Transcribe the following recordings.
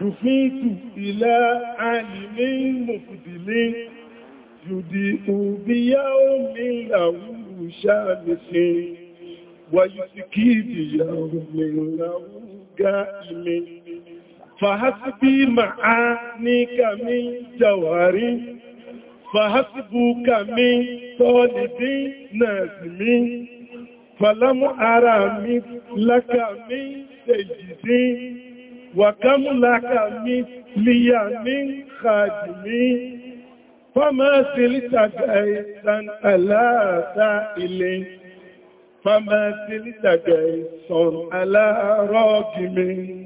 dùfíìtù ìlà àìlè mọ̀kùdìlé yùdì òbíyá omi ìlàwúrù sáàlẹ̀ṣẹ́ wàyùsìkí ìdìyà omi ìlàwúrù ga ìmẹ́ fàhásíbí màá ní kàmí jàwárí fàhásíbú kàmí tọ́lìdí nàìjírí fàlámù ara mi lákàmí tẹ̀jìdí وكملك مثلي من خادمي فما سلت جيسا ألا سائل فما سلت جيسا ألا راجم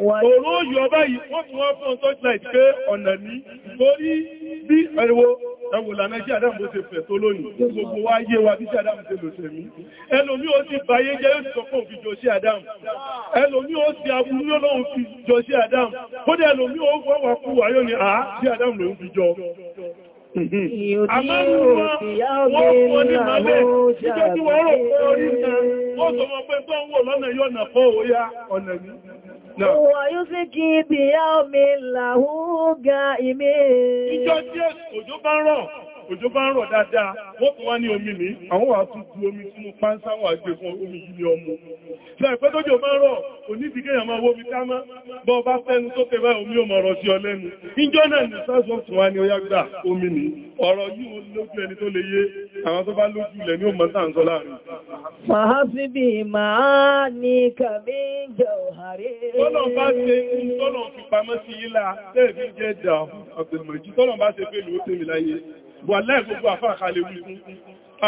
Òró yọ báyìí, wọ́n mú wọ́n fún torchlight pé ọ̀nà ní torí bí ẹ̀rọ ẹwòlà náà jẹ́ àdámù ṣe fẹ̀ tó lónìí, gbogbo wa yé wa bí sí àdámù ṣe lò ṣe mí. Ẹlòmí ó ti báyé jẹ́ yóò sọ fún ìjọ sí àdámù. Ẹlòmí ó ti ó tí wọ́n rò pé orí ìta, wọ́n sọ mọ́ tó ń wò lọ́nà yóò fọ́ òóyá ọ̀nà ní. Òwò yóò sí kí ibi yá omi làhúgá ìmé. Ìjọ tí òjò bá rọ̀, òjò bá ń rọ̀ dáadáa wọ́n tún wá ní omi ní àwọn wà tún ju omi sínú pánsáwọ̀ àgbè fún omi yìí ní ọmọ ṣe ẹ̀pẹ́ tó jò bá ń rọ̀ onídìíkẹ́yàn máa wómi kámá bọ́ bá fẹ́nu tó tẹ́ báyìí omi ò mọ̀ sí ọ lẹ́nu ìjọ náà ní sáàsọ̀ tún wá ní ọyá gbà omi ní ọ̀rọ̀ yìí lójú ẹni tó lè yé àwọn tó bá lójú ilẹ̀ ní òmọ̀ sáà ń sọ láàrin. Fàáfíbì máa ní kàmí jọ̀hàrí. Tọ́lọ̀ bá ṣe ń tọ́lọ̀ fi pamọ́ sí ilá tẹ́ẹ̀fí jẹ́ dà ọ̀pẹ̀lẹ̀mọ̀ ìjú tọ́lọ̀ bá ṣe pé lóó tèmi láyé wà láì gbogbo àfá àkàlẹ̀ wíwú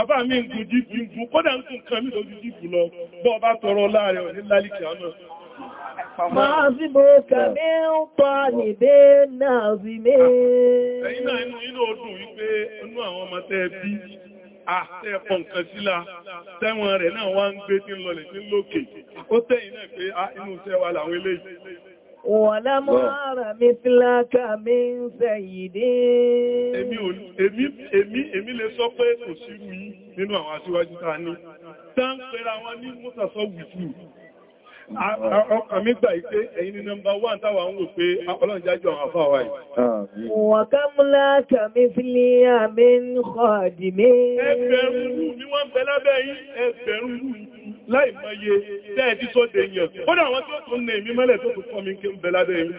àbá mi ń gùn jíìpù ń gùn kódà ń gùn kan mí lójú jíìpù lọ bọ́ bá tọrọ láàrẹ ò ní lálìkì àmọ́ Máa sí bó kàmí ń pa nìdé náà sí mé. àtẹ́ẹ̀pọ̀ nǹkan sílá tẹ́wọ̀n rẹ̀ náà wá ń gbé tí ń lọlẹ̀ sí lókè. Ó tẹ́yìn náà pé inú iṣẹ́ làwọn eléyìí. Wọ̀lá mọ́ ara mi fílákà mi ń fẹ́ yìí Èmi lè sọ pé kò sí mi nínú àwọn aṣíwájú ta ní. Tá ń pèrà wọn ní Mọ́sàsọ́ wùfú. Ọkàn mi gbà ìpé ẹ̀yin ni nọmbà wán táwà ń wò pé ọlọ́njájú àwọn àfáà wáyìí. Wọ̀ká mi. kàmí fílé àmì ń kọ̀ọ̀dì mí. Ẹgbẹ̀rún láì mọ́ye tẹ́ẹ̀dí tó dé yàn ó dà wọ́n tí ó tún ní èmi mẹ́lẹ̀ tó kùkọ́ mi kí ń bẹ ládẹ́ èmi.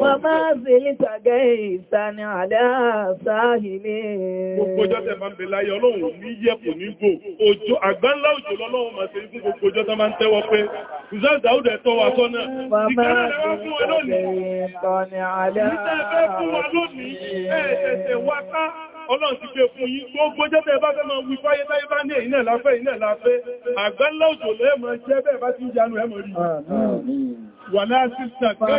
wọ́n máa fi ní tàgẹ́ ìsànì àdáàsáhìlẹ̀ gbogbo ọjọ́ tẹ́ máa ń bẹ láyé ọlọ́run ní yẹ kò ní gbò òjò àgbáńlá òjò lọ́lọ́run máa wa lónìí. Ìtẹ́fẹ́ fún ọlọ́run ti gbé fún yín gbogbo jẹ́tẹ̀ bá fẹ́ wí fáyé táyé bá ní ìnẹ̀ láfẹ́ ìnẹ̀ láfẹ́ àgbẹ́lá òjò lẹ́ẹ̀mọ̀ jẹ́ bẹ́ẹ̀ bá ti ń janú ẹmọ̀ rí wà náà sí sàkẹ́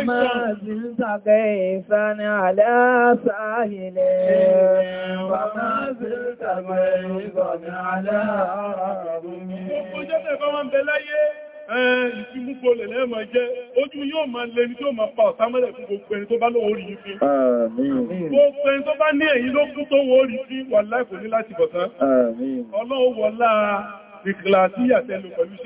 ìtí mú kó jẹ́ ojú yóò máa lè ní tí ó máa pa ọ̀tá fún gbogbo ẹni tó bá lówó rí fi gbogbo ẹni tó bá ní èyí ló kú tó wó rí fi wà láìkò ní láti bọ̀tán ọlọ́wọ́ wọlá ìkìláàtí àtẹlù pẹ̀lú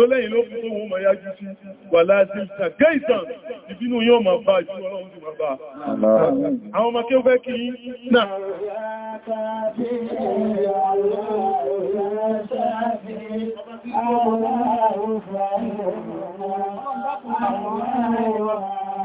tó lẹ́yìn ló fún ohun mọ̀ yájú sí wà láti ṣàgẹ́ ìbínú yóò máa bá jù ọlọ́run sí máa bá àwọn ọmọ kí ó fẹ́ kí náà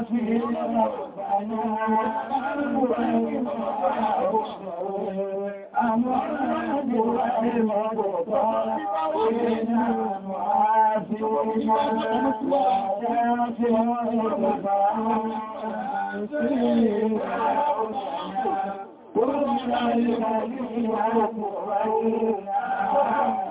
Gbogbo ìgbà ìgbà ìgbà ìgbà ìgbà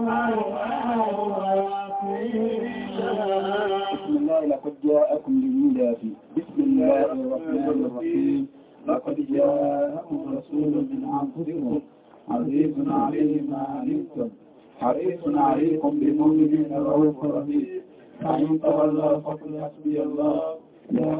الله لقد جاءكم للهدى بسم الله الرحمن الرحيم لقد جاءكم رسول من انفسكم عزيز عليه ما علمتم حريص عليكم بمؤمنين رؤوف رهيب فان تولوا فقل حسبي الله لا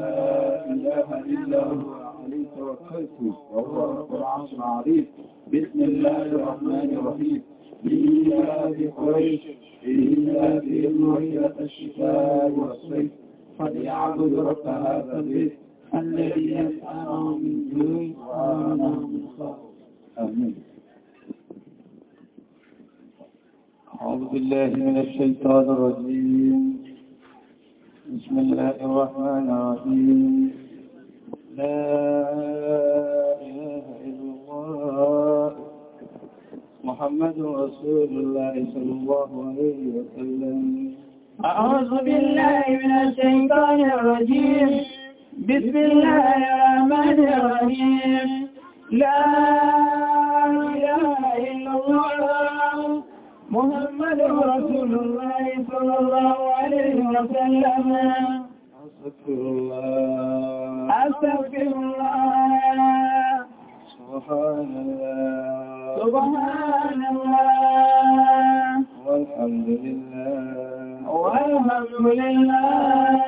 اله الا هو عليه توكلت وهو رب العرش العظيم بسم الله الرحمن الرحيم لإله قريش إلا في رؤية الشتاء والصيف فليعبد رب هذا البيت الذي من جوع وآمنهم من آمين أعوذ بالله من الشيطان الرجيم بسم الله الرحمن الرحيم لا إله إلا الله محمد رسول الله صلى الله عليه وسلم أعوذ بالله من الشيطان الرجيم بسم الله الرحمن الرحيم لا إله إلا الله محمد رسول الله صلى الله عليه وسلم أستغفر الله أستغفر الله سبحان الله سبحان الله والحمد لله والحمد لله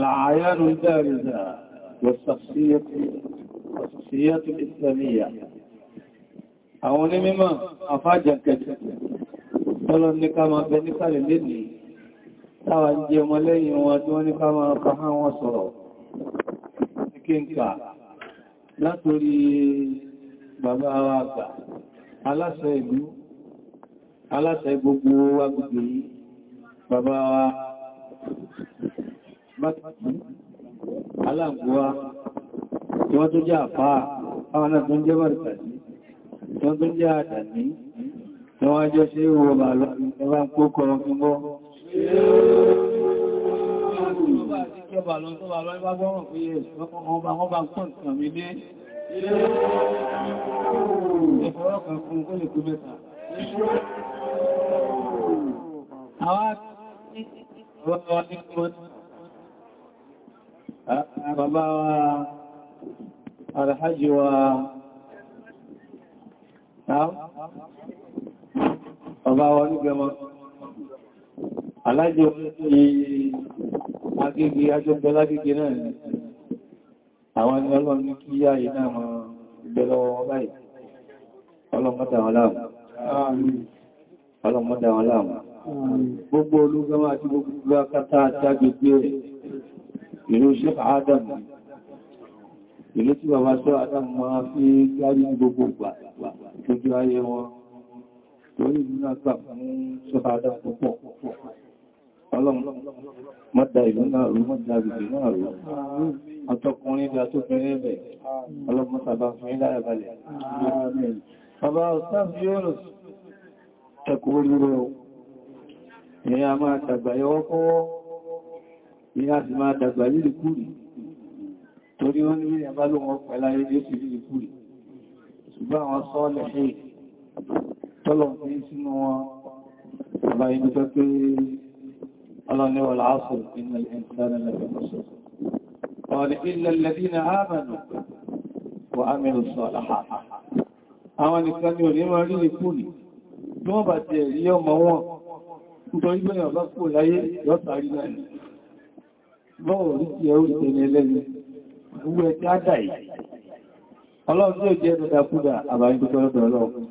الأعيان البارزة والشخصية الشخصية الإسلامية أولي مما أفاجأ كجد قالوا أنك ما بنك لدني توجه ملي ودونك ما أفحا وصروا كنك لا تري بابا واقع على سيدو على سيدو وقبي بابا aláàgbúwá tí wọ́n tó jẹ́ àfáà àwọn náà tó ń jẹ́ bàrìkàtí tí wọ́n tó ń jẹ́ àdàní tí wọ́n jẹ́ ṣe ìwọ̀ bà lọ́wọ́ kó kọrọ fún bọ́ Ìfọ́rọ̀kan fún kó lè kú mẹ́ta bàbá wa alhaji wa bàbá wa nígbẹ̀mọ́ alhaji wa ní agégi ajọ́gbẹ́ lágégi náà ni àwọn ni ọlọ́run ní kí yáyé náà mọ́ ìgbẹ̀lọ́wọ́ wọn báyìí ọlọ́mọdà wọn láàmù ọlọ́mọdà wọn láàmù gbogbo olúgbọ́n àti gbogbo akátá àti agbègbè ìlú Sheikh Adam ìlú tí bàbá Sheikh Adam máa fi gárí gbogbo ìtọ́jú ayé wọn torí ìlú náà gbà fún Sheikh Adam púpọ̀ ọlọ́run mọ́dá ìlú náà rú mọ́dá ìlú náà rú àtọkùnrin ìgbà tó fẹ́rẹ́ bẹ̀ ọlọ́run sábà fún ilá ẹ̀bàlẹ̀ ní a sì máa dàgbà lílì kúrì torí wọ́n nílé àbálòwọ́ pẹ̀láyé ní ó sì lílì kúrì ṣùgbọ́n àwọn sọ́ọ̀lẹ̀ ṣe tọ́lọ̀ fi sínú wọn bàbá ibi tó pé ọlọ́niwọ̀ láàásù innal insana lafi khusr qala illa alladhina amanu wa amilus salihat àwọn nìkan ni ò ní máa rí ìkúrì tí wọ́n bá ti ẹ̀rí ọmọ wọn nítorí gbẹ́yàn bá kò láyé yọ́tàrí náà ni bọ́ọ̀ rí ti ẹrù ìtẹni ẹlẹ́ni owó ẹ̀ tí á dà yìí ọlọ́run tí ó jẹ́ dọ́dàkúdà àbáyé tó tọ́lọ́dọ̀ ọlọ́run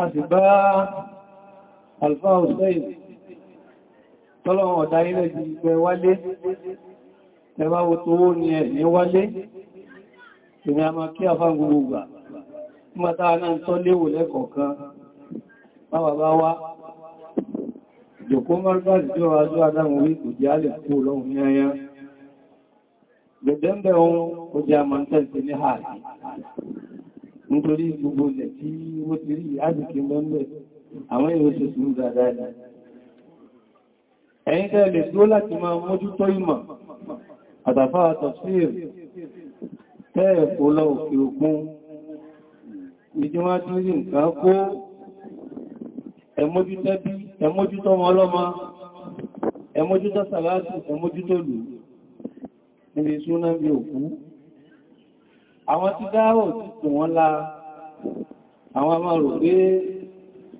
a sì bá alfa hussein tọ́lọ́wọ̀n ọ̀dá ilẹ̀ ti gbẹ wálé ẹwà wo tó wó ní ẹ̀ní wálé ìrìn àmà kí a fà gbà mọ́ta náà tọ́léwò Jòkó Marbaz jọ ajú adáwọn orí kò jẹ́ alẹ́ kú lọ́hun yányá. Gbẹ̀dẹ́m̀bẹ̀ ohun ó jẹ́ àmọ́ntẹ́sì ní ààrẹ. Nítorí gbogbo ilẹ̀ tí ó ti rí àdìkí mẹ́mẹ́, àwọn èrò ṣe sùúrù dáadáa ni. Ẹ̀yin tẹ́ lè dúró láti máa ẹmójútẹ́bí ẹmójútọ́ ọmọ ọlọ́mọ ẹmójútọ́ sàlátì ẹmójútọ́ lù níbi súnà bí òkú àwọn ti dáwọ̀ títù wọn la àwọn a máa rò pé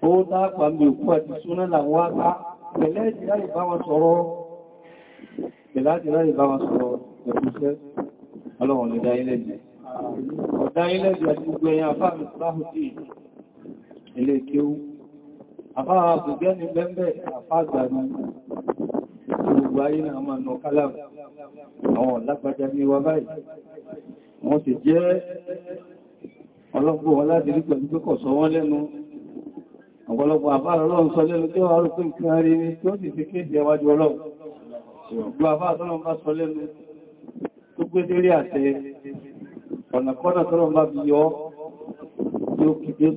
owó tápà bí òkú àti súnà làwọn àká pẹ̀lẹ́ ìdíláyì bá wọn sọ̀rọ̀ pẹ̀lá ìdíláyì bá wọn sọ̀rọ̀ ẹ̀kúṣẹ́ ọlọ́run ilẹ̀ jẹ́ àti gbogbo ẹ̀yà fáàmì sáhùtì ilé kéwú àbáwà àgbẹ̀gbẹ́ ní bẹ́ẹ̀bẹ́ àfáàgbà ní gbogbo ayé náà máa nà kálàm àwọn ọ̀lágbàjá ní wa báyìí wọ́n sì jẹ́ ọlọ́gbọ́ wọn láti rí pẹ̀lú pẹ́kọ̀ sọ wọ́n lẹ́nu ọ̀pọ̀lọpọ̀ àbára ọlọ́run sọ lẹ́nu tí wọ́n rú pé nǹkan rí ni tí ó sì fi kéde ẹwájú kìí ó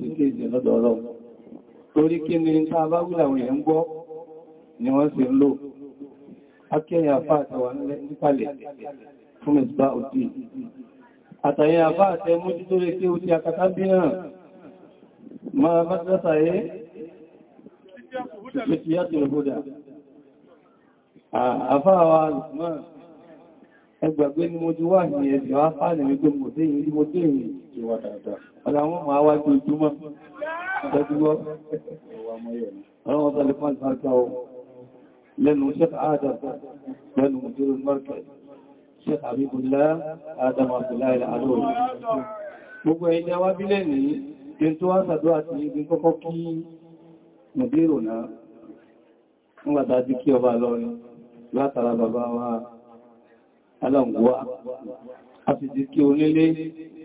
sì kéde lọ́dọ̀ ọlọ́run torí kí ni tá a bá wílà àwọn èèyàn gbọ́ ni wọ́n sì ń lò akẹ́yìn àfá àtàwà nípalẹ̀ fún ẹ̀sùbá òdí àtàyìn àfá àtẹ mójú tó lè kí ó ti akàtà bí náà máa bá sátàyé ìfẹ́tìyàtì ìrọ̀bọ̀dà àfá àwà àrùsùmọ́ ẹgbàgbé ni mo ti aláwọn ma wá tó júmọ́ ìdájúwọ́ àwọn ọ̀tọ̀lẹ̀fán àtàwọ̀ lẹ́nu Sheikh Adam lẹ́nu Mudirul Markaz Sheikh Habibullah Adam Abdullahi Al'adọ́ gbogbo ẹ̀yẹ wá bílẹ̀ ní kí n tó wá sàdọ́ àti ibi kọ́kọ́ kí mọ̀dírò náà ńgbàtà ti kí ọba lọ́rin látara bàbá wa aláǹgbọ́ a ti ti kí onílé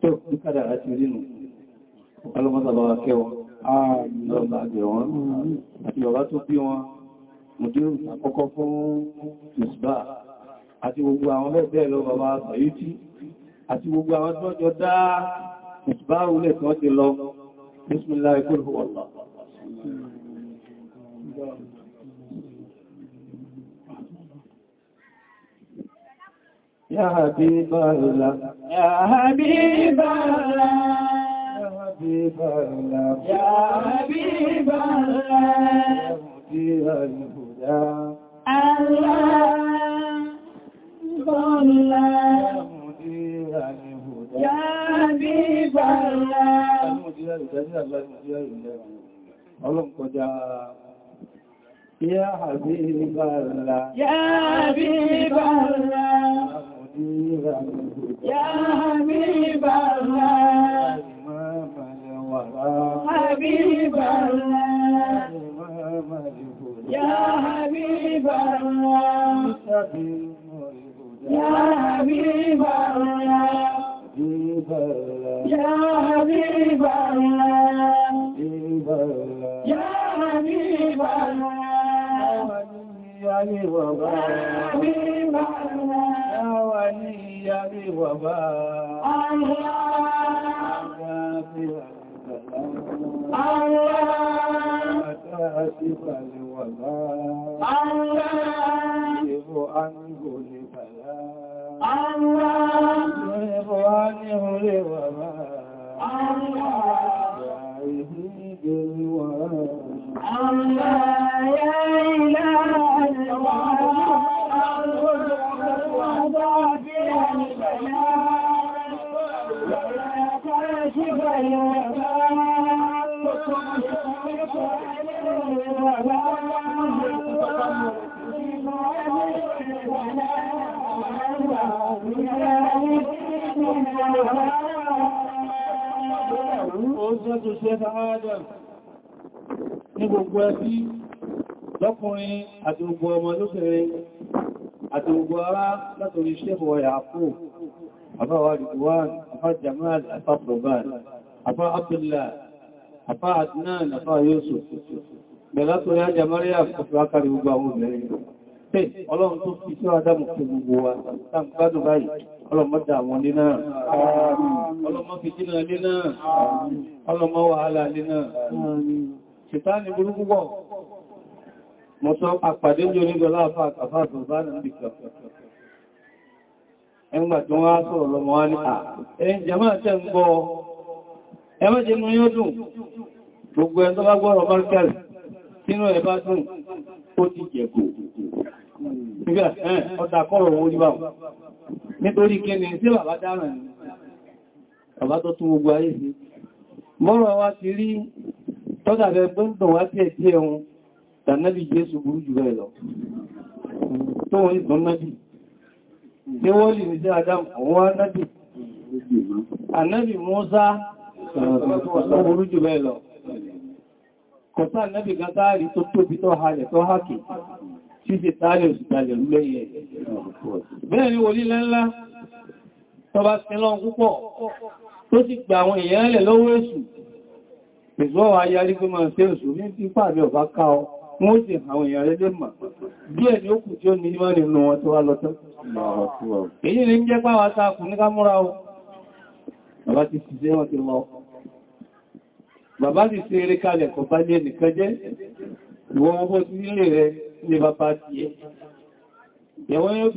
tó ń kádà láti rínú ọlọ́mọ́sàbà kẹwọ́ lọ́gbà àgbẹ̀ wọn àti bàbá tó bí wọn mùdírù àkọ́kọ́ fún ìsbà àti gbogbo àwọn bẹ́ẹ̀ lọ bàbá sàyútí àti gbogbo àwọn tọ́jọ dá ìsbà ulẹ̀ tó ti lọ bísmìlá ikú ìhùwọ̀lọ́ يا حبيب الله يا حبيب الله يا حبيب الله يا حبيب الله يا الهدى الله يا حبيب الله Ọlọ́run kọjá Ya Habib Allah Ya Habib Allah يا حبيب الله حبيب الله يا حبيب الله يا حبيب الله يا حبيب الله يا حبيب الله ولي وباء وكاشف الوباء يجب عنه لبلاء يجب عنه لوباء يعيه بالوباء الله يا إله Ní gbogbo ẹbí lọ́kùnrin àti gbogbo ọmọ lóbìnrin àti gbogbo ará látòrí ṣẹ́fọ̀ yàáfò àfáwà rìdíwán àfá jamal àfá proban àfá abdullah àfá adnan àfá yusuf bẹ̀lá tó yá jamari àfẹ́fẹ́ akari gbogbo àwọn obìnrin pé ọlọ́run tó fi tíwá dámù fún gbogbo wa tàbí gbádùn báyìí ọlọ́mọdà àwọn ní náà ọlọ́mọ fìtínà ní náà ọlọ́mọ burúkú pọ̀ mo sọ àpàdé ní onígbọ́lá àfáàtọ̀ bá nà ní kàfẹ́ ẹgbà tí wọ́n á sọ̀rọ̀ lọ́mọ wá ní ààrùn jẹ́mà tẹ́ ń gbọ́ ẹmẹ́jẹ́ mú yóò dùn gbogbo ẹ̀ tó bá gbọ́rọ̀ bárkẹ́lì sínú ẹ̀ bá dùn ó ti jẹ̀kù ni sí bàbá dáràn ni bàbá tó tún gbogbo ayé sí mọ́rọ̀ wá ti rí tọ́dàbẹ̀ gbọ́ndùn wá tí ẹ̀ tànàbí jésù burú jù bẹ́ẹ̀ lọ tó wọ́n ìtàn náàbì tí wọ́n lè ní sí adam àwọn anábì anábì Mùsá burú jù bẹ́ẹ̀ lọ kọ̀tá anábì kan táàrí tó tóbi tó halẹ̀ tó hákì tí ti táàrí òsì tààrí lẹ́yẹ bẹ́ẹ̀ ni wòlí lẹ́lá tọba sílọ́n púpọ̀ tó sì gba àwọn èèyàn lẹ̀ lọ́wọ́ èṣù pẹ̀sọ́ ayarí pé máa ṣe ní pípàdé ọ̀bá ká wọ́n sì àwọn èèyàn rẹ̀ lè mọ̀ díẹ̀ ni ó kù tí ó ní ìmọ̀ nínú wọn tó wá lọ tán èyí ni ń jẹ́ pàwà sáàkù ní kámúra o bàbá ti ṣiṣẹ́ wọn ti lọ bàbá ti ṣe eré kalẹ̀ kọ bá ní ẹnìkan jẹ́ ìwọ̀n owó sí ilé rẹ̀ ní bàbá ti ẹ ìyàwó yóò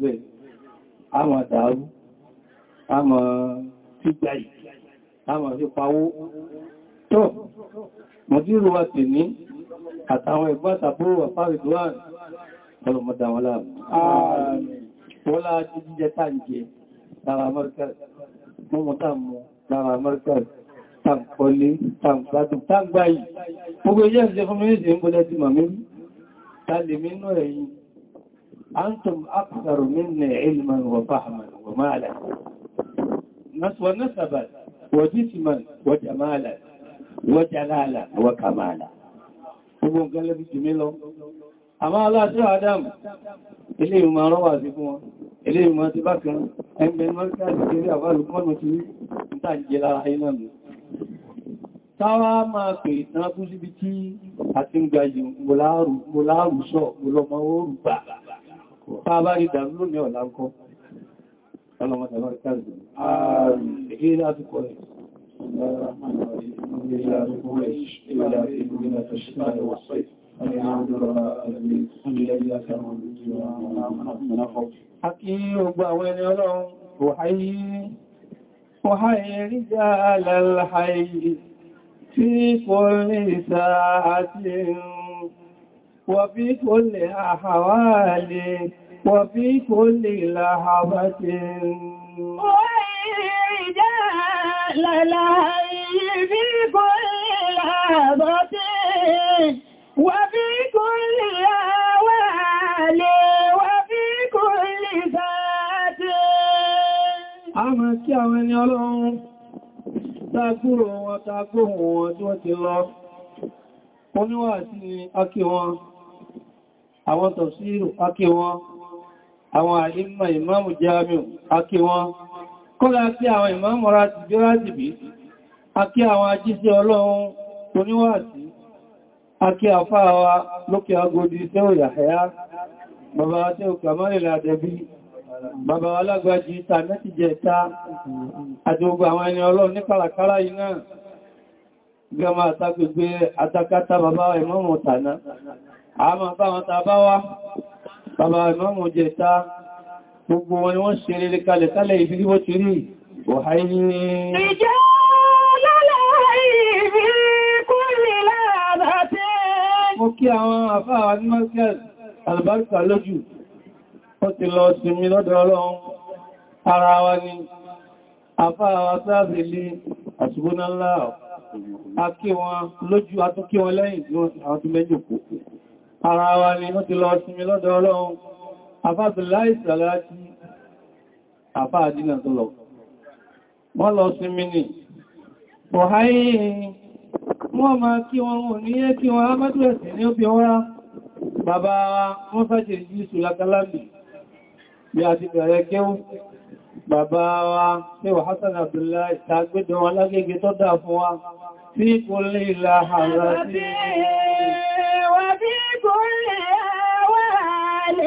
fi àmà dàárú àmà fígbà yìí àmà fi pawó tó mọ̀díru wa tè ní àtàwọn ẹ̀gbọ́n àtàbúrò wà fáàrí duwan ọlọ́mọdà wọn láàrùn wọ́n láà ti jíjẹ táǹjẹ lára amẹ́ríkà mọ́mọ́ táàmù lára amẹ́ríkà tàǹkọlé tàǹgbádùn tàǹgbáyì gbogbo ẹjẹ́ ìjẹ́ fún mi ní ìsìn أنتم أكثر مني علما وفهما ومالا ونسبا وجسما وجمالا وجلالا وكمالا gbogbo nǹkan lẹ́bí jù mí lọ. Àmá aláàjọ́ Adamu, ilé ìmọ̀ ọ̀rọ̀ wà sí fún wọn, ilé ìmọ̀ kan, ẹgbẹ̀ mọ́ríkà ti rí àbálùkọ́nù máa pè síbi tí a ti ń gajù, orùgbà. bá rí dàrú lónìí ọ̀lá ń kọ́ ọlọ́mọdé lọ́rí káàkiri ààrùn èyí láti kọ́ ẹ̀ Aki ogba àwọn ẹni ọlọ́run, òháyí, òháyí rí jẹ́ alàlàáyí tí kò rí ìsáà àti ìrìn وفي كل أحوال وفي كل لحظة ورجال لهي في كل لحظة وفي كل أحوال وفي كل ساعة أمسك من يلوم تكبر وتكبر وتوتي oníwà àti akíwọn àwọn tọ̀síìrù akí wọn àwọn àìmọ̀ jamiu akí wọn kọ́lá sí àwọn ìmáàmù rájìbí akí àwọn ajíṣẹ́ ọlọ́run oníwàásí akí àfáàwà lókè agodi tẹ́ òyàhẹ́á bàbá tẹ́ òkè àmọ́rìnlẹ̀ àdẹ̀bí bàbá àtàkátà bàbá ìmáàmù tàná a máa bá wọn ta bá wá bàbá ìmọ́mù jẹta gbogbo wọn ni wọ́n ṣe rere kalẹ̀ kalẹ̀ ibi bí wọ́n ti rí ọ̀háì ní ìjẹ́ mo kí àwọn àfáà ní market albarka lójú ó ti lọ sinmi lọ́dọ̀ ọlọ́run wọn lẹ́yìn tí wọ́n ti mẹ́jọ kò ara wa ni ó ti lọ sinmi lọ́dọ̀ ọlọ́run afáàtìláì sàlájí afáàdínà tó lọ wọ́n lọ sinmi ni ọ̀háyé wọ́n máa kí wọn wọn ní yẹ́ kí wọn amẹ́tẹ̀ẹ̀sì ní òbí ọwọ́rá bàbá wọn fẹ́jẹ̀ jísù lákalábì bí a ti bẹ̀rẹ̀ kéwú bàbá wa tí wà Hassan Abdullahi ìtàgbẹ́dẹ̀ wọn lágẹ́gẹ́ tó dà fún wa tí kò ìlà àrà sí وفي كل أوان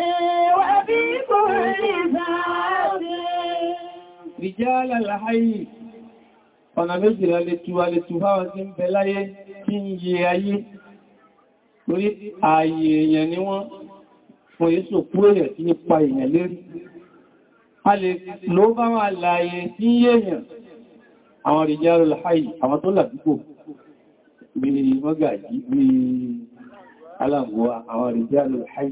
وفي كل ذات رجال الحي ọ̀nà méjìlá lè tuwa lè tuwa sí ń bẹ láyé kí ń yẹ ayé orí ààyè èèyàn ni wọ́n wọ́n yí sọ kúrò rẹ̀ tí nípa èèyàn lérí a lè ló bá wà láàyè tí yé èèyàn àwọn rìjálù láàyè àwọn tó làdúgbò bí mọ́gàjí bí i aláàgbòwà àwọn ìjẹ́ alùhayi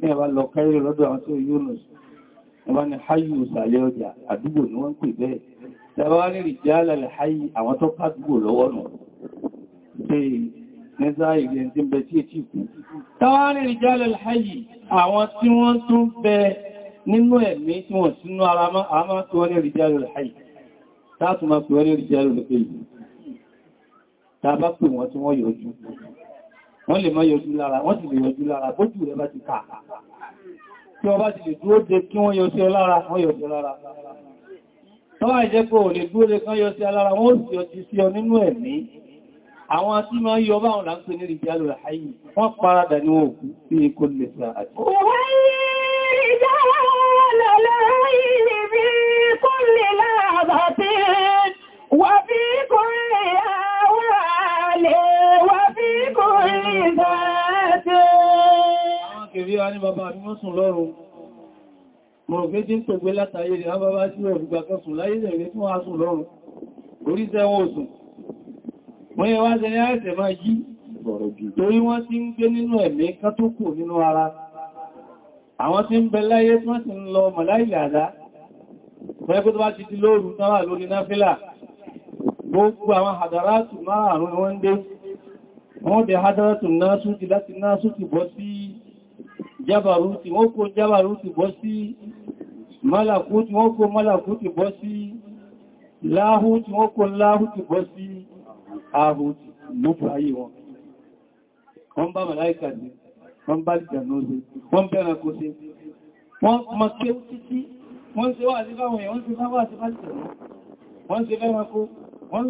ní ẹ̀bá lọ káyẹrẹ lọ́dọ̀ àwọn tó Yunus ẹ̀bá ni hayu ìsàlẹ̀ ọjà àdúgbò ni wọ́n pè bẹ́ẹ̀ tẹ́bá ní ìjẹ́ alùhayi àwọn tó kádùgbò lọ́wọ́ nù nínú ẹ̀mí tí wọ́n sínú ara máa tó wọ́n ní ìrìjálò ìhàì tààtùmá pè wọ́n ní ìrìjálò ìhàì tàbá pè wọ́n tí wọ́n yọjú wọ́n lè mọ́ yọjú lára wọ́n ti lè yọjú lára bójú rẹ̀ bá ti ká tí ọba ti lè dúró de kí wọ́n yọ sí ọlára wọ́n yọ sí tọ́wà ìjẹ́ ò lè dúró de kán yọ sí alára wọ́n sì yọ ti sí ọ nínú ẹ̀mí àwọn tí máa yọ bá wọn láńpẹ́ ní ìjálù àyí wọ́n paradà ní wọn òkú sí ikó lè sá àti Wà bí kò rí àlè a ní bàbá mi wọ́n sùn lọ́run mọ̀ pé tí ń pègbé látàyè rẹ̀ bàbá sí ọ̀gbùgbà kan sùn láyé rẹ̀ fún wa sùn lọ́run orí tẹ́wọ́n òsùn wọ́n yẹ wá jẹ́ àìsẹ̀ máa yí torí wọ́n ti ń gbé nínú ẹ̀mí kan tó kù nínú ara àwọn tí ń bẹ láyé tí wọ́n ti ń lọ màláìlì láti bọ́ sí jábàrútì wọ́n kó jábàrútì bọ́ sí málàkútì wọ́n kó málàkútì bọ́ sí láhútì wọ́n kó láhútì bọ́ sí ààrùtì lókù ayé wọn wọ́n bá màláìkà ní wọ́n bá ìjànóse wọ́n bẹ́ra kó sí wọ́n ma ké títí wọ́n ṣe wà sí fáwọn èèyàn ṣe fáwọn àti fáwọn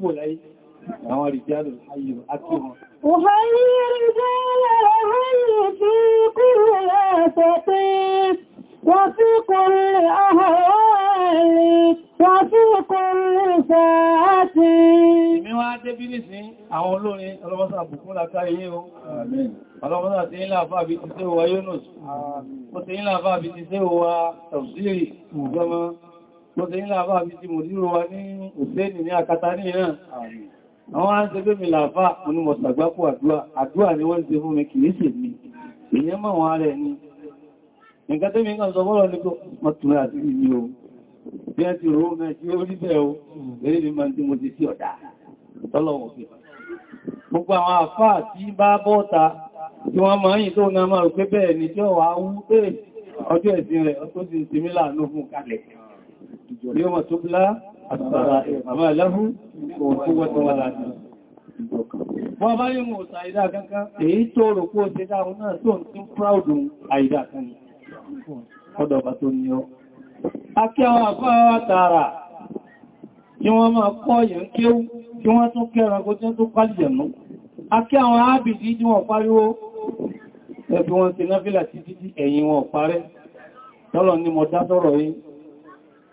wọ́n ṣe àwọn rìjálù ayò àti wọn. Òhàrí rìjálù ayò tí kúrò lẹ́sẹ̀ pé wọ́n tí kúrò ahàwárí wọ́n tí kúrò sáàtì. Ní wá débí nìsín àwọn olórin ọlọ́mọ́sà bùkún lákàrí yín o. Ọlọ́mọ́sà ti ń láàfà bí ti sé wa Yónus, ó ti ń láàfà bí ti sé wa Tafsiri, Mùjọmọ́, ó ti ń láàfà bí ti Mùdírò wa ní Òsẹ́ni ní Akátá ní náà àwọn á ń ṣe pé mi làfá onímọ̀ sàgbápò àdúrà àdúrà ni wọ́n ṣe fún mi kìí ṣe mi ìyẹn mọ̀ wọn rẹ̀ ni nǹkan tó mi nǹkan sọ bọ́rọ̀ ní mọ́túnrẹ́ àti ìní o bí ẹ ti rò ó mẹ́ tí ó rí bẹ́ẹ̀ o eré mi máa tí mo ti sí ọ̀dá tọ́lọ̀wọ̀ pé gbogbo àwọn àfá tí bá bọ́ta tí wọ́n máa yìí tó náà máa rò pé bẹ́ẹ̀ ni tí ó wà wú pé ọjọ́ ẹ̀sìn rẹ̀ السرائر وما لهم قوة ولا نصر wọ́n bá yóò mọ̀ ọ̀sà àìdá kankan èyí tó rò kó ṣe dáhùn náà tó ń tún proudù àìdá kan ní ọdọ̀ bá tó ní ọ́. a kí àwọn àfáwà tààrà tí wọ́n máa kọ́ yẹn kéwú tí wọ́n tún kẹranko tí wọ́n tún pàlìyànú a kí àwọn ábìdí tí wọ́n pariwo ẹbí wọn ti náfílà títí ẹ̀yìn wọn parẹ́ tọ́lọ ni mo dá sọ́rọ̀ yìí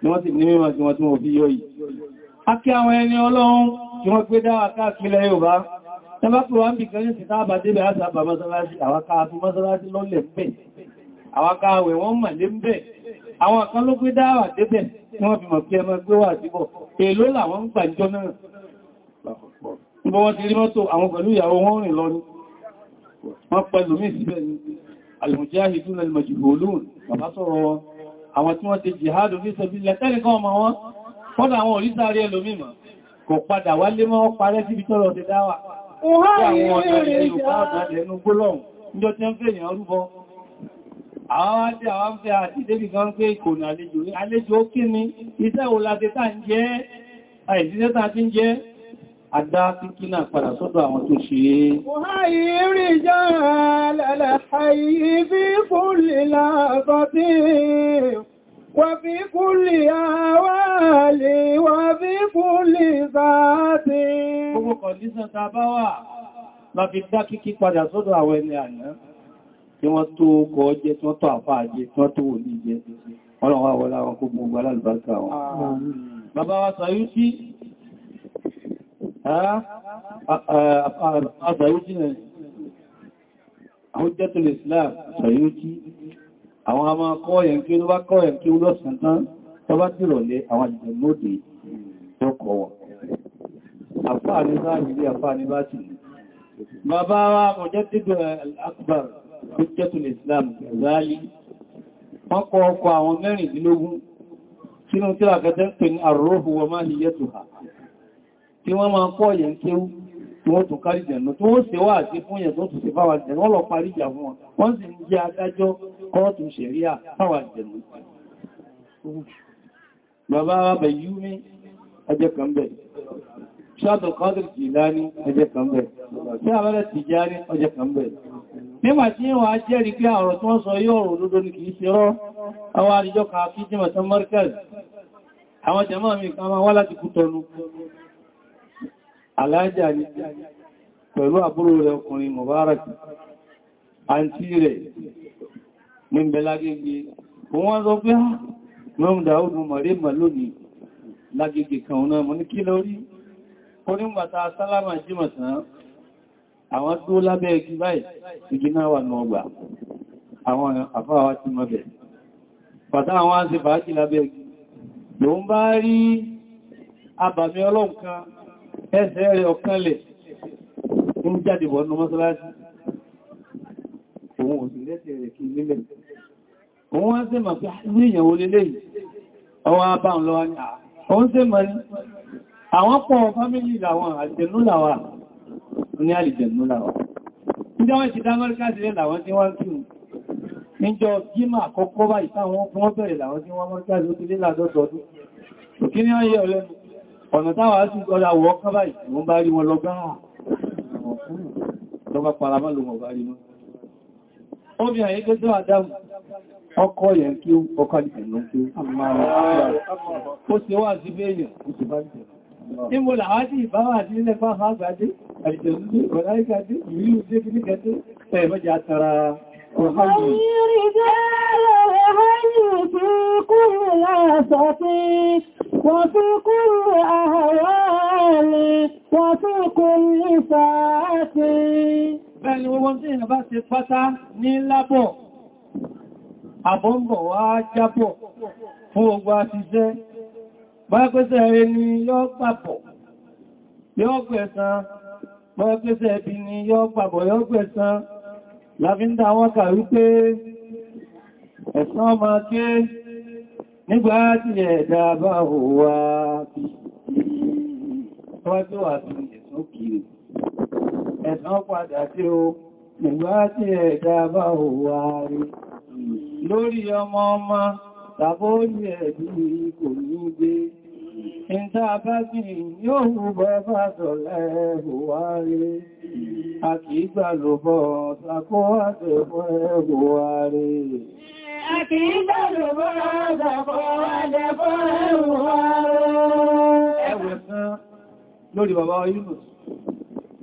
ni wọ́n ti ní mímọ̀ tí wọ́n tí wọ́n fi yọ yìí. a kí àwọn ẹni ọlọ́run tí wọ́n gbé dáwà káàkiri Yorùbá tẹ́bá pè wá ń bí kan ní síta àbá débẹ̀ àti àbà mọ́sálásí àwáká àti mọ́sálásí lọ́lẹ̀ bẹ̀ àwáká àwẹ̀ wọ́n mà lé ń bẹ̀ àwọn kan ló gbé dáwà débẹ̀ tí wọ́n fi mọ̀ pé ẹmọ gbé wà síbọ̀ èló làwọn ń gbàjọ náà níbo wọ́n ti rí mọ́tò àwọn pẹ̀lú ìyàwó wọn rìn lọ ní wọ́n pẹ̀lú mí síbẹ̀ ni alìmọ̀jáhìdún alìmọ̀jìhòlùn bàbá sọ̀rọ̀ wọn àwọn tí wọ́n ti jihadu fi sẹ́bílẹ̀ tẹ́lẹ̀kan ọmọ wọn kọ́nà àwọn orísàárí ẹlòmímọ̀ kò padà wálé mọ́ parẹ́ síbi tọ́rọ ti dáwà àwọn àti àwọn fẹ́ àti débì kan pé kò ní àlejò ní àlejò ó kí ni iṣẹ́ ò láti tàà ń jẹ́ àìsíṣẹ́ tàà ti ń jẹ́ àdá kíkí náà padà sọ́dọ̀ àwọn tó ṣe é Òháyìírí jẹ́ àlẹ́lẹ́ àìyí bí fún lè láàbọ̀ bí وفي كل أوال وفي كل ذات gbogbo kọ̀lísàn tàbá wà láti dá kíkí padà sọ́dọ̀ àwọn ẹni àná tí wọ́n tó kọ jẹ́ tí wọ́n tó àfáà jẹ́ tí wọ́n tó wò ní jẹ́ ọlọ́wọ́ àwọ́lá wọn kó gbogbo alálùbáríkà àwọn a máa kọ́ yẹn kí ló bá kọ́ yẹn kí lọ́sàn tán tó bá dìrọ̀ lé àwọn àjẹ̀ lóde tó kọ̀ wọ̀ àfáà ní sáàrì ilé àfáà ní bá ti bàbá wa Mujaddid al-Akbar Hujjatul Islam Ghazali wọ́n kọ ọkọ̀ àwọn mẹ́rìndínlógún sínú tí àkẹtẹ́ ń pè ní ar-ruhu wa mahiyatuha tí wọ́n máa kọ́ yẹn kéwú tí wọ́n tún kárí jẹ̀nà tí wọ́n ṣe wá àti fún yẹn tó tún ṣe bá wa wọ́n lọ parí jà fún wọn wọ́n sì ń jẹ́ adájọ́ kọ́ọ̀tù ṣẹ̀ríà fáwà jẹ̀lú. Bàbá Bàyúmi ajẹ́ kan bẹ̀. Ṣáàtọ̀ Kọ́dìrì Jìlání ajẹ́ kan bẹ̀. Ṣé àbẹ́rẹ̀ Tìjáni ajẹ́ kan bẹ̀. Nígbà tí wọ́n á jẹ́rìí pé ọ̀rọ̀ tí wọ́n sọ yóò rò lódó ní kìí ṣe rọ́, àwọn àríjọ kàáfí jẹ́ mọ̀tán Markaz, àwọn jẹ́mọ́ mi kan máa wá láti Kútọ̀nù. Alájà ni pẹ̀lú àbúrò rẹ̀ ọkùnrin Mubarak, àǹtí rẹ̀, ní ìbẹ̀lágégbé wọ́n sọ pé á ah, mọ́m dáúdù mọ̀rẹ́ mọ̀ lónìí lágégbé kan náà mọ́ ní kí lórí onígbàta sálámà jímọ̀sán àwọn tó lábẹ́ ẹgbì báyìí igi náà wà náà gbà àwọn àfáwà ti mọ́bẹ̀ pàtà àwọn àṣẹ fàájì lábẹ́ ẹgbì ló ń bá rí abàmì ọlọ́nkan ẹsẹ̀ rẹ̀ ọ̀kanlẹ̀ ń jáde bọ̀ òun òsì lẹ́sẹ̀ rẹ̀ kí nílẹ̀. Òun wá sí màá pé ní ìyàwó lélẹ̀ yìí, ọwọ́ bá ń lọ wá ní àwọn sí mọ̀ ní àwọn pọ̀ fámílì làwọn àjẹ̀nú làwà ní àlìjẹ̀nú làwà. Níjọ́ wọ́n ti dá Amẹ́ríkà sílẹ̀ làwọn tí wọ́n kí níjọ́ gímà àkọ́kọ́ báyìí táwọn fún wọ́n bẹ̀rẹ̀ làwọn tí wọ́n mọ́ríkà sí ó ti lé làdọ́dọ́dún. Òkí ní wọ́n yẹ ọlẹ́nu, ọ̀nà táwọn á sì gọ́ra wọ́ kọ́ báyìí, wọ́n bá rí wọn lọ gbáà. Lọ́gbà paramá ló mọ̀ bá ó bí àyè tó àdáwù ọkọ̀ yẹn kí ó ọkọ̀ ìpẹ̀lú kí ó ṣe wà sí bẹ́ẹ̀yàn ó sì bá ìpẹ̀lú ní mo ìbáwà àti ilẹ̀ fáfá àgbàdé àìjẹ̀lú ọ̀láìgbàdé ní kẹtẹ́ bẹ́ẹ̀ ni wọ́n tí ìyàn bá ṣe pátá ní lábọ̀ àbọ́m̀bọ̀ wá jábọ̀ fún ogun àtiṣẹ́ báyẹ́pẹ́sẹ̀ rẹ ni yọ́ pàpọ̀ yọ́ gbẹ̀san báyẹ́pẹ́sẹ̀ ẹbí ni yọ́ pàpọ̀ yọ́ gbẹ̀san láfíndà wọn kà wípé ẹ̀san ọmọ ké nígbàtí ẹ̀sán padà tí ó nígbà tí ẹ̀dá bá hùwà rí lórí ọmọ ọmọ tàbó ní ẹ̀bí kò ní gbé ìta bá bí yóò hù bọ́bá tọ̀lẹ̀ hùwà rí a kìí gbà ló bọ́ sàkó àtẹ̀fọ́ hùwà rí A kìí gbà ló bọ́ sàkó lórí bàbá Yunus.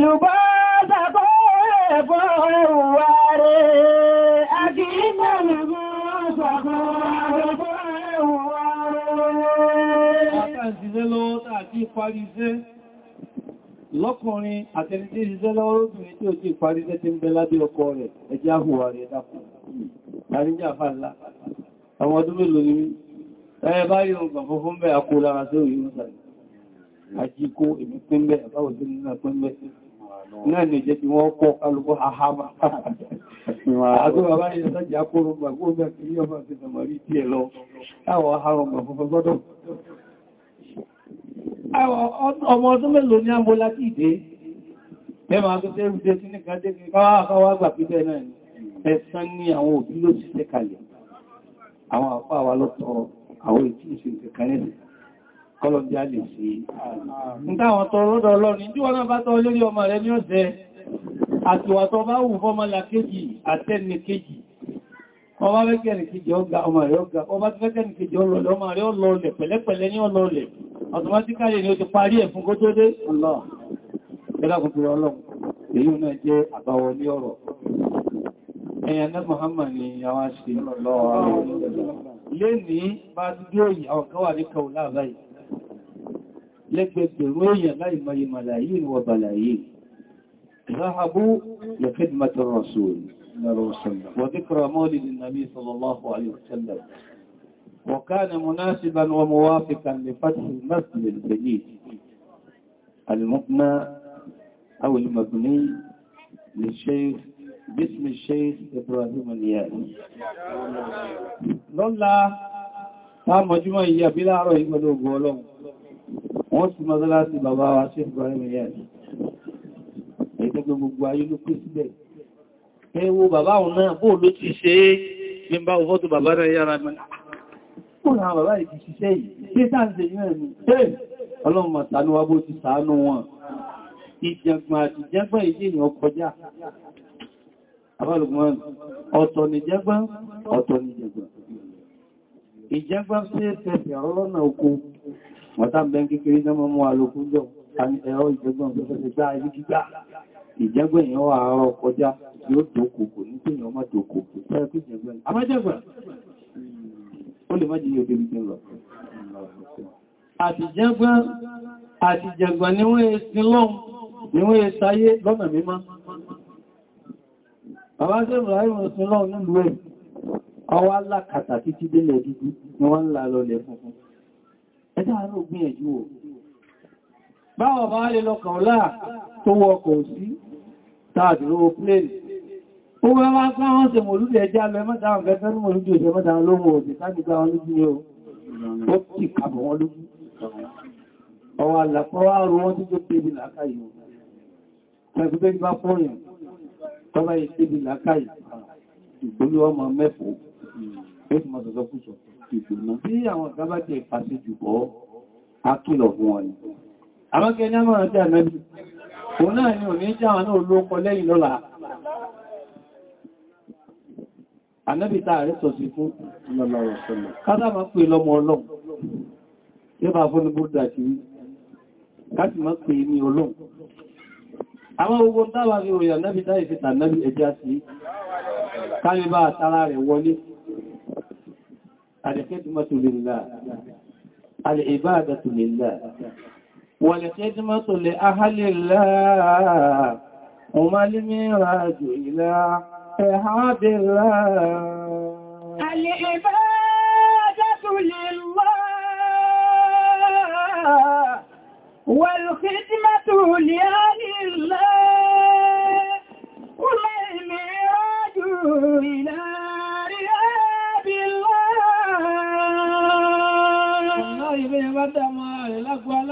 àlùbọ́sà bọ́ ẹ̀bọ́ ẹ̀wà rẹ̀ àti ìgbàlùbọ́sà bọ́ ẹ̀bọ́ ẹ̀wà rẹ̀. Àtàǹtìṣẹ́ lọ́wọ́ tàbí parí iṣẹ́ lọ́kùnrin àtẹnitẹ́ iṣẹ́ lọ́wọ́ lóbìnrin tí ó ti parí iṣẹ́ tí ń bẹ lábẹ́ ọkọ rẹ̀ ẹjá hùwà rẹ̀ dákùn. Àríjà fàlá, àwọn ọdún mélòó ni ẹ bá rí ohun gbàfọ́ fún bẹ́ àkó lára sí òyìn mọ́sàrí. Àjíkó, èmi pín bẹ́, àbáwọ̀ sí nínú àpín bẹ́ sí náà ni jẹ́ kí wọ́n kọ́ alùgbọ́ àhámà àti bàbá yẹn sájà kóró gbàgbógbà kí yọ́ bá ti sàmàrí tí ẹ lọ àwọn àhárọ̀ gbà fún fọ́gbọ́dọ̀ ọmọ ọdún mélòó ní àmúlá kí ìdé mẹ́wàá tó tẹ́rù tẹ́ sí nìkan jẹ́ kí káwàá gbà pípẹ́ náà ẹ̀sán ní àwọn òbí ló ti tẹ́kalẹ̀ àwọn àpá àwa lọ́tọ̀ọ̀ àwọn ìtí ìṣẹ́ ìkẹ́kẹ́ kọ́lọ̀ bí a lè ṣe. Ní táwọn tọrọ ọ̀dọ̀ ọlọ́rin tí wọ́n náà bá tọ́ lórí ọmọ rẹ̀ ní ọ̀sẹ̀, àtiwàtọ́ bá wù fọ́mọ làkejì àtẹ́ni kejì. Wọ́n bá fẹ́kẹ́ni kejì ọgá ọmọ rẹ̀ ọgá, wọ́n bá fẹ́kẹ́ni kejì ọlọ́lẹ̀ ọmọ rẹ̀ ọlọ́lẹ̀ pẹ̀lẹ́pẹ̀lẹ́ ní ọlọ́lẹ̀. Automatically ni ó ti parí ẹ̀ fún kó tó dé. Allah. Ẹlákùn tó ọlọ́run, èyí náà jẹ́ àbáwọ̀ ní ọ̀rọ̀. Ẹ̀yàn náà Muhammad ni àwọn aṣe lọ́wọ́. Lé ní bá dúdú òyìn àwọn kan wà ní Kaula báyìí. lẹ́gbẹ̀gbẹ̀rún èèyàn láì ملايين وبلايين ذهبوا لخدمة الرسول وذكر مولد النبي صلى الله عليه وسلم وكان مناسبا وموافقا لفتح المسجد الجديد المبنى أو المبني للشيخ باسم الشيخ إبراهيم لولا lọ́la مجموعه بلا رؤيه ولو قولون wọ́n sì mọ́ láti bàbá wa ṣe Ibrahim Ilyas ẹgbẹ́ gbogbo ayé ló pé síbẹ̀ ẹ wo bàbá òun náà bóò ló ti ṣe é bí n bá owó tó bàbá rẹ̀ yára mẹ́ta kó náà bàbá ìdí ṣiṣẹ́ yìí tí táà ń ṣe yìí rẹ̀ ní ọlọ́run màtàánú wa bó ti ṣàánú wọn ìjẹgbọ̀n àti jẹgbọ̀n ìdí èèyàn kọjá abálùgbọ́n ọ̀tọ̀ ni jẹgbọ̀n ọ̀tọ̀ ni jẹgbọ̀n ìjẹgbọ̀n sí ẹ̀fẹ̀ ọ̀rọ̀ náà wọ́n tá bẹ́ kékeré náà mọ́ alókún jọ ẹ̀họ́ ìjẹgbọ́n tó fẹ́ gbá ibi gígbà ìjẹgbọ́n èèyàn àárọ̀ kọjá yóò dókòkò ní pé èèyàn má dókòkò fẹ́ kí jẹgbọ́n àmọ́jẹgbọ́n ó lè nílùú ẹ̀ ọwọ́ alákàtà títí délẹ̀ dúdú ni wọ́n ń la lọlẹ̀ funfun ẹ̀dá àánú gbìyànjú o báwọn bá lè lọ́kàn láà tó wọ ọkọ̀ sí tààdìrò pléèrì ó wẹ́ wá pá wọ́n se mòlúdì ẹjá lọ ẹmọ́ta àwọn gẹ́gẹ́ ní mòlúdì òṣè mọ́ta lóhun òdì sáàdìgbà wọn lójú ni ó kì kàbọ̀ wọn lójú ọwọ́ àlàpọ̀ wá rú wọ́n tí tó tébì làákàyè ẹgbẹ́ bá fọ́yàn ti ṣùgbọ́n tí àwọn ìgbàbá jẹ́ ìfàṣẹ jù bọ́ akílọ̀ fún wọn ni. Àwọn kẹ́ ní àmọ́ àti ànábì, òun náà ni òní jẹ́ àwọn náà olóòkọ lẹ́yìn lọ́la. Ànábì táàrí sọ sí fún lọ́lọ́rọ̀ sọ́lọ̀. Kátà máa pè lọ́mọ ọlọ́run, yẹ́bà fún ní búrúdà ti rí, káti máa pè ní ọlọ́run. Àwọn ogun táwà rí òyà náà bí táì fi tà náà ẹjá sí, kárí bá àtàrà rẹ̀ wọlé. الخدمة لله العبادة لله والخدمة لأهل الله وما الميراج إلى إحاب الله العبادة لله والخدمة لأهل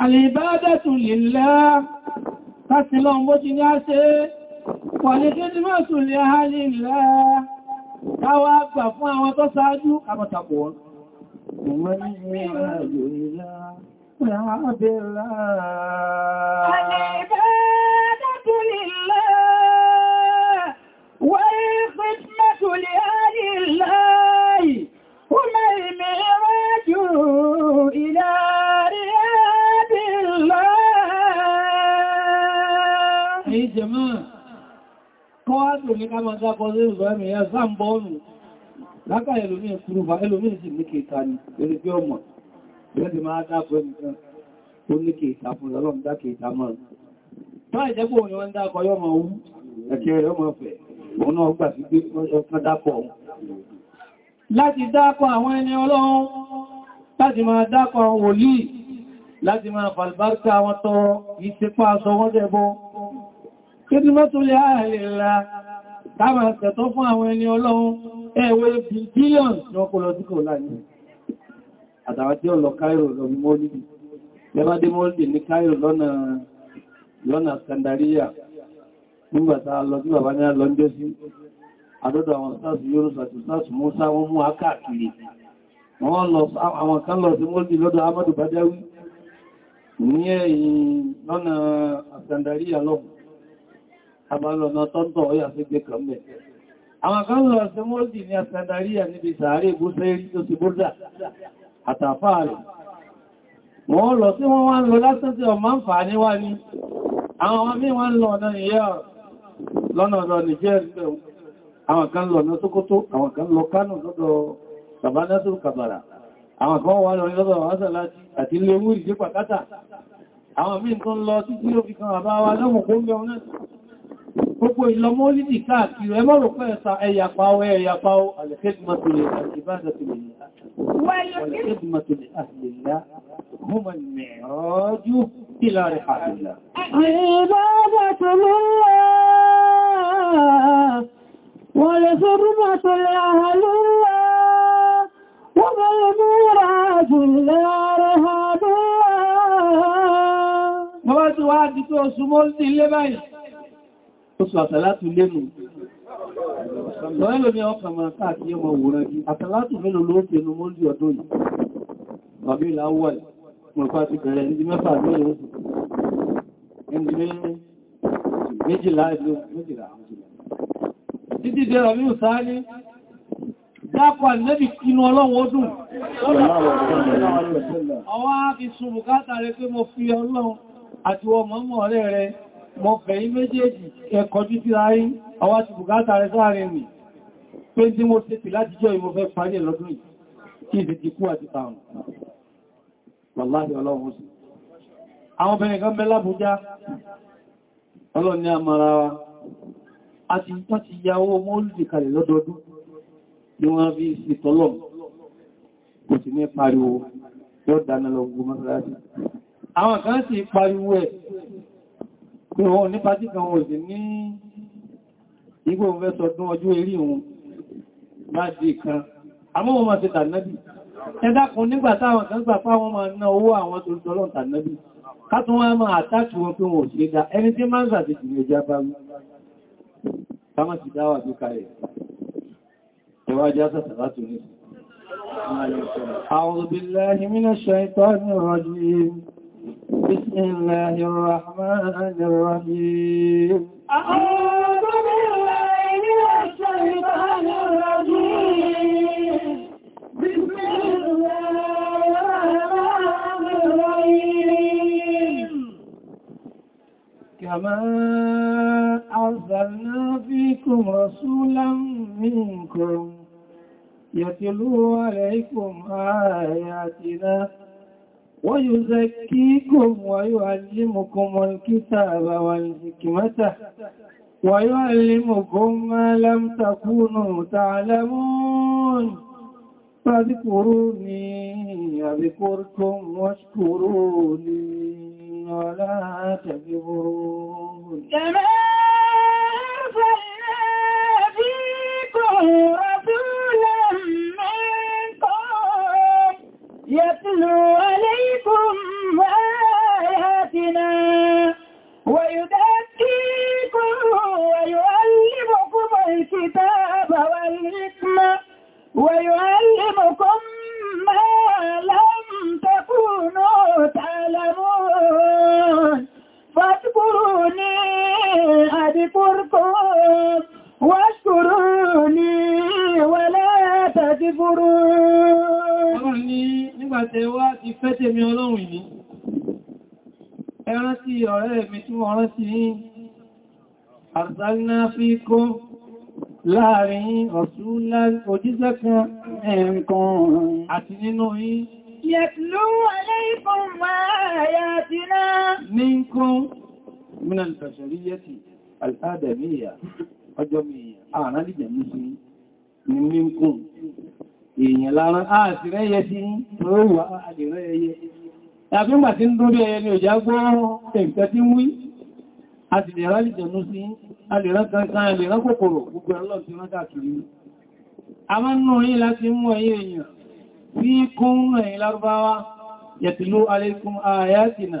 Al-ibadatu lillah, láti lọ mọ́ ti ní àṣẹ, wà ní kí ní máa tún lè ha lè láà, káwà gbà fún àwọn tó sáájú, àbọ̀tàpọ̀ wọn. Ìmọ̀ ní ìrìnàjò ìlà, rà ábẹ̀ láà. kọ́ wá lò ní káàmà dápọ̀ sí ìrọ̀mì ya sáàmbọ́ọ̀nù lákà ẹlòmí ìkúrùfà ẹlòmí sì ní kèta ni lórí pé ọmọ lẹ́dì máa dápọ̀ ẹnìkan ó ní kèta fún ọlọ́m dá kèta mọ́ Táà ìjẹ́gbò òyìn wọ́n dákọ̀ yọ́ ma wú, ẹ̀kẹ́ yọ́ ma fẹ̀, òun náà gbà sí pé wọ́n dákọ̀ òun. Láti dákọ̀ àwọn ẹni ọlọ́run, láti máa dákọ̀ wòlíì, láti máa fàlbárkà wọn tọ́ ìsepá aṣọ wọ́n jẹ́bọ́. Kédìmọ́tò lè ààrẹ la káàmà ṣẹ̀tọ́ fún àwọn ẹni ọlọ́run ẹ̀wẹ́ bílíọ̀n ní ọpọlọ tí kò láàrin. Àtàwà tí ó lọ Cairo lọ bí Mọ́lìdì. Lẹ́bá dé Mọ́lìdì ní Cairo lọ́nà lọ́nà Skandaria. Nígbàtà lọ sí bàbá ní àlọ́njọ́ sí. Àdọ́dọ̀ àwọn sáàsù Yunus àti sáàsù Musa wọ́n mú lọ́pù àbálọ̀nà tọ́ntọ̀ ọ̀yà sí gbé kan mẹ́. Àwọn kan lọ sí mọ́sí ní Asadaria níbi sàárè Búsẹ́rí tó ti Búdà àtàfà rẹ̀. Wọ́n lọ sí wọ́n wá ń lọ lásán tí ọmọ ń fà ní wá ní. Àwọn ọmọ mí wá ń lọ ọ̀nà ìyẹ́ lọ́nà ọ̀dọ̀ Nìjẹ́ àwọn kan lọ ọ̀nà Sókótó, àwọn kan lọ Kánò lọ́dọ̀ Sàbánátò Kàbàrà, àwọn kan wà lọ lọ́dọ̀ Wásàlájì àti Léwúrì sí Pàkátà, àwọn míì tó ń lọ títí ó fi kan àbáwá lọ́mùkú ń bẹ̀ gbogbo ìlọmọ́ lídì káàkiri ẹmọ́ rò pẹ́ ẹ̀sà ẹ̀yàpáwọ́ ẹ̀yàpáwọ́ alẹ́kẹ́gbàtòlè àìbádàtòlè alẹ́kẹ́gbàtòlè àìlèlá هم المعراج إلى رحاب الله عبادة الله ولحرمة الأهل الله وما المعراج إلى رحاب الله Mọ́wàá wá di tó súnmọ́ sí ilé báyìí tó sọ àtàlátù lẹ́nu lọ́yẹ́lò ní ọkà máa káàkiri ọmọ òwúrán jí àtàlátù mẹ́lò ló ń tẹnu mọ́lì ọdún yìí bàbí ìlàwọ̀ mọ̀pá ti bẹ̀rẹ̀ ní mẹ́fà mẹ́rin oṣù ẹni méjìlá ìlú méjìlá títí dẹ̀rọ ní ìsáálé dákọ̀ ànẹ́bì kínú ọlọ́run ọdún ọwá fi sùn bùkátà rẹ pé mo fi ọlọ́run àti ọmọ ọmọ rẹ̀ rẹ̀ mọ́ fẹ̀yí méjèèjì ẹkọ̀ títí ráyí àwa ti bùkátà rẹ̀ sáàrin mi pé tí mo tètè láti jọ ìmọ̀ fẹ́ parí lọ́dún yìí kí ìdè ti kú àti tààrùn wàláhì ọlọ́run sí àwọn obìnrin kan bẹ lábújá ọlọ́ni àmàrà wa àti wọ́n ti ya owó mọ́lùdì kalẹ̀ lọ́dọọdún ni wọ́n fi ìsìtọ́lọ̀ kò sì ní pariwo yóò dáná lọ gbogbo mọ́sálásí àwọn kan sì pariwo ẹ̀ pé wọn ní pàtí kan wọn sì ní igbó ń fẹ́ sọdún ọjọ́ eré òun bá di kan àmọ́ wọn máa ṣe tànábì ẹ̀dàkùn nígbà táwọn kan gbà fáwọn máa ná owó àwọn tó tọ́lọ́ tànábì kátún wọn máa àtàkì wọn pé wọn ò ṣe dá ẹni tí máa ń sàtì jù ẹjá bá rú kámọ́ ti dáwà tó kààrẹ̀ ẹwàjá sàtà látò ní أعوذ بالله من الشيطان الرجيم بسم الله الرحمن الرحيم أعوذ بالله من الشيطان الرجيم بسم الله الرحمن الرحيم كما أرسلنا فيكم رسولا منكم يتلو عليكم آياتنا ويزكيكم ويعلمكم الكتاب والحكمة ويعلمكم ما لم تكونوا تعلمون فاذكروني أذكركم واشكروني ولا تكفرون كما أرسلنا فيكم رسولا يتلو عليكم آياتنا ويذكيكم ويعلمكم الكتاب والحكمة ويعلمكم ما لم تكونوا تعلمون فاذكروني أذكركم واشكروني ولا تذكرون tẹ wá ti fẹ́ tèmi ọlọ́run yìí ẹran sí ọ̀rẹ́ mi tí wọ́n rán sí yìí àrùsáríná fi kó láàrin ọ̀sùn òjíṣẹ́ kan ẹ̀ǹkan àti nínú yìí yẹ̀tlú aláìkùn máa yà tí náà ní kún èèyàn lára àti rẹ́yẹ sí rọ́wà àdìrẹ́ ẹyẹ tàbí ìgbà tí ń dórí ẹyẹ ni òjá gbọ́ọ̀rọ̀ ẹ̀ǹkẹ́ tí ń wí àdìrẹ́ alìjẹ̀nú sí alìrẹ́ kankan alìrẹ́ kòkòrò gbogbo ọlọ́ọ̀tí rán káàkiri a máa ń nù yí láti mú ẹ̀yin èèyàn sí kún ẹ̀yin lárúbáwá yatlu alaykum ayatina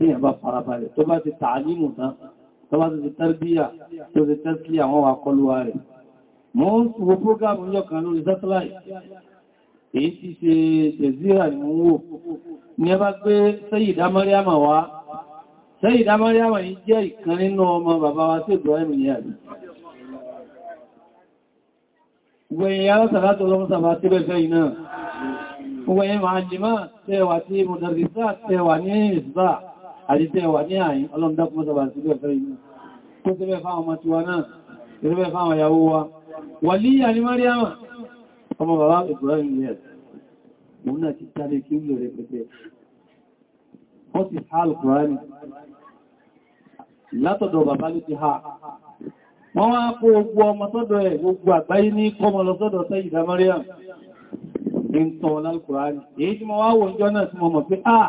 èèyàn bá farabalẹ̀ tó bá ti tààlímù tán tó bá ti ti tẹ́rbíyà tó ti tẹ́sílì àwọn akọlùwà rẹ̀ mọ́ wo prógámù yọkan lórí satellite èyí ti ṣe jẹ̀zíra ni mo wò ní ẹbá gbé Sayyida Maryama wá Sayyida Maryama yìí jẹ́ ìkan nínú ọmọ bàbá wa sí Ibrahim ní àbí tí bẹ́ fẹ́ iná tẹ́wà ní ìsbá àdíṣẹ́ wà ní àyín ọlọ́mdápọ̀ sọ̀bà sílẹ̀ fẹ́ inú tó ti bẹ́ fáwọn matuwa náà ìrẹ́bẹ̀ fáwọn ìyàwó wa wàlíyà ní Mariama ọmọ bàbá Ibrahim yes òun náà ti tàbí kí ó rẹ̀ pẹ̀pẹ̀ ó ti ha alkùránì látọ̀dọ̀ bàbá ló ti ha wọ́n wá kó gbogbo ọmọ sọ́dọ̀ ẹ̀ gbogbo àgbáyé ní kọmọ lọ sọ́dọ̀ Sayyida Mariam ń tọ́ lálkùránì èyí tí mo wá wọ́n jọ náà tí mo mọ̀ pé ah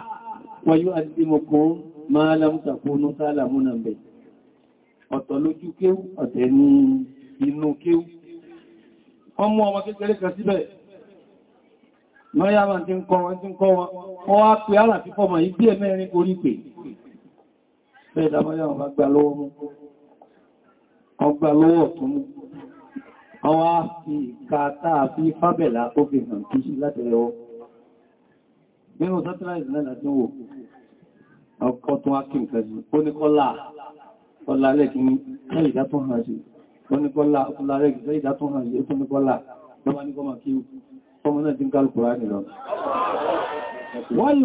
ويؤذمكم ما لم تكونوا تعلمون به ọ̀tọ̀ lójú kéwú ọ̀tẹ̀ ní inú kéwú wọ́n mú ọmọ kékeré kan síbẹ̀ lọ́yàmà tí ń kọ́ wọn tí ń kọ́ wọn wọ́n wá pé ara fífọ́ ma ìgbé mẹ́rin orí pè bẹ́ẹ̀ dámọ́yàmà nínú sátẹ́láìsì náà láti wò kú ọkọ̀ tó wá kí nǹkan jù ó ní kọ́lá ọlá lẹ́kì ní ìdá tó hàn jù ó ní kọ́lá ọlá lẹ́kì ní ìdá tó hàn jù ó ní kọ́lá lọ́wọ́ ní kọ́mà kí ọmọ náà dín kálùkù rá nìlọ wọ́n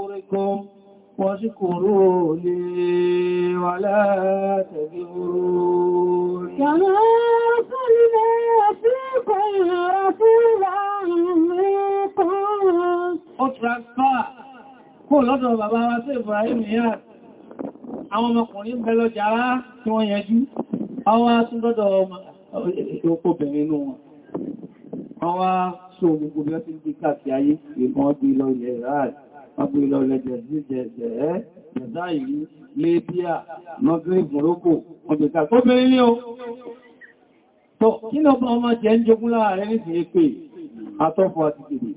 yóò واشكروا لي ولا تذكرون كما أرسلنا فيكم رسولا منكم أتركا kó lọ́dọ̀ bàbá wa sí Ibrahim yáà àwọn ọmọkùnrin bẹ lọ́jà tí wọ́n yẹjú àwọn atúndọ́dọ̀ ọkọ̀ bẹ̀rẹ̀ inú wọn àwọn sọ gbogbo bí wọ́n ti ń gbé káàkiri ayé ìgbọ́n bí lọ ilẹ̀ ìráàlì agbèlọ̀lẹ̀ jẹ̀ẹ́jẹ̀ẹ́ jẹ̀záìlú lébíà maghrib morocco ọgbẹ̀ta tó bẹ̀rẹ̀ ní o tọ́ kí lọ bá ọmọ jẹ́ ń jogún láàrẹ́ nìsìn èpè àtọ́fọ́ àti kèrè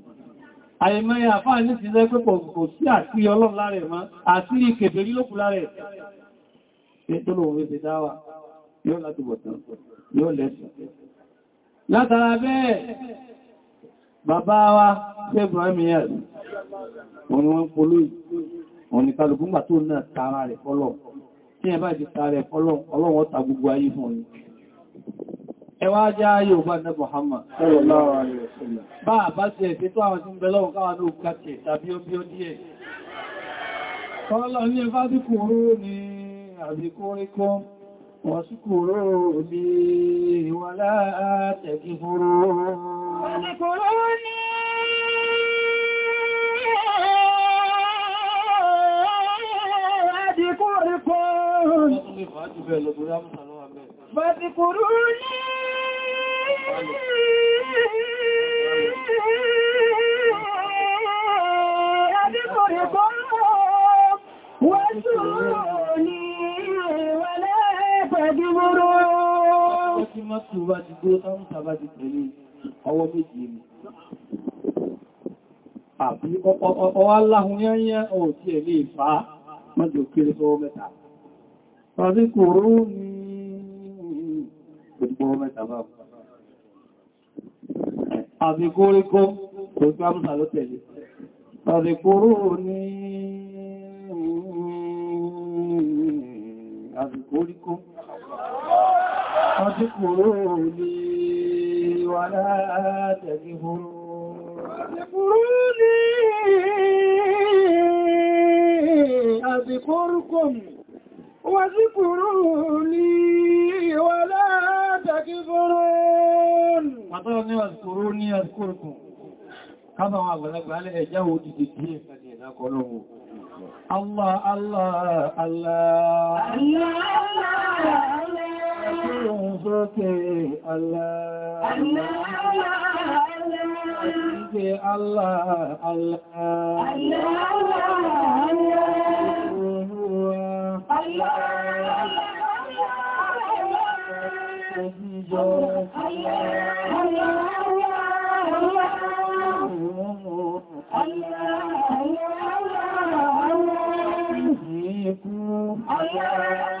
àìmọ́ya àfáà ní ti rẹ́ pẹ́pọ̀ kò sí àti ọlọ́run lárẹ̀ mọ́ àti rí kèbèrí lókù lárẹ̀ látara bẹ́ẹ̀ bàbá wa Ibrahim yẹn òun wọ́n polú òun ni kálùkù gbà tó náà tààrà rẹ̀ fọ́lọ̀ tí ẹ bá ti tààrà rẹ̀ ọlọ́wọ́ ta gbogbo ayé fún ọ̀yìn ẹwà ajá Yorùbá ní Muhammad sallallahu alaihi wasallam bá bá ti ẹ̀ tó àwọn tí ń bẹ lọ́wọ́ káwà ní òkú kàtẹ̀ tàbí ó bí ó díẹ̀ kọ́lọ̀ wọ́n sí kòró ní ìwàlá àtẹ̀kí fóró فاذكروني أذكركم واشكروني ولا تكفرون ọwọ́ méjì ni àbí ọwọ́ aláhun yányá ọ̀ tí ẹ̀ lè fà á mọ́jọ kéré sọ́wọ́ mẹ́ta tàbí kòrò ní ìgbògbò mẹ́ta bá àbí kóríkó tó gbámsà ló tẹ̀lé tàbí kòrò ní àbí kóríkó àbí kòrò ولا تذكروني أذكركم واذكروني ولا تكفرون وطلني واذكروني أذكركم كما هو أغلق على إجاو جديد الله الله الله الله الله sókè Allah Allah Allah Allah Allah Allah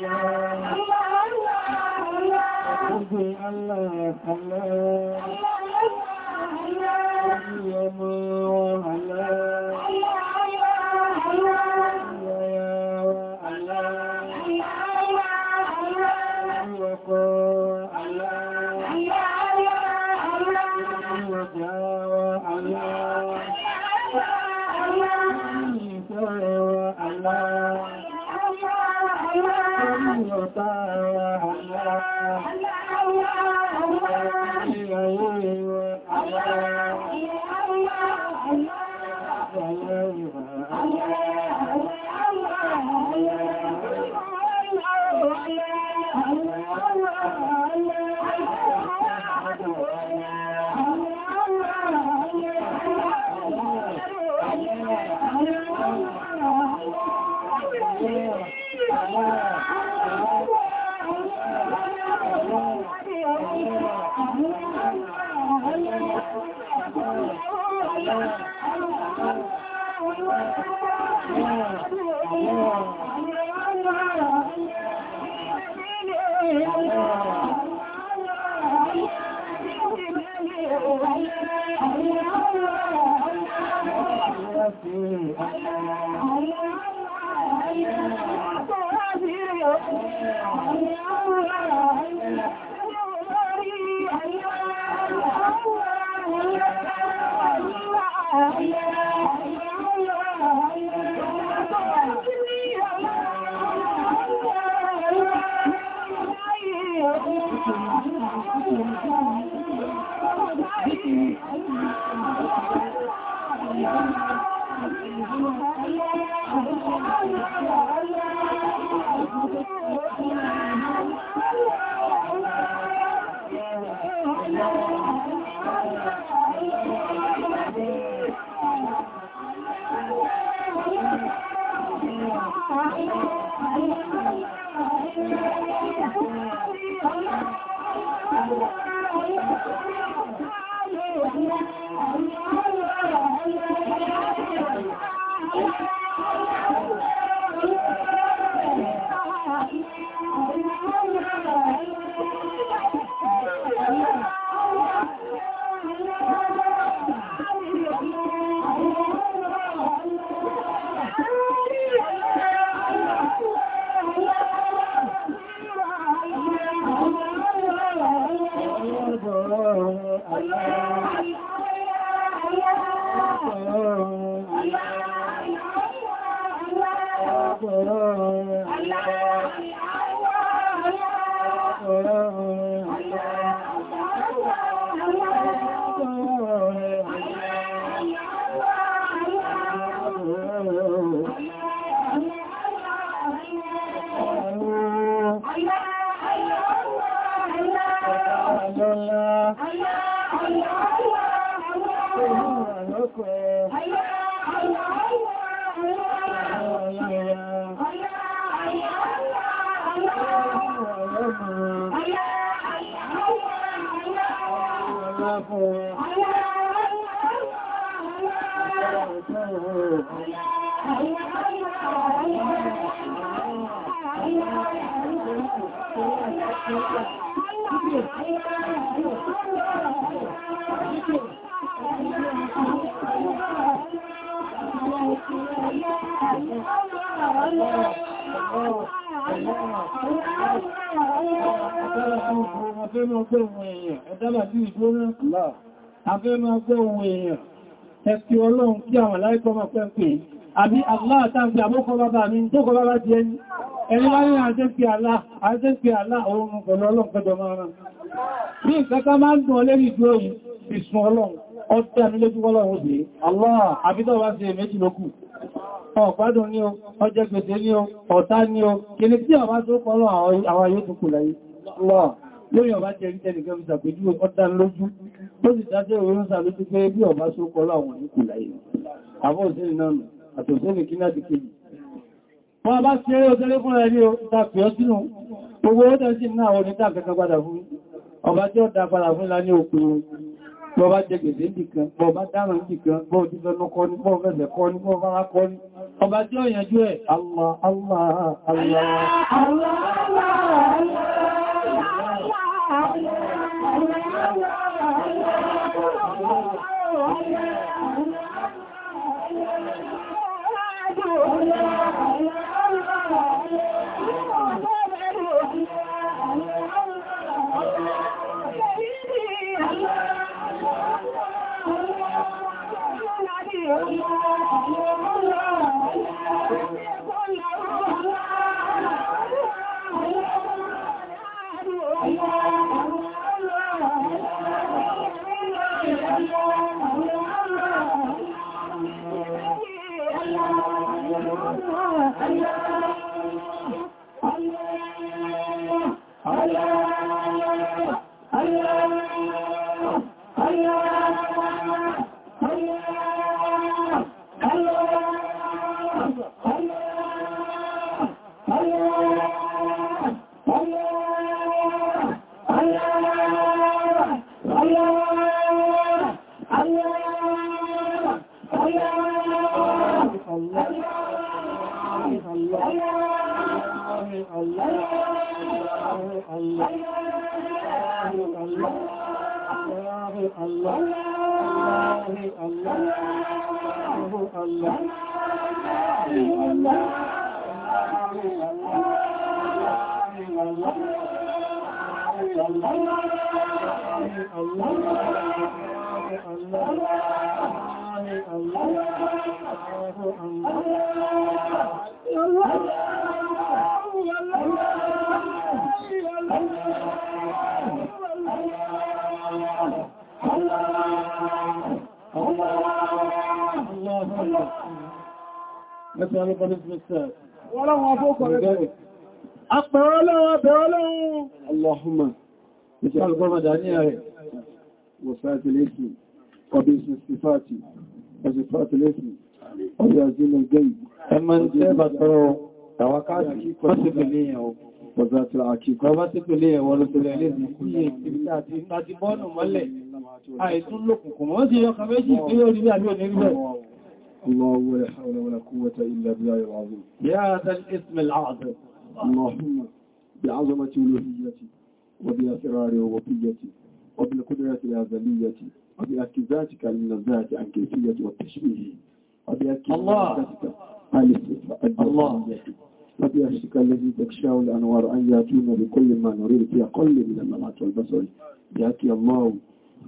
Ogun Allah Allah Ogun ọmọ Allah Allah Ọba wa, Ọba wa, Ọba wa, afẹ́ máa gbọ́ ohun èèyàn ẹ̀kì ọlọ́run kí àwọn aláìkọ́ máa pẹ́ pé àbí Allah tàbí àbókọ́ bàbá mi tókọ bàbá ti ẹni ẹni láyé àjẹ́ pé Allah àjẹ́ pé Allah oòrùn pẹ̀lú ọlọ́run pẹ̀lú ọmọ ara bí ìkẹ́kẹ́ máa ń dùn ọlẹ́rì dúró yìí ìsùn ọlọ́run ọdá mi lójú ọlọ́run òbí Allah àbídọ́wà sí méjì lókù ọ̀pádùn ní o ọjẹ́ gbèsè ní o ọ̀tá ní o kìnnì tí àwọn tó kọ́ lọ àwọn lórí ọba jẹ́ ìtẹ́lì gẹ́bí sàpéjú ọdá lójú ó sì dájẹ́ òun sàlójú pé bí ọba só kọlọ àwọn ìkù láyé àbọ́ náà nù àtòsẹ́lì kí láti kejì wọ́n bá ṣe eré ọjọ́lé fún ẹ̀rí ìtàpẹ̀ ọdínú gbogbo ó tẹ́sí náà wọn ní tàkẹ́kẹ́ padà Allah Allah Allah Allah Allah Allah Apẹ̀rọ lọ́wọ́ bẹ̀rọ lọ́wọ́. Allahumma, ìṣẹ́ alùgbọ́mọ̀dá ní ààrẹ, wọ̀sáàtì lẹ́sì, ọdún ìsìnfàtì, ọ̀sìnfàtì lẹ́sì, ọdún àzínà gẹ́yì. Ẹmọ ń tẹ́ bàtọrọ tàwákàtì kí kọ́ sí pẹ̀lẹ́ ẹ̀wọ̀. Wọ̀sáàtì àkíkọ́ bá sí pẹ̀lẹ́ ẹ̀wọ̀ lọ́sẹ̀lẹ̀ lẹ́sì kúrò ìpìlẹ̀ àti ìtàdìbọ́nù mọ́lẹ̀. Àìtún lókùnkùn mọ́ sí ọkà méjì pé ó rí àbí ò ní rí الله ولا حول ولا قوة إلا بالله العظيم يا ذا الاسم العظيم اللهم بعظمة ألوهيتي وبأسرار ربوبيتي وبالقدرة الأزلية وبأكذاتك من الذات عن كيفية والتشبيه وبأكذاتك عن الاستفاء الله وبأشرك الذي تكشاه الأنوار أن يأتينا بكل ما نريد في أقل من الممات والبصر يأتي الله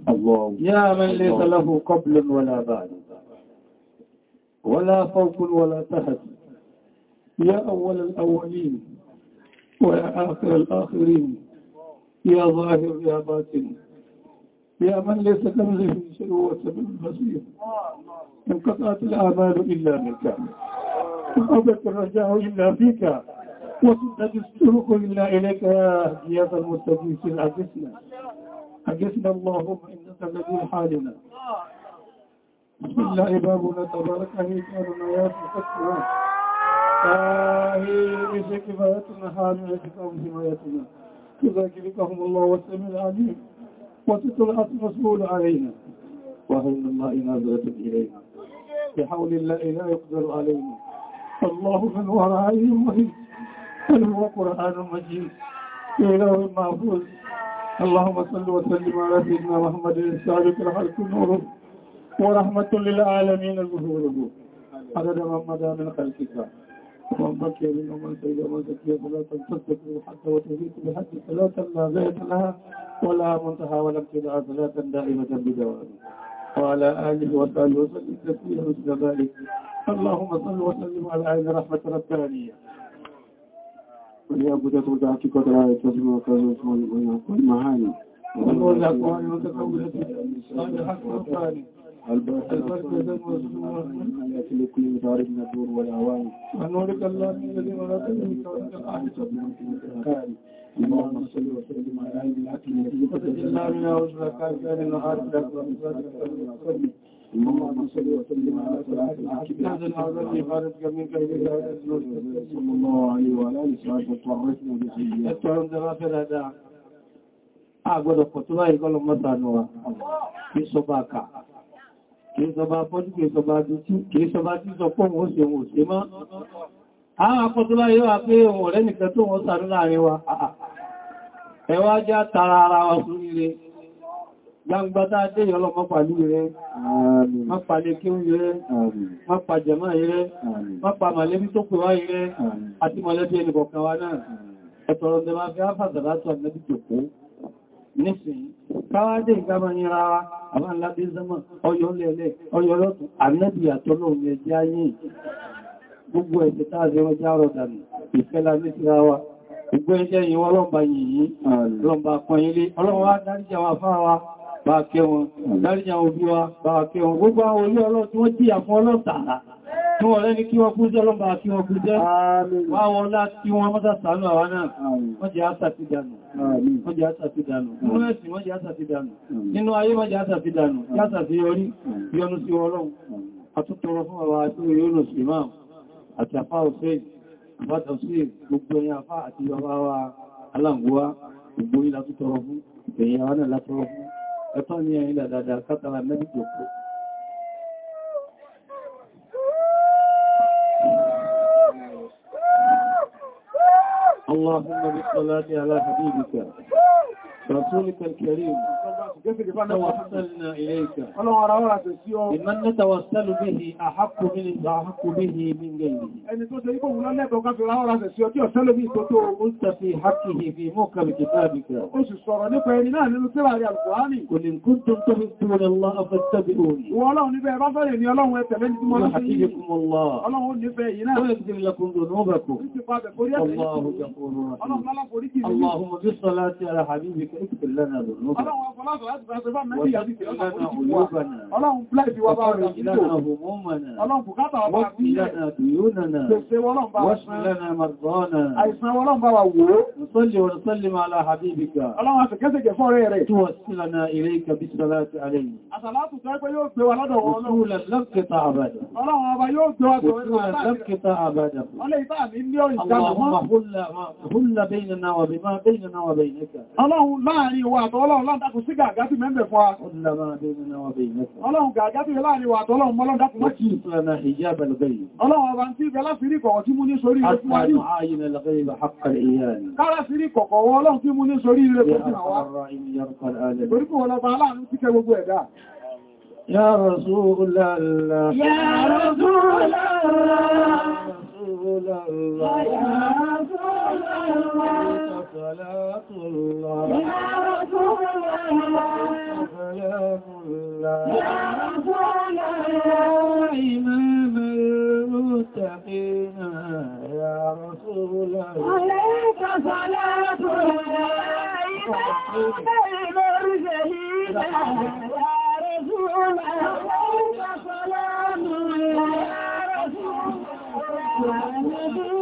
الله يا من ليس له قبل ولا بعد ولا فوق ولا تحت يا أول الأولين ويا آخر الآخرين يا ظاهر يا باطن يا من ليس كمزه شيء وسبب البصير انقطعت الآمال إلا منك وقبلت الرجاء إلا فيك وسدت السلوك إلا إليك يا غياث المستغيثين أجسنا أجسنا اللهم إنك الذي حالنا بسم الله بابنا تبارك هي كارنا يا سكتنا تاهي إذا كفايتنا حالنا كفاهم حمايتنا يذاكركهم الله والسميع العليم وتطلعت مسؤول علينا وهن الله نازلة إلينا بحول الله لا يقدر علينا الله من ورائهم مهيد بل هو قرآن مجيد إله المحفوظ اللهم صل وسلم على سيدنا محمد السابق الحلق نوره ورحمة للعالمين ظهوره عدد من مدى من خلقك وانبك يا بن أمان سيدة وزكية فلا تنتصف حتى وتهيك بحد فلا لا غاية لها ولا منتهى ولا ابتداء ثلاثا دائمة بدوام وعلى آله وصحبه وسلم تسليما مثل ذلك اللهم صل وسلم على عين رحمة ربانية وليعبد تودعتك وتعالى تسلم وكذا ويعقل معاني وتقول أقوال وتقول الحق رباني ونورك الله الذي مرات منك وانت الآحة اللهم صل وسلم على عين العقل التي تتجلى منها وجهك كان نهارك لك وقصدك اللهم صل وسلم على صلاة العاقبة الذي خرجك منك إليك صلى الله عليه وعلى آله وصحبه وتورثنا بحية أتعلم دغافر هذا أعبد القطبة يقول لهم مثلا الله في صباكة kìí sọba fọ́jú kìí sọba dúdú kìí sọba tí sọ pọ́ wọ́n ṣe wọ́n ṣe mọ́ àwọn akọ́tọ́lá yóò wà pé ohun ọ̀rẹ́ nìkan tó wọ́n sàánú láàrin wa ẹwà já tara ara wa sórí rẹ̀ gbangbata dé yọ́lọ mọ́pàlú rẹ̀ mọ́pàlẹ̀ kí rẹ̀ mọ́pàjẹ̀mọ́ rẹ̀ mọ́pà mọ̀lẹ́bí tó pè wá rẹ̀ àti mọ̀lẹ́bí ẹnìkọ̀ọ̀kan wa náà ẹ̀tọ̀rọ̀ nísìnyí káwàdé ìgbàmà ní rárá àwọn aládé zama ọyọ́ lẹ́lẹ́ ọyọ́ lọ́tún ànábì àtọ́lọ́ ẹjẹ́ ayé gbogbo ẹ̀sẹ̀ táàzẹ ọjá rọ̀dàmì ìfẹ́lá mẹ́sìláwà gbogbo ẹjẹ́ yìí wọ́n lọ́mbà yìí lọ́mbà pọ̀nyílé ọlọ́wọ́ dáríjà wà fáwà bá kẹwọn dáríjà òbí wa bá kẹwọn gbogbo àwọn tí wọ́n rẹ́ ní kí wọ́n kú jẹ́ lọ́mbà kí wọ́n kú jẹ́ wáwọn láti wọn mọ́ta sàánú àwọn náà wọ́n jẹ́ àṣàfidànù wọ́n jẹ́ àṣàfidànù nínú ẹ̀sìn wọ́n jẹ́ àṣàfidànù nínú ayé wọ́n jẹ́ àṣàfidànù yásàfihọrí yọnu sí ọlọ́run àtútọrọ fún àwọn àti Yunus Imam àti àfá Hussein àfá Tafsir gbogbo ẹ̀yìn àfá àti bàbá wa aláǹgbówá gbogbo ìlà tó tọrọ fún ẹ̀yìn àwọn náà látọrọ fún ẹ̀tọ́ ní ẹ̀yìn dàdàdà kátàlá mẹ́bí jòkó اللهم بالصلاة على حبيبك رسولك الكريم توسلنا إليك لمن نتوسل به أحق من أحق به من غيره قلت في حقه في موكب كتابك قل إن كنتم تحبون الله فاتبعوني يحببكم الله ويغفر لكم ذنوبكم الله غفور رحيم اللهم بالصلاة على حبيبك اكفر لنا ذنوبنا Ọlọ́run ọba yóò gbé wa tó ẹgbẹ̀rẹ̀. Ọlọ́run láàrin wa àtọ́lọ́run láàrin dákùn sí sí gàgá sí mẹ́bẹ̀ fún wa. Ọlọ́run gàgá sí láàrin wa tọ́lọ́run mọ́lọ́run dákùn mọ́ kí. Ọlọ́run ọba tí ibẹ̀ láti rí kọ̀kọ̀ tí ní sórí rẹ̀ fún wa ní. Kára sí rí kọ̀kọ̀ wọ ọlọ́run tí mú صلاة الله يا رسول الله سلام الله يا رسول الله إمام المتقين يا رسول الله عليك صلاة الله إمام المرسلين يا رسول الله عليك سلام الله يا رسول الله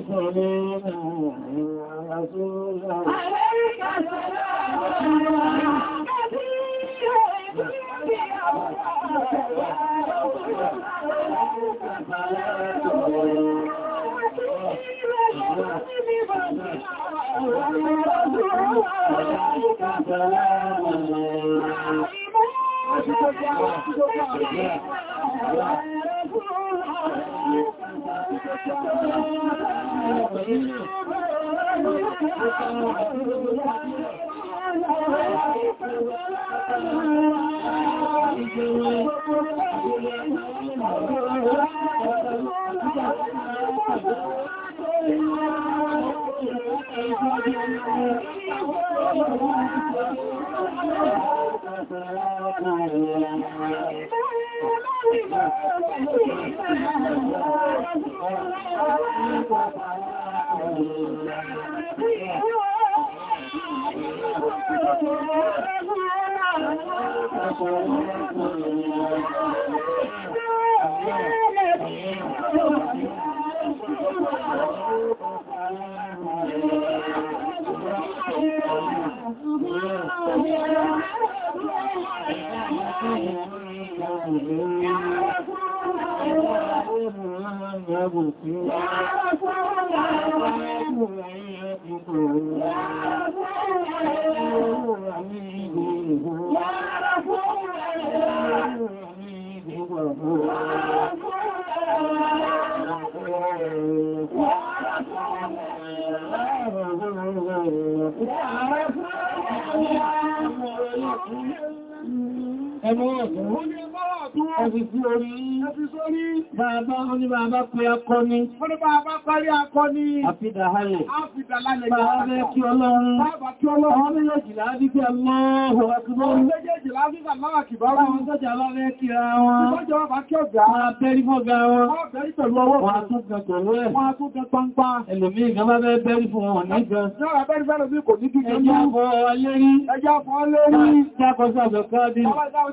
你好。Thank you. Mm-hmm. Bàbá oní bàbá pé akọni. Oní bàbá parí akọni. Àfidà halẹ̀. Àfidà lálẹ̀. Bàbá kí ọlọ́run. Bàbá kí ọlọ́run. Àwọn méjèjìlá bí bí aláhùn akìbọ́. Àwọn méjèjìlá bí bí aláhùn akìbọ́. Àwọn sọ́jà aláwẹ́ kí ra wọn. Ìbọ́jọ́ bàbá kí ọ̀gá. Àbẹ́rí fọ́gá wọn. Àbẹ́rí pẹ̀lú ọwọ́. Wọ́n á tún gan pẹ̀lú ẹ̀. Wọ́n á tún gan pánpá. Ẹlòmí ìgbọ́n bá bẹ́ẹ̀ bẹ́rí fún wọn ní gan. Yọ́ra bẹ́rí fẹ́lò bí kò ní bí gan. Ẹjá fọ́ ọlẹ́rí. Ẹjá fọ́ ọlẹ́rí. Jákọ́ sí àjọ̀ká bí. Ọlá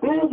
Thank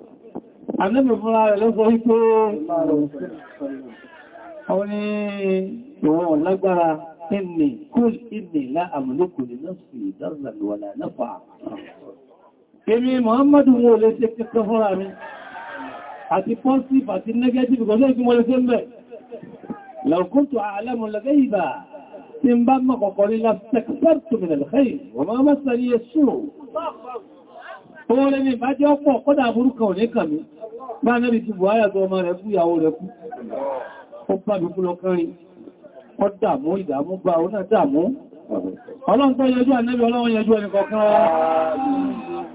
Ànábì fúnra rẹ̀ ló sọ wípé àwọn ní ìwọ̀n lágbára inni kúl inni láàmùlùkù ní nafsi darran wala naf'a. Èmi Muhammadu mo lè ṣe kẹta fúnra mi, àti positive àti negative gọ́sẹ́ ìfún mo lè ṣe ń bẹ̀. Law kuntu a'lamu al-ghayba tí ń Owó rẹ̀ ní ìbájẹ́ ọ̀pọ̀ kọ́dà burúkà ò ní kàmí. Bá náà bí ti bù áyà tó ọmọ rẹ̀ kú ìyàwó rẹ̀ kú. Ó bá mi kú lọ kánrin. Ó dàmú ìdàmú bá ó náà dàmú. Ọlọ́run tó yẹjú ànẹ́bí ọlọ́run yẹjú ẹni kọ̀ọ̀kan wá.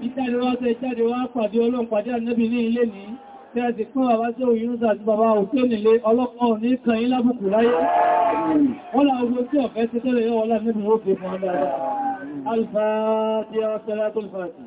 Ìjáde wá tẹ ìjáde wá pàdé ọlọ́run pàdé ànẹ́bí ní ilé ní tẹ́ẹ̀sì fún bàbá tí òyìn ń sàti bàbá òkè nílé ọlọ́kan ní kan yí lábùkù láyé. Wọ́n lá ogun tí ọ̀fẹ́ ti tẹ́lẹ̀ yọ́ ọlá nínú ó fi fún ọlọ́run. Al-Fatiha, Salatul Fatiha.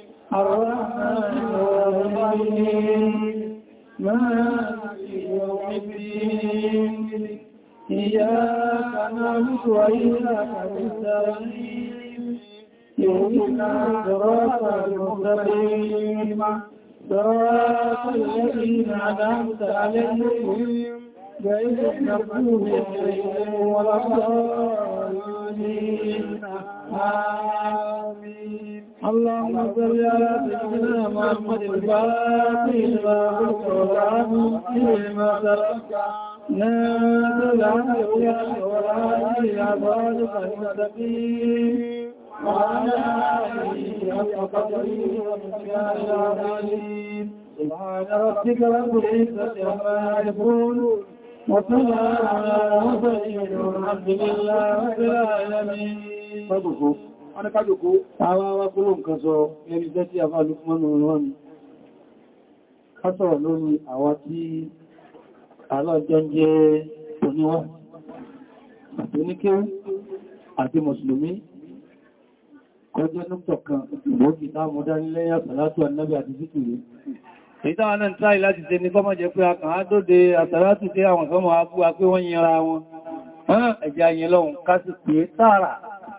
الرحمن الرحيم مالك يوم الدين إياك نعبد وإياك نستعين اهدنا صراط المستقيم صراط الذين أنعمت عليهم غير المغضوب عليهم ولا الضالين اللهم صل على سيدنا محمد الفاتح لما قلت فيما سبق نادى العهد ولا المستقيم وعلى آله حق قدره العظيم سبحان ربك رب العزة عما يصفون على المرسلين والحمد لله رب العالمين wọ́n ní kájòkó àwọn awákúnlò nǹkan sọ ẹni jẹ́ tí a bá ló fún ọmọ wọn ni ká sọ̀rọ̀ lórí àwọn tí alájọ́ jẹ́ oníwà àti oníkéwú àti mùsùlùmí kọjọ́ nítọ̀ kan ìgbógi táàmù dánilẹ́yà sàlátù annabi àti zikiri èyí táwọn náà tráì láti ṣe ní kọ́mọ̀ jẹ́ pé akàn á dóde tí àwọn kan mọ̀ á wọ́n yẹra wọn ẹ̀jẹ̀ ayẹlọ́hun ká sì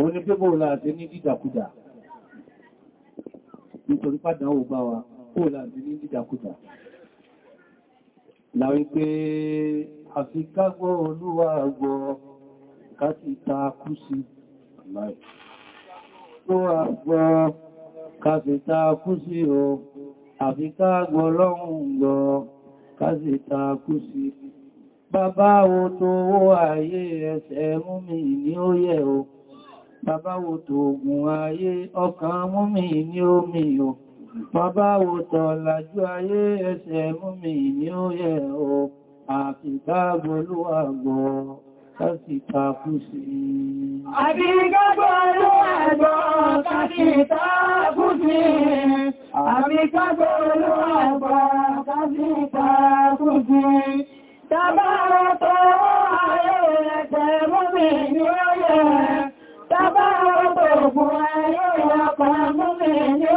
òun ni pébò láti ní dídàkudà nítorí pàdánwò bá wa kó láti ní dídàkudà láwí pé àfikágbọ́ olúwa àgbọ́ káti ta kú sí tó àgbọ́ káti ta kú sí o àfikágbọ́ lọ́hùn gbọ́ káti ta kú sí bàbá o tó owó ayé ẹsẹ̀ mú mi ní ó yẹ o. Bàbá wo tòògùn ayé, ọkàn múmi ní omi o. Bàbá wo tọ̀làjú ayé, ẹsẹ̀ múmi ní ó yẹ o. Àfìká bolúwàgbọ́, kásìta kú sí. Àfìká bolúwàgbọ́, kásìta kú sí. Àfìká bolúwàgbọ́, kásìta kú sí. Tàbá tó ayé, ẹsẹ̀ Tàbá ọ̀pọ̀ ní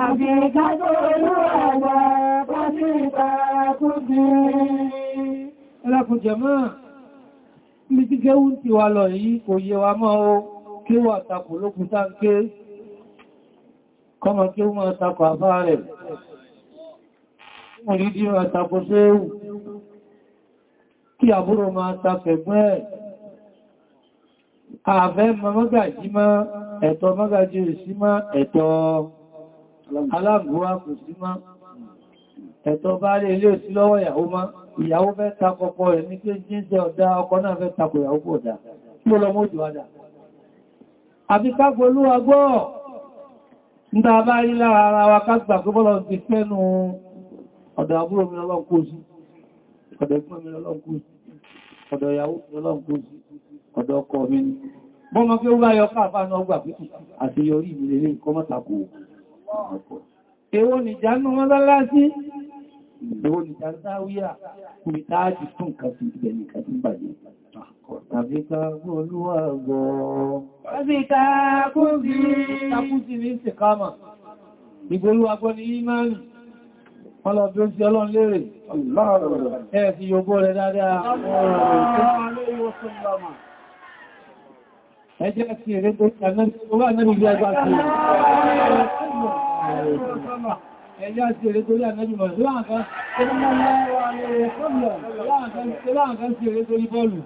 ọ̀gbẹ̀ àbí ti wà lọ yìí kò yẹ wa mọ́ ó kí wà takò lókùn táńké, kọmọ kí ó máa takò àfáà rẹ̀. Mo rí dí máa takò séwù, kí àbúrò máa takẹ̀gbẹ́ ẹ̀ àfẹ́ mọ́gájí mọ́ ẹ̀tọ́ mọ́gájí sí mọ́ ẹ̀tọ́ aláàbúwá kò sí mọ́ ẹ̀tọ́ bá rí ilé òsí lọ́wọ́ ìyàwó mọ́ ìyàwó fẹ́ takọpọ̀ rẹ̀ ní pé jíjẹ́ ọ̀dá ọkọ náà fẹ́ takọ ìyàwó pọ̀ dá kí lọ mọ́ jùwádà àbí kágbó olúwa gbọ́ nígbà bá rí lára ara wa kágbà pé bọ́lọ̀ ti fẹ́nu ọ̀dọ̀ àbúrò mi ọ̀dọ̀ ọkọ mi ni bọ́n mọ́ kí ó wáyọ káàfà náà gbà pípù àti yọrí ìbìlẹ̀ ní nǹkan mọ́tàkù èwo ni jánú mọ́lálásí èwo ni jánúdáwíà kùrì táàjì tún nǹkan sí ibẹ̀ nìkan tí bàjẹ́ tàbí káàkùn olúwà gbọ́ tàbí káàkùn sí takúsí ní ìsìkámà ìgbòlúwà gbọ́ ni ìmánì wọ́n lọ bí ó sí ọlọ́run lérè ẹ̀ fi yóò gbọ́ rẹ̀ dáadáa ẹjẹ́ sí ẹ̀rẹ́ tó wà nẹ́bí bí agbá sí ẹ̀yà sí ẹ̀rẹ́ tó yà nẹ́bí bọ̀lù láàkan sí ẹ̀rẹ́ tó rí bọ́ọ̀lù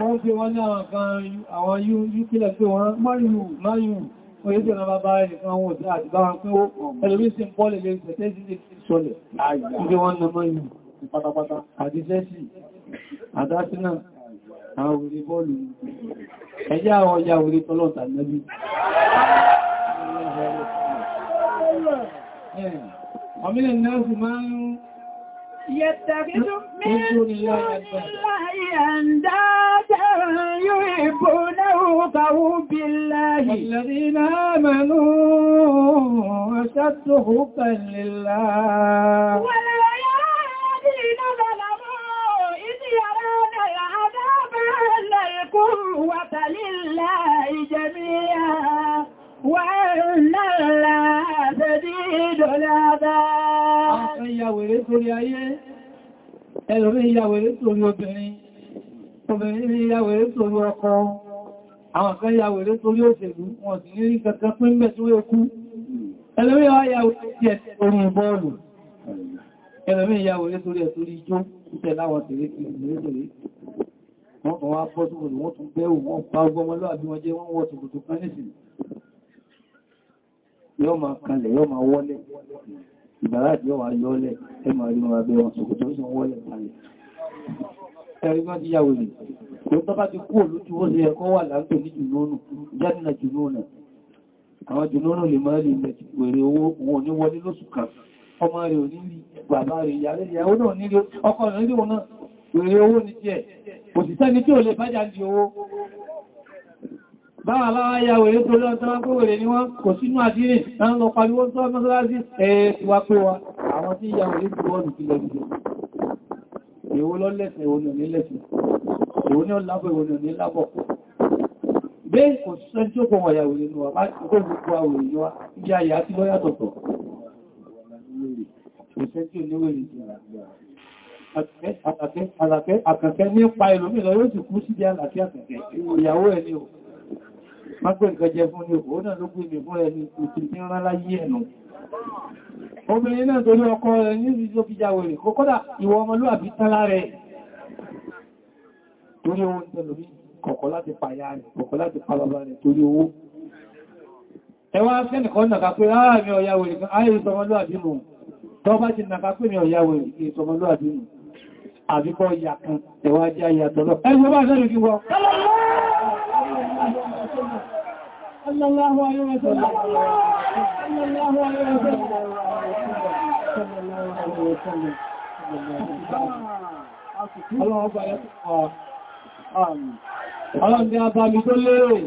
Wọ́n fi wọ́n ní àwọn kan àwọn yúkílẹ̀ pé wọ́n mọ́rìnù mọ́rìnù orílẹ̀ ọ̀nà bàbá ẹnìkan wọn òdí àti bá wọn pé ó ẹlòmí sí ń pọ́lẹ̀ lè ṣẹ̀tẹ́ sí ṣọlẹ̀ ìgbé wọn na mọ́rìnù ẹ̀sìn pátápátá àdíṣẹ́sì àdásínà àwọn òrì bọ́ọ̀lù ẹjẹ́ àwọn ọjà òrì tọ́lọ̀tà nẹ́bí ọmọdé náà sì máa ń يتخذ من دون الله أندادا يحبونه كحب الله الذين آمنوا أشد حبا لله القوة لله جميعا وأن الله شديد العذاب ìyàwó eré sórí ayé ẹlòmí ìyàwó eré sórí obìnrin obìnrin ní ìyàwó eré sórí ọkọ àwọn kan ìyàwó eré sórí òṣèlú wọn sì ní kankan pín mẹ́ tó yókú ẹlòmí ìyàwó eré sórí bọ́ọ̀lù ẹlòmí ìyàwó eré sórí ẹ̀ sórí ijó wọ́n tún wá bọ́ tó wọ́n tún bẹ́wò wọ́n bá gbọ́mọ́ lọ́àbí wọ́n jẹ́ wọ́n wọ́n tó tó kán nìsìn yọ́ ma kalẹ̀ yọ́ ma wọ́lẹ̀ ìbàrájì yọ́ wa yọ́lẹ̀ ẹ ma rí wọn abẹ́ wọn sòkòtò sí wọ́lẹ̀ kalẹ̀ ẹ̀rí wọ́n ti yàwó rẹ̀ kò tọ́ bá ti kú òlú tí wọ́n sì ẹ̀kọ́ wà èrè owó ní tí ẹ̀ kò sì sẹ́ni tí ò lè bájá di owó báwọn aláwọ̀ ya wèrè tó lọ́n tó wọ́n wèrè ní wọ́n kò sínú àdírìn láwọn lọ pariwo tó mọ́sálásí ẹ̀ẹ́ ti wá pé wa àwọn tí ya wèrè tó wọ́n ti lọ àlàkẹ́ àkànkẹ́ ní pa ìlòmí lọ yóò sì kú sí jẹ́ àlàkẹ́ àkànkẹ́ ìyàwó ẹni o magbẹ̀ nǹkan jẹ fún ní òun náà ló gbé mi fún ẹni òtì tí rán láyé ẹ̀nà obìnrin náà torí ọkọ rẹ̀ ní ìlú fi jáwé rẹ̀ kó kọ́dà ìwọ ọmọlúwàbí tánlá rẹ̀ torí owó ń tẹ́lòmí kọ̀kọ́ láti pàyà rẹ̀ kọ̀kọ́ láti pa bàbá rẹ̀ torí owó ẹwà sẹ́nìkan nàkà pé ààrẹ ọ̀yàwó rẹ̀ kan ààrẹ ìsọmọlúwàbí mọ̀ tọ́ bá ti nàkà pé mi ọ̀yàwó rẹ̀ ìsọmọlúwàbí mọ̀ àbíkọ́ ìyà kan ẹ̀wàájí ayà tọ́lọ. Ẹgbẹ́ bá sẹ́rẹ̀ kí wọ́n. Ọlọ́run ni a bá mi tó lérè.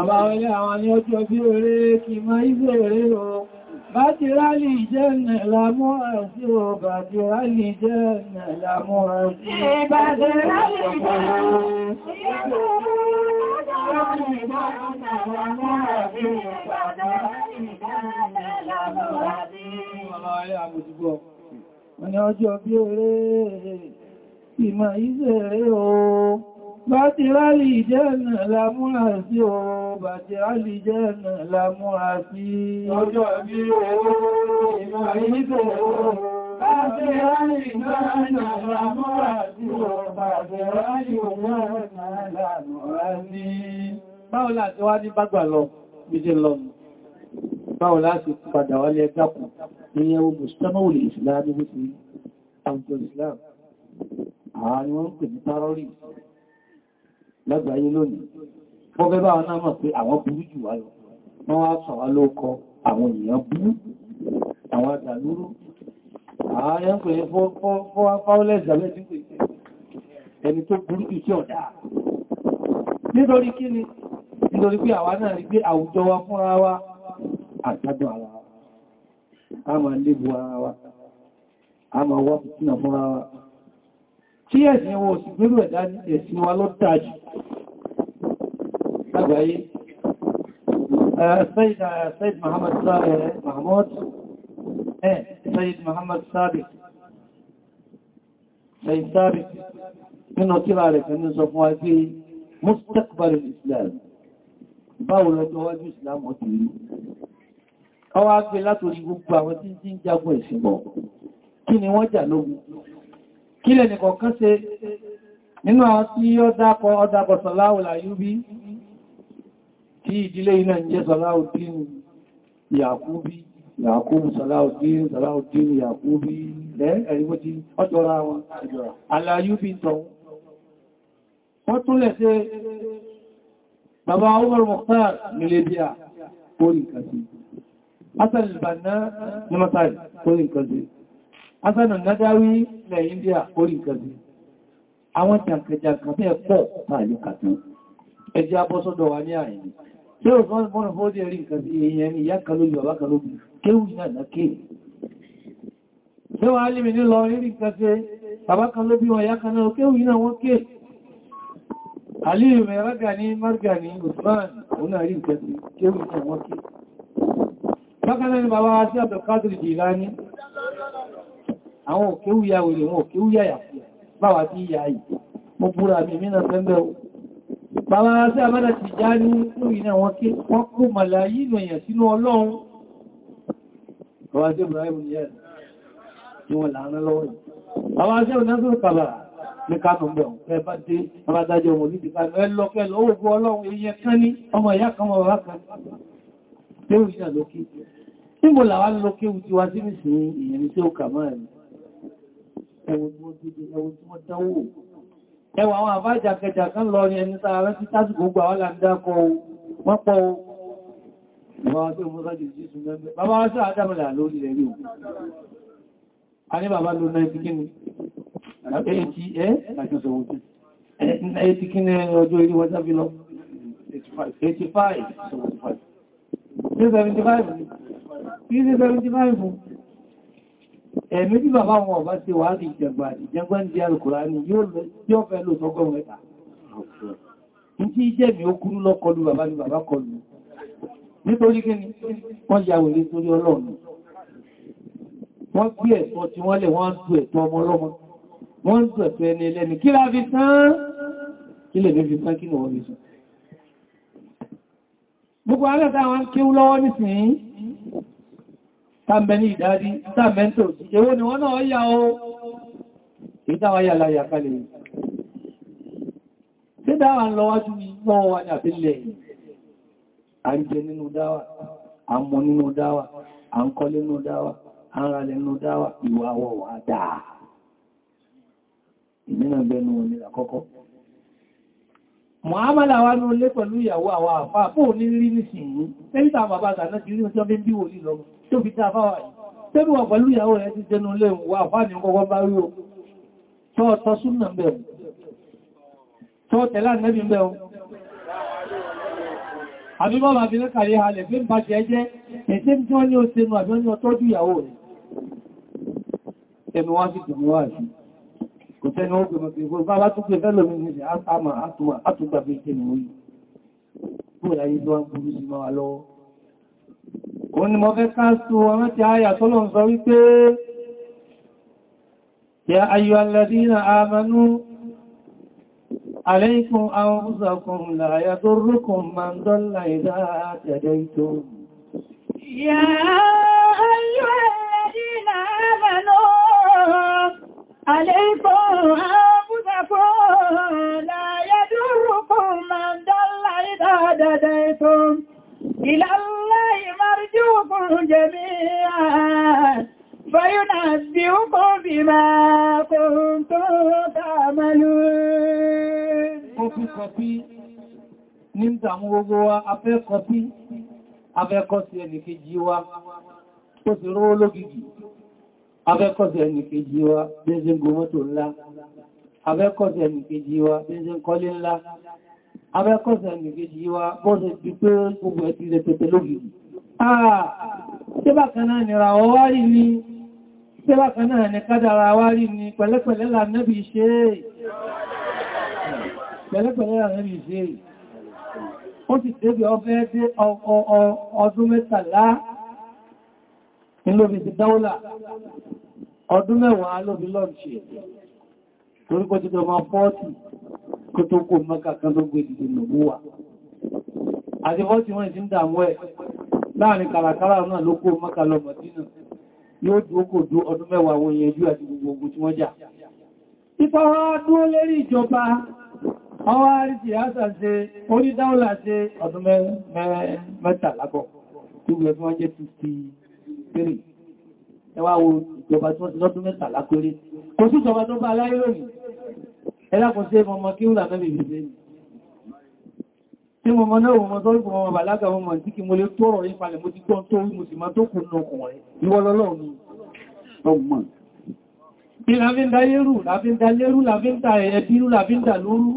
Àbáwọn ilé àwọn ni ọjọ́ bí eré kì máa ń bèèrè o. Bátìrálì jẹ́nà lámúra sí o, bátìrálì jẹ́nà lámúra sí o, bátìrálì jẹ́nà lámúra sí o, bátìrálì jẹ́nà lámúra sí o. Bàtírálì ìjẹ́nà lámúra sí ooo, bàtírálì ìjẹ́nà lámúra sí ọjọ́ bí ooo, ìmọ̀ ìlítò ooo. Bàtírálì ìjẹ́nà lámúra sí ooo, bàtírálì ìjẹ́nà lámúra sí. Báwo láti wá ní bágbà lọ, méjì lọ. Báwo láti padà wálé ẹgbàkù, ìyẹ̀wò Mùsùlùmí Ìsìlámi wípé, àwọn Ìsìlámi, àwọn ìwọ̀n pè ní tárọ́rì lágbàáyé lónìí bọ́bẹ́ bá náà mọ̀ pé àwọn burú jù wá lọ wọ́n wá sọ wá ló kọ àwọn èèyàn burú àwọn àdàlúrú ààrẹ ń pè é fọ́wọ́lẹ̀ ìjàmẹ́ tí ẹni tó burú jù tí ọ̀dá nítorí kí ni nítorí pé àwa náà rí pé àwùjọ wa fúnra wa àtàjọ ara wa a máa lébu ara wa a máa wá fìtínà fúnra wa tí ẹ̀sìn wọn sì gbérù ẹ̀dá ẹ̀sìn wa lọ́dájú lágbàáyé Sayyid Muhammad Mahmoud eh Sayyid Muhammad Sabit Sayyid Sabit nínú tíra rẹ̀ kan ní sọ fún wa pé mustaqbal Islam báwo lọ́jọ́ wájú Islam ọ̀tí rí ọwá gbé látòrí gbogbo àwọn tí ń jagun ẹ̀sìn bọ̀ kí ni wọ́n jà lógun kílẹ̀ nìkọ̀ọ̀kan ṣe nínú àwọn tí ó dápọ̀ ọdápọ̀ Sọláhù Àyúbí tí ìdílé iná ń jẹ́ Sọláhùdín Yàkúbí Yàkúbù Sọláhùdín Sọláhùdín Yàkúbí ẹ̀rìwójí ọjọ́ra wọn Àlàyúbí tọ̀hún wọ́n túnlẹ̀ ṣe bàbá Umar Mukhtar Miledia kó nǹkan sí Hassan al-Banna ní Masai kó nǹkan sí asánà nádáwí ilẹ̀ India orí ìkẹ̀lẹ̀ àwọn jàǹkẹjàǹkà bí ẹ̀pọ̀ tààlù kàtàn ẹjẹ́ abọ́sọ́dọ̀ wà ní àìní tí ó fọ́n mọ́nà fọ́ dẹ̀ rí nǹkan sí èèyàn ìyá kalóbi bàbá kalóbi kéwù náà náà kéè tí wọ́n á lè mi nílọ rí nǹkan sí bàbá kalóbi wọn ìyá kalóbi kéwù náà wọ́n kéè Aliyu mai ragani margani Usman wuna rí nǹkan sí kéwù náà wọ́n kéè Bákanáà ni bàbá wa sí Abdulkadir Jilani àwọn òkè wúyà wèrè wọn òkè wúyà yàkú báwà tí yà yìí mo búra mi mínà fẹ́mẹ́ o bàbá sí àbádà ti já ní ìrìnà wọn kí wọ́n kó màláyí ìlòyàn sínú ọlọ́run ni wọ́n làánà lọ́wọ́ yìí bàbá sí ọ̀nà tó kàbà ní kánù mẹ́un fẹ́ bá dé abádájọ́ ọmọ nídìí kánù ẹ lọ kẹ́ lọ òògùn ọlọ́run èèyàn kan ní ọmọ ìyá kan wọ́n wá kan tí ó rí náà lókè níbo làwọn lókè wù ti wá sí nìsìn ìyẹn tí ó kà máa rí ẹwọ tí wọ́n dìde ẹwọ tí wọ́n dánwò ẹwà àwọn àbájàkẹjà kan lọ ní ẹni sáàrẹ́ sí tásìkò gbà wọ́n là ń dákọ wọ́n pọ̀ Bàbá wa sí àdámọ̀lá lórí rẹ̀ rí o. A ní bàbá ló náà ti kíni? Èyí ti ẹ́ láti sọ̀wọ́ tí. Èyí ti kíni ọjọ́ ilé wọ́n sábí lọ? 85. 75. 75. 75 ẹ̀mí bí bàbá wọn ọ̀bá ṣe wà ní ìjẹgbà ìjẹgbà ní alùkùrá ní yóò fẹ́ lò sọ́gọ́rùn mẹ́ta ní tí ìjẹ́mi ó kúrú lọ́kọlù bàbá ní bàbá kọlù nítorí kí ni wọ́n ya wèrè torí ọlọ́run wọ́n gbé ẹ̀tọ́ tí wọ́n lẹ̀ wọ́n dù ẹ̀tọ́ ọmọ ọlọ́mọ wọ́n dù ẹ̀tọ́ ẹni ẹlẹ́ni kí la fi tán kí lè fi tán kí ni wọ́n fi sùn gbogbo alẹ́ta wọn kéwú lọ́wọ́ nísìnyí tàbẹ̀ ní ìdájí tàbẹ̀ tó èwo ni wọ́n náà yà ó ìdáwàyà láyà kalẹ̀ tí dáwà ń lọ́wájú ní wọ́n wà ní àfilẹ̀ à ń jẹ nínú dáwà à ń mọ nínú dáwà à ń kọ́lé nínú dáwà à ń ralẹ̀ nínú dáwà ìwà wọ̀ wà dáa ìmìnà bẹnu ní àkọ́kọ́ mọ̀hámàlà wá ní olé pẹ̀lú ìyàwó àwọn àfáà fóò ní rí nísìnyí tẹ́lítà bàbá àgbà ti rí ọjọ́ bí wòlí lọ́gbọ̀n tó fi tàfáwà yìí tẹ́bí wà pẹ̀lú ìyàwó rẹ̀ ti jẹnu lé wà fà ní ọkọ̀ bá rí o tọ́ọ̀tọ́ súnà bẹ̀rù tọ́ọ̀tẹ̀lá nẹ́bí bẹ̀rù àbíbọ́ bàbí lẹ́kàrí halẹ̀ fí ń bá ṣe ẹjẹ́ ẹ̀ṣẹ́ tí wọ́n ní ó ṣe mú àbí wọ́n ní ọtọ́jú ìyàwó rẹ̀ ẹ̀mí wá sí tìmí wá sí kò tẹ́ni ó gbẹ̀mọ̀ òun ni mo fẹ́ káàsù ọmọ ti àyà tọ́lọ̀ ń sọ wípé ya ayyuha alladhina amanu alaykum anfusakum la yadurrukum man dalla idha tadaytum ya ayyuha alladhina amanu alaykum anfusakum la yadurrukum man ila نبلوكم جميعا فينبئكم بما كنتم تعملون Kọfí kọfí ní ń tàmú gbogbo wa, afẹ́ kọfí, afẹ́ kọsí ẹnìkejì wa, ó sì rówó lógìgì, afẹ́ kọsí ẹnìkejì wa, bí ń ṣe ń gomọ́tò ńlá, afẹ́ kọsí ẹnìkejì wa, bí ń ńlá, afẹ́ ẹnìkejì wa, Ah, ṣébàkanáà ni ra ọwá rí ni, ṣébàkanáà ni kádàrà wá rí ni, pẹ̀lẹ́pẹ̀lẹ́ là nẹ́bì ṣe. Pẹ̀lẹ́pẹ̀lẹ́ là nẹ́bì ṣe. Ó sì tẹ́bì ọfẹ́ dé ọdún mẹ́tàlá ìlóbi ti dáúlà, ọdún mẹ́wàá lóbi lọ́nṣì. Torípọ̀ ti tọ́ máa fọ́ọ̀tì kó tó kò mọ́kà kan tó gbé ìdìdì nùgbówà. Àdìbọ́ ti wọ́n ìsìn dàmú ẹ̀ láàrin kàràkàrà náà ló kó Mọ́kà lọ Mọ̀dínà yóò dúó kò dú ọdún mẹ́wàá wọn yẹnjú àti gbogbo ogun tí wọ́n jà. ipa wá dúó lérí ìjọba ọwá àríjì àṣà ṣe onídáọ́là ṣe ọdún mẹ́tàlábọ̀ tí wọ́n fi wọ́n jẹ́ 53 ẹwà wo ìjọba tí wọ́n ti lọ́dún mẹ́tàlá péré kò sí ìjọba tó bá aláyé lónìí ẹlákùnṣe mọ̀mọ́ kí ó làfẹ́ tí mo mọ́ náà mo sọ ìpò ọmọ bàlágà ọmọ tí kí mo lè tọ́rọ yí palẹ̀ mo ti gbọ́n tó rí mo sì máa tó kù nù ọkùnrin ìwọ́lọ́lọ́ ni ọgbọ̀n bí láfí ń dáyérù láfí ń dáyérù láfí ń dá ẹ̀ẹ́dírú láfí ń dà lórú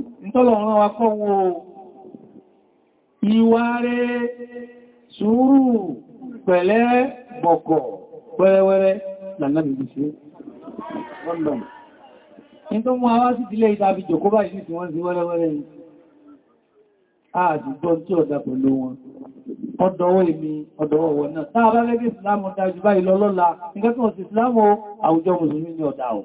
ìtàbí jòkó báyìí sí wọ́n sí wẹ́rẹ́wẹ́rẹ́ yìí àdìgbọ́ tí ọ̀dá pẹ̀lú wọn ọdọ̀wọ́ èmi ọdọ̀wọ́ wọn náà táà bá lẹ́gbẹ́ ìsìlámù dájú báyìí lọ lọ́la nígbàtí wọ́n sí ìsìlámù àwùjọ mùsùlùmí ní ọ̀dá ọ̀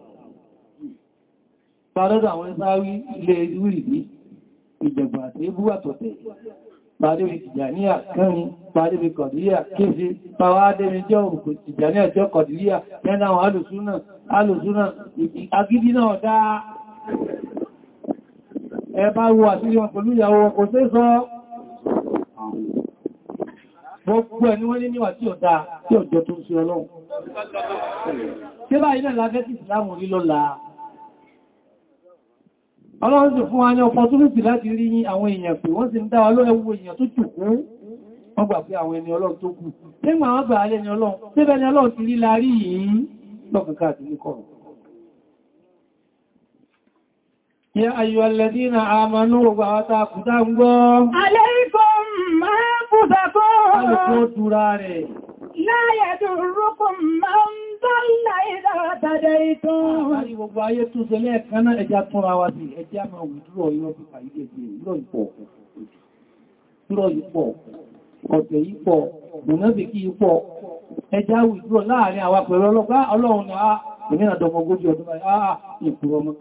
pàdọ́dọ̀ àwọn ẹsáwí ilé ìwìrìdí ìjẹ̀gbà àti ebú àtọ̀tẹ̀ pàdébì tìjàníà kẹrin pàdébì kọ̀díyà kéje pàwádẹ́mi jẹ́ òkú tìjàníà jẹ́ kọ̀díyà mẹ́nà àwọn alùsúnà ẹ̀bá wo àṣírí wọn pẹ̀lú ìyàwó wọn kò sé sọ gbogbo ẹni wọ́n ní níwà tí ó dáa tí ó jọ tó ń ṣe ọlọ́run tí bá ilẹ̀ lágẹ́sì ìsìlámù rí lọ́la ọlọ́run sì fún wa ní opportunity láti rí àwọn èèyàn pé wọ́n sì ń dáwà lọ́ẹ̀wò èèyàn tó jùkú wọ́n gbà pé àwọn ẹni ọlọ́run tó kù nígbà wọ́n gbà alẹ́ ni ọlọ́run tí bẹ́ni ọlọ́run ti rí lárí yìí lọ́kàkà àti ní kọ̀rọ̀ Ya ayyuhal ladina amanu gbàwátà kùdá ń gbọ́. Alaykum máa kùdá kọ́. Alùkó dúra rẹ̀. Láyẹ̀ dúrúkùn máa ń dọ́là ìdá àtàdẹ ìtún. Àbárí eja ayé tún ṣe lẹ́ẹ̀kan náà ẹja túnra wa sí ẹja máa wùdúrọ̀ yọ́ Muna ilé ìgbèrè lọ́ ìpọ̀ ọ̀tẹ̀ yípọ̀ mọ̀nàbìkí yípọ̀ ẹja wùdúrọ̀ láàrin àwa pẹ̀lú ọlọ́pàá ọlọ́run ni a ìmìnà dọmọgójì ọdún báyìí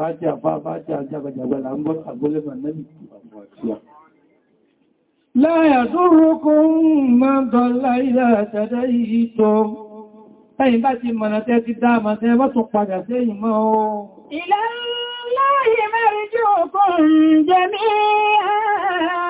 fàájì àfá fàájì àjàgbàjàgbà làmgbọ́ àgbólẹ́mà nẹ́bì láyà tó rókún máa ń dọ̀lá ilẹ̀ àtàdá yìí tó ẹ̀yìn bá ti mọ̀nà tẹ́ ti dáàmà tẹ́ bá tún padà sẹ́yìn mọ́ o ilẹ̀ láyé mẹ́rin jù jẹ́mí àà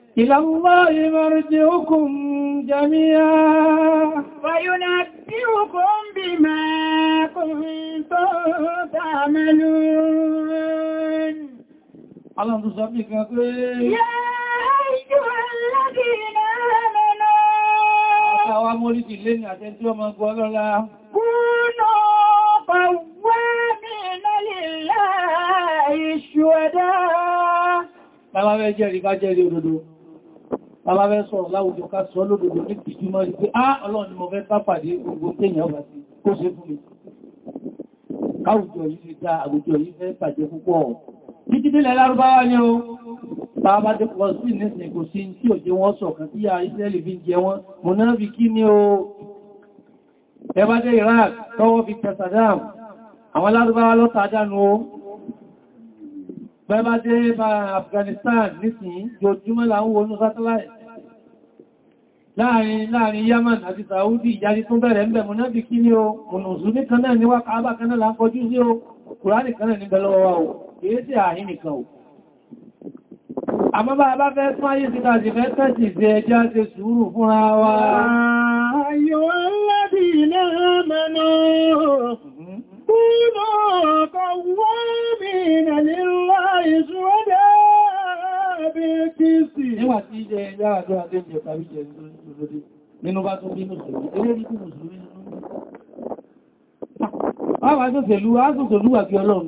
إلى الله مرجعكم جميعا وينبئكم بما كنتم تعملون الله تصدق يا أيها الذين آمنوا Àwọn amóríkì lé ní àtẹ́ tí ó máa gbọ́ lọ́la. Kúnà pàwọ́ mi náà lè láàá ìṣúẹ̀dá. Bàbá mẹ́ jẹ́rìí bá jẹ́rìí òdodo bàbá fẹ́ sọ̀rọ̀ láwùjọ ká sọ lódòdó ní ìjúmọ́ rí pé á ọlọ́run ni mo fẹ́ sápàdé gbogbo téèyàn wà sí kó ṣe fún mi káwùjọ yìí dá àwùjọ yìí fẹ́ pàjẹ́ púpọ̀ títítẹ́lẹ̀ lárúbáwá ni o bàbá dé pọ̀ sí nísìn kò sí tí ò jẹ wọ́n sọ̀kan tí a Israeli fi jẹ wọ́n mo náà fi kí ni o ẹbá dé Iraq tọ́wọ́ fi tẹ Saddam àwọn bẹ́bá dé bá Afghanistan nísìnyí jojúmọ́ là ń wọnú satellite láàrin láàrin Yaman àti Saudi ìyájí tó bẹ̀rẹ̀ ń bẹ̀ mọ̀ náà bí kí ní o mùnùsù ní kan náà níwá kàábà kan náà là ń kọjú sí o kùránì kan náà ní bẹ̀lọ́wọ́ wa لتكونوا قوامين لله شهداء بالقسط Nígbà tí ilẹ̀ ẹ̀yà àjọ àti ìjẹ̀ tàbí jẹ̀ lórí nínú bá tó bí Mùsùlùmí, eré ní kí Mùsùlùmí nínú. Àwọn àjọ́sẹ̀lú, àjọ́sẹ̀lú àti ọlọ́run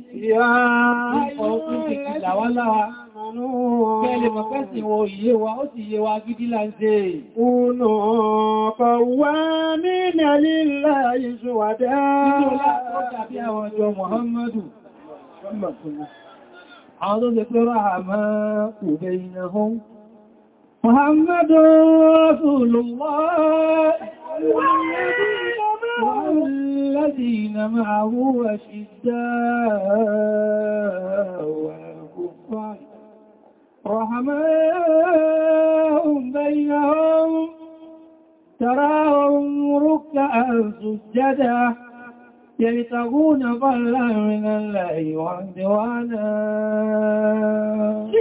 Kúnù ọkọ̀ wá nínú lílá ìṣòwàdá. Nígbà láti ọjà bí àwọn ọjọ́ Mùhammadu. Àwọn tó ṣe pé ráhà máa òbẹ ìyàn hún. Mùhammadu Rasulullah. Mùhammadu Rasulullah. والذين معه أشداء والكفار رحماء بينهم تراهم ركعا سجدا يلتغون ظلا من الله وعدوانا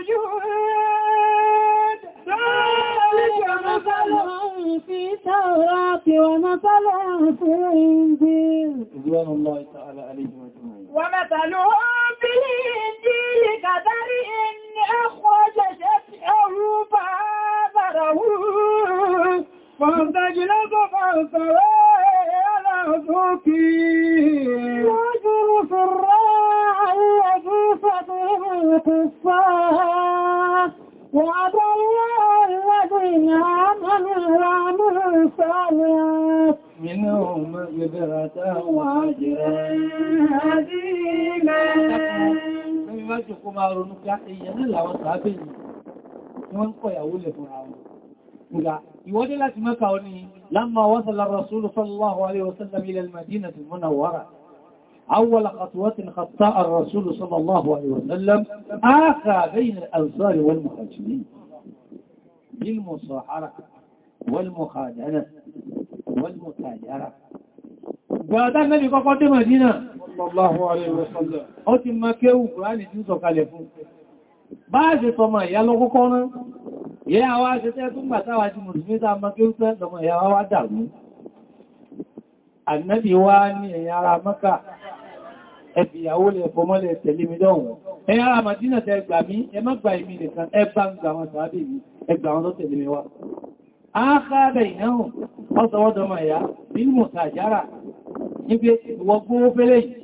الوجود ذلك مثلهم في التوراة ومثلهم في الإنجيل رضوان الله تعالى عليهم أجمعين ومثلهم في الإنجيل كزرع أخرج شفعه فآبره فاستجلب فاستوى على سوقه يجر في الرحمن الكفار وعد الله الذين آمنوا وعملوا الصالحات منهم مغفرة وأجرا عظيما Ìwájú kó máa ronú kí á èèyàn ní làwọn sàábẹ̀ yìí, wọ́n ń kọ̀ ìyàwó lè fún àwọn. Nga, ìwọ́dé láti Mẹ́kà ó ní, lámà wọ́n sọ lára Rasulullah sallallahu alaihi wasallam ila al-Madinati al-Munawwara. أول خطوة خطاء الرسول صلى الله عليه وسلم آخى بين الأنصار والمهاجرين بالمصاحرة والمخادرة والمتاجرة بعد أن نبقى قد مدينة صلى الله عليه وسلم أو تمكي وقرآن جنسو كالفو بعض طمع يلوكو كونا يهوى جتاكم بتاوى جمسمي تعمكي وطمع يهوى جالو النبي واني يرى مكة ẹbí ìyàwó lẹ fọmọ́lẹ̀ tẹ̀lé mi lọ́wọ́ ẹ ara màdínà tẹ gbà mí ẹ má gbà èmi nìkan ẹ bá ń gbà wọn sàábì mi ẹ gbà wọn tó tẹ̀lé mi wá ákàdà ìnáhùn ọ̀sọ̀wọ́dọmọ̀ ẹ̀yà nínú mọ̀tàjára níbi ìwọ̀gbó fẹ́lẹ̀ yìí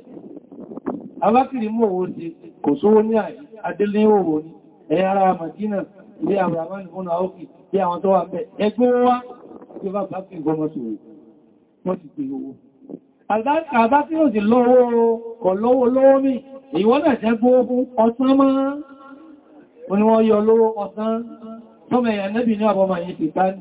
abákìrí mú owó ti kò sówó ní àdílé owó ní ẹ̀yà ara Màdínà bí àwọn àbá tí ó sì lọ́wọ́ kọ̀ lọ́wọ́ lọ́wọ́ mi ìwọ́n náà jẹ́ gbóògùn ọ̀sán máa wọ́n ni wọ́n yọ lọ́wọ́ ọ̀sán tọ́mẹ̀ ẹ̀nẹ́bì ní àbọ̀mà yìí ti tán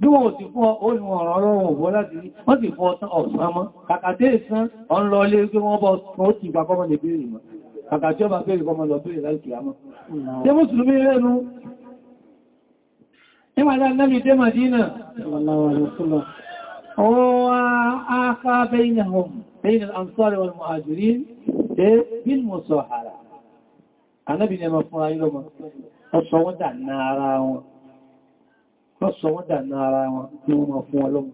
bí wọ́n sì fún olùwọ̀n ọ̀rọ̀ ọ̀rọ̀ òwò láti rí wọ́n sì fún ọ̀sán ọ̀sán mọ́ kàkàtẹ́ ìsán ọ̀n lọ lé pé wọ́n bọ́ ó ti gbà kọ́mọ̀ lè béèrè mọ́ kàkàtẹ́ ọba béèrè kọ́mọ̀ lọ béèrè láti kìyàmọ́ tí mùsùlùmí lẹ́nu nígbàdá náà ní dé Màdínà وآخى بينهم بين الأنصار والمهاجرين بالمصاحرة النبي نعم فرايل ما الصودا النار الصودا النار يوم فولم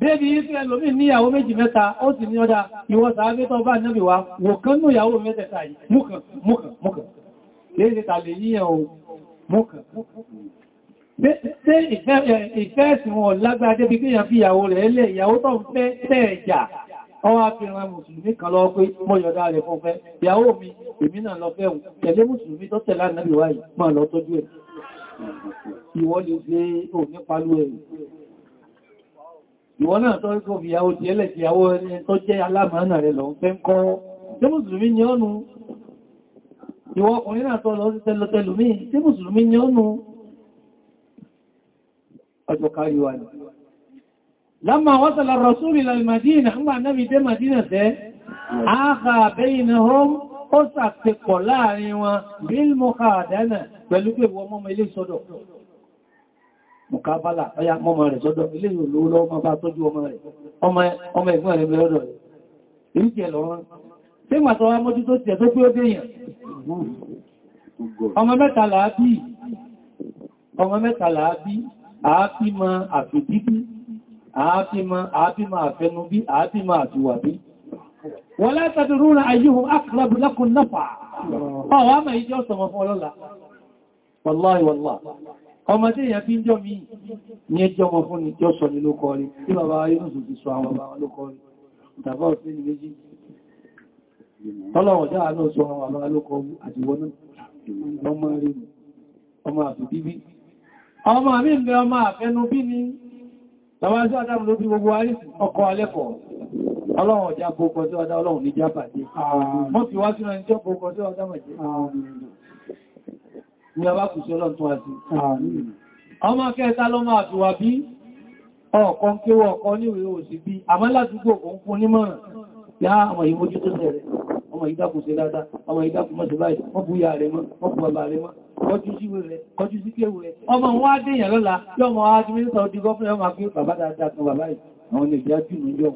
Bébí Israel lómi ní ìyàwó méjì mẹ́ta, ó sì ní ọdá ìwọ sàábé bá náàbì wá, wò ní ìyàwó mẹ́tẹ̀ta yìí, múkàn, múkàn, múkàn. Léèṣẹ́ tàbí yíyàn ohun, múkàn. Ṣé ìfẹ́ ẹ̀sìn wọn lágbára débi fi ìyàwó rẹ̀ lẹ̀ ìyàwó tó ń fẹ́ tẹ́ẹ̀jà ọwọ́ akẹran mùsùlùmí kan lọ pé mọ́yọ̀dá rẹ̀ fún fẹ́ ìyàwó mi èmi náà lọ fẹ́ tẹ̀lé mùsùlùmí tó tẹ̀lá nàbí wáyìí máa lọ tọ́jú ẹ̀ ìwọ lè gbé òní palú ẹ̀ ìwọ náà tọ́ ikọ̀ ìyàwó ti ẹlẹ̀ ìyàwó ẹni tó jẹ́ alámàánà rẹ̀ lọ fẹ́ ń kọ́ tí mùsùlùmí ni ọ́nu ìwọ ọkùnrin náà tọ́ lọ sí tẹ́lọtẹ́lùmí tí mùsùlùmí ni ọ́nu ọjọ́ kárí wa ni lámà wọ́sàlá rọ̀súrì lalmadina nígbà náàbí dé madina sẹ́ ààkà bẹ́yìnà home ó sàpẹ̀pọ̀ láàrin wọn bíl mọ́kàdánà pẹ̀lú pé wọ́n mọ́mọ́ ilé sọ́dọ̀ mọ̀kábálà ọya mọ́mọ́ rẹ̀ sọ́dọ̀ ilé ìlú lọ́mọ́ bá tọ́jú ọmọ rẹ̀ ọmọ ẹ̀gbọ́n rẹ̀ ọmọ mẹ́ta làábí àápímọ̀ àfìdíbí àápímọ̀ àápímọ̀ àfẹnubí àápímọ̀ àtiwàbí wọ́n látàdì rúnra ayyuhum aqrabu lakum nafa ọwọ́ àmà ìjọ sọmọ fún ọlọ́lá wallahi wallahi ọmọdé èyàn bí jọ mi ní ẹjọ́ ọmọ fún ní jọ sọ ní ló kọrí tí bàbá Yunus ti sọ àwọn bàbá ló kọrí ìtàbá òfin ní méjì tọ́lọ̀wọ̀ jáà àwọn bàbá àti wọnú ọmọ rí ọmọ àfìdíbí ọmọ mi ń bẹ ọmọ àfẹnu bí ni tàwọn sí àdámù ló bí gbogbo àrísì ọkọ̀ alẹ́kọ̀ọ́ ọlọ́run ọjà gbogbo tí ọdá ọlọ́run ní jábàdé mọ́ fi wá sínú ẹni tí ọgbogbo tí ọdá mọ̀jẹ́ ni ọba kù sí ọlọ́run tó wá sí ọmọ kẹta lọ máa fi wà bí ọ̀kan kéwọ ọ̀kan níwèé òsì bí àmọ́ ọmọ ìdákù sí dáadáa ọmọ ìdákù mọ́ sí báyìí wọ́n bú ya rẹ̀ mọ́ wọ́n bú bàbá rẹ̀ mọ́ kọjú sí rẹ̀ kọjú sí kéwù rẹ̀ ọmọ wọn á dé ìyàn lọ́la lọ́mọ adúmínísà ojú gọ́fúnlẹ̀ ọmọ akẹ́ bàbá dáadáa kan bàbá yìí àwọn ilẹ̀ ìjà jù ní yọ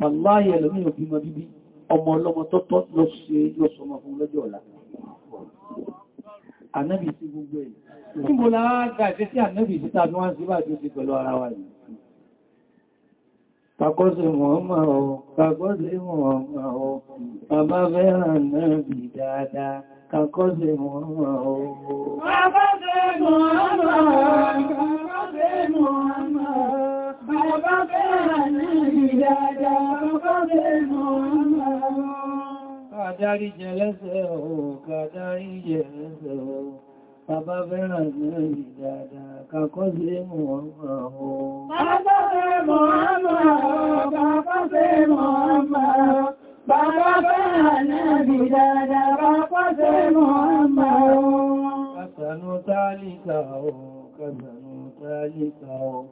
pàláyẹ̀ lómi òbí mọ bíbí ọmọ ọlọ́mọ tọ́tọ́ lọ ṣe lọ́sọmọ fún lọ́jọ́ ọ̀la ànábì sí Kakọ́sí Mọ̀ọ́mà o, kakọ́sí Mọ̀ọ́mà o, bàbá fẹ́ràn náà bì dáadáa, kakọ́sí Mọ̀ọ́mà o. Kakọ́sí Mọ̀ọ́mà o, kakọ́sí Mọ̀ọ́mà o, bàbá fẹ́ràn náà bì dáadáa, kakọ́sí Mọ̀ọ́mà o. Kàdárí jẹ lẹ́sẹ̀ o, kàdárí jẹ lẹ́sẹ̀ o. Bàbá fẹ́ràn ìrìn dáadáa, kàkọ́ sí mọ̀ ọmọ ọ̀họ̀. Bàbá fẹ́ mọ̀ ọmọ ọ̀họ̀, bàbá fẹ́ mọ̀ ọmọ ọ̀họ̀. Bàbá fẹ́ràn ìrìn dáadáa, kàkọ́ sí mọ̀ ọmọ ọ̀họ̀. Kàtànú tálíkà ọ̀họ̀, kàtànú tálíkà ọ̀họ̀.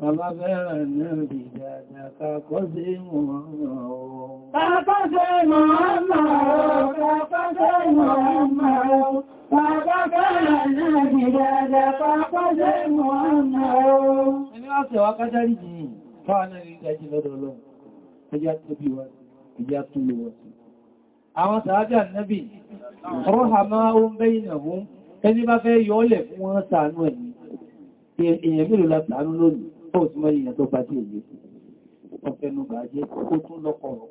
Bàbá fẹ́ràn ìrìn dáadáa, kàkọ́ sí mọ̀ ọmọ ọ̀họ̀. Bàbá fẹ́ mọ̀ ọmọ ọ̀họ̀, kàkọ́ sí mọ̀ ọmọ ọ̀họ̀. Àwọn sàájá nẹ́bì, rọ́hà máa ń bẹ́ ìnàwó, ẹni bá fẹ́ yọ́ lẹ̀ fún wọn sàánú ẹ̀mí, èèyàn mélòó la sàánú lónìí, ó sì mọ́ èèyàn tó bá tí èyí ọ̀fẹ́nu bàájẹ́, ó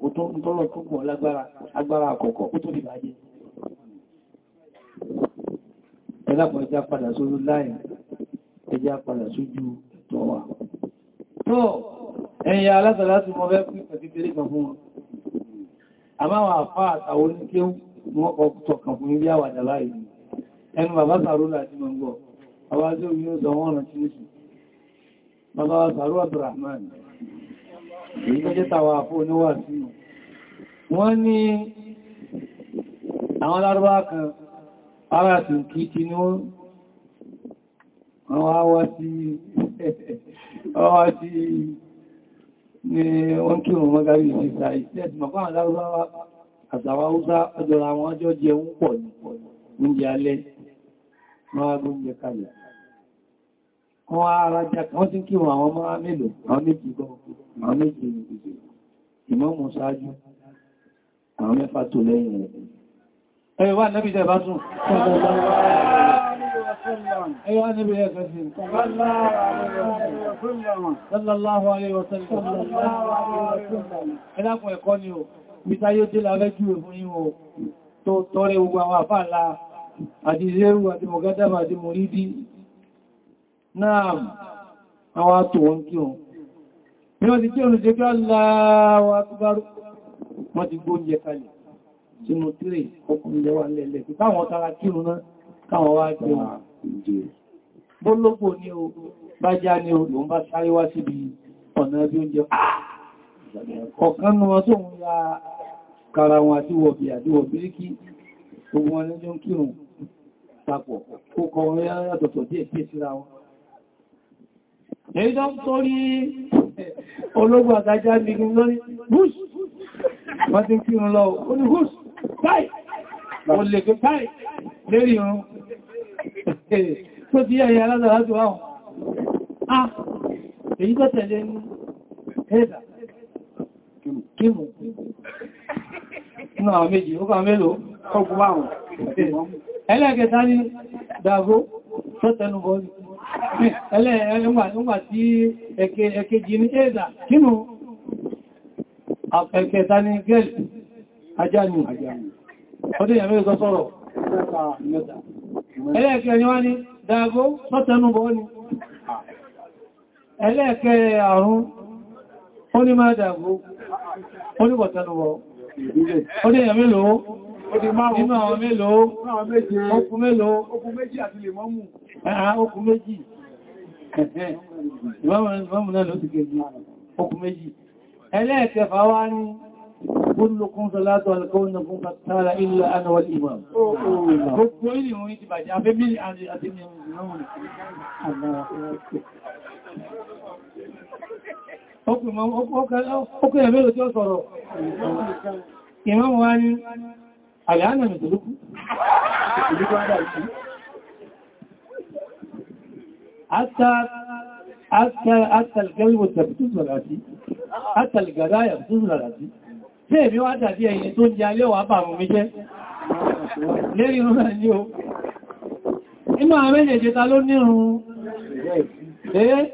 ó tún tọ́lọ̀ ó tún ẹlápọ̀ ẹjá padà sórí láì ẹjá padà sójú ẹ̀tọ́ wa tó ẹ̀yà alátàlá ti mọ́ fẹ́ pín pẹ̀tí tẹ́lẹ̀ kan fún wọn àmáwọn àfá àtàwọn oníkéhù wọ́n kọ tọ̀kàn fún ilé àwàdà láì ẹnu bàbá sàrólà àti mọ̀ngọ̀ àwọn ajé kan ara tùkìtì ní wọ́n wá sí ọwá sí ní wọ́n kí wọ́n mọ́gárí ìsìnkà ìsẹ́ẹ̀tì mọ̀ fáwọn lárúbáwá àtàwà húsá ọjọ́ra wọn ọjọ́ jẹ ń pọ̀ ní oúnjẹ alẹ́ máa gbóúnjẹ ṣáájú àwọn mẹ́fà tó lẹ́yìn rẹ̀ ẹ̀wà nẹ́bí jẹ́ bá tún ẹ̀wà nẹ́bí jẹ́ bá tún sallallahu alaihi wa sallam ẹ̀dàkùn ẹ̀kọ́ ni o mítà yóò tí lábẹ́ jù fún yín o tó tọrẹ gbogbo àwọn àfáàlá àti zéru àti mọ̀gádàbà àti mọ̀rídí náà àwọn àtòwọn kí o bí wọ́n ti kí ọ̀nà jẹ́ kí aláwọ̀ akúbárú wọ́n ti gbóúnjẹ kalẹ̀ sínú tílé ọkùnrin wà lẹ́lẹ̀ pé káwọn tara kírun náà káwọn wá jẹun ah, bólógbò ní o bá já ní o lòun bá sáré wá síbi ọ̀nà bí oúnjẹ ah! ọ̀kan ní wọn tó ń ya kara wọn àdíwọ̀bì àdíwọ̀bì ríkí gbogbo wọn lẹ́jọ́ kírun papọ̀ kó kọ wọn yàtọ̀tọ̀ díẹ̀ pé síra wọn èyí tó ń torí ológun àtàjá ní lórí bush wọ́n ti kírun lọ ó ní bush táì mo lè pé táì lérí ọ̀run tó ti yẹ́ ẹ̀yà aládàrá jù áhùn ah èyí tó tẹ̀lé ní ẹ̀dà kímù náà méjì ó kàá mélòó ọkùn márùn ẹlẹ́ẹ̀kẹta ní dàgbó tó tẹnu bọ́ọ̀lù ẹlẹ́ẹ̀ẹ́gbà tí ẹ̀kẹjì ní ẹ̀dà kímù ẹ̀kẹta ní gẹ́ẹ̀lì ajá ni ọdún ìyàmẹ́ ìsọ sọ́rọ̀ ẹlẹ́ẹ̀kẹ́ ni wá ní dáàgó mọ́tẹnubọ̀ ní ẹlẹ́ẹ̀kẹ́ àrùn ó ní máa dáàgó ó ní mọ́tẹnubọ̀ ọdún ìyàmẹ́ lòó inú àwọn mélòó okùn mélòó okùn méjì àti lè mọ́mù okùn méjì ìbámu náà ló ti kejì okùn méjì ẹlẹ́ẹ̀kẹfà wá ní كلكم فلا تلقونكم فتالا الا انا والامام اوكي مو انتي باجي ابي مين عندي ادي مين نون اوكي اوكي اوكي ابي لو تصور امام وان حتى حتى حتى الكلب تبتز الراسي حتى الجرايه تبتز الراسي tí èmi wá dàbí ẹ̀yẹ tó ń jẹ alẹ́ wà bà mú mi jẹ́ lérí irun náà ní o inú àwọn méjèèjì ta ló nírun ẹ́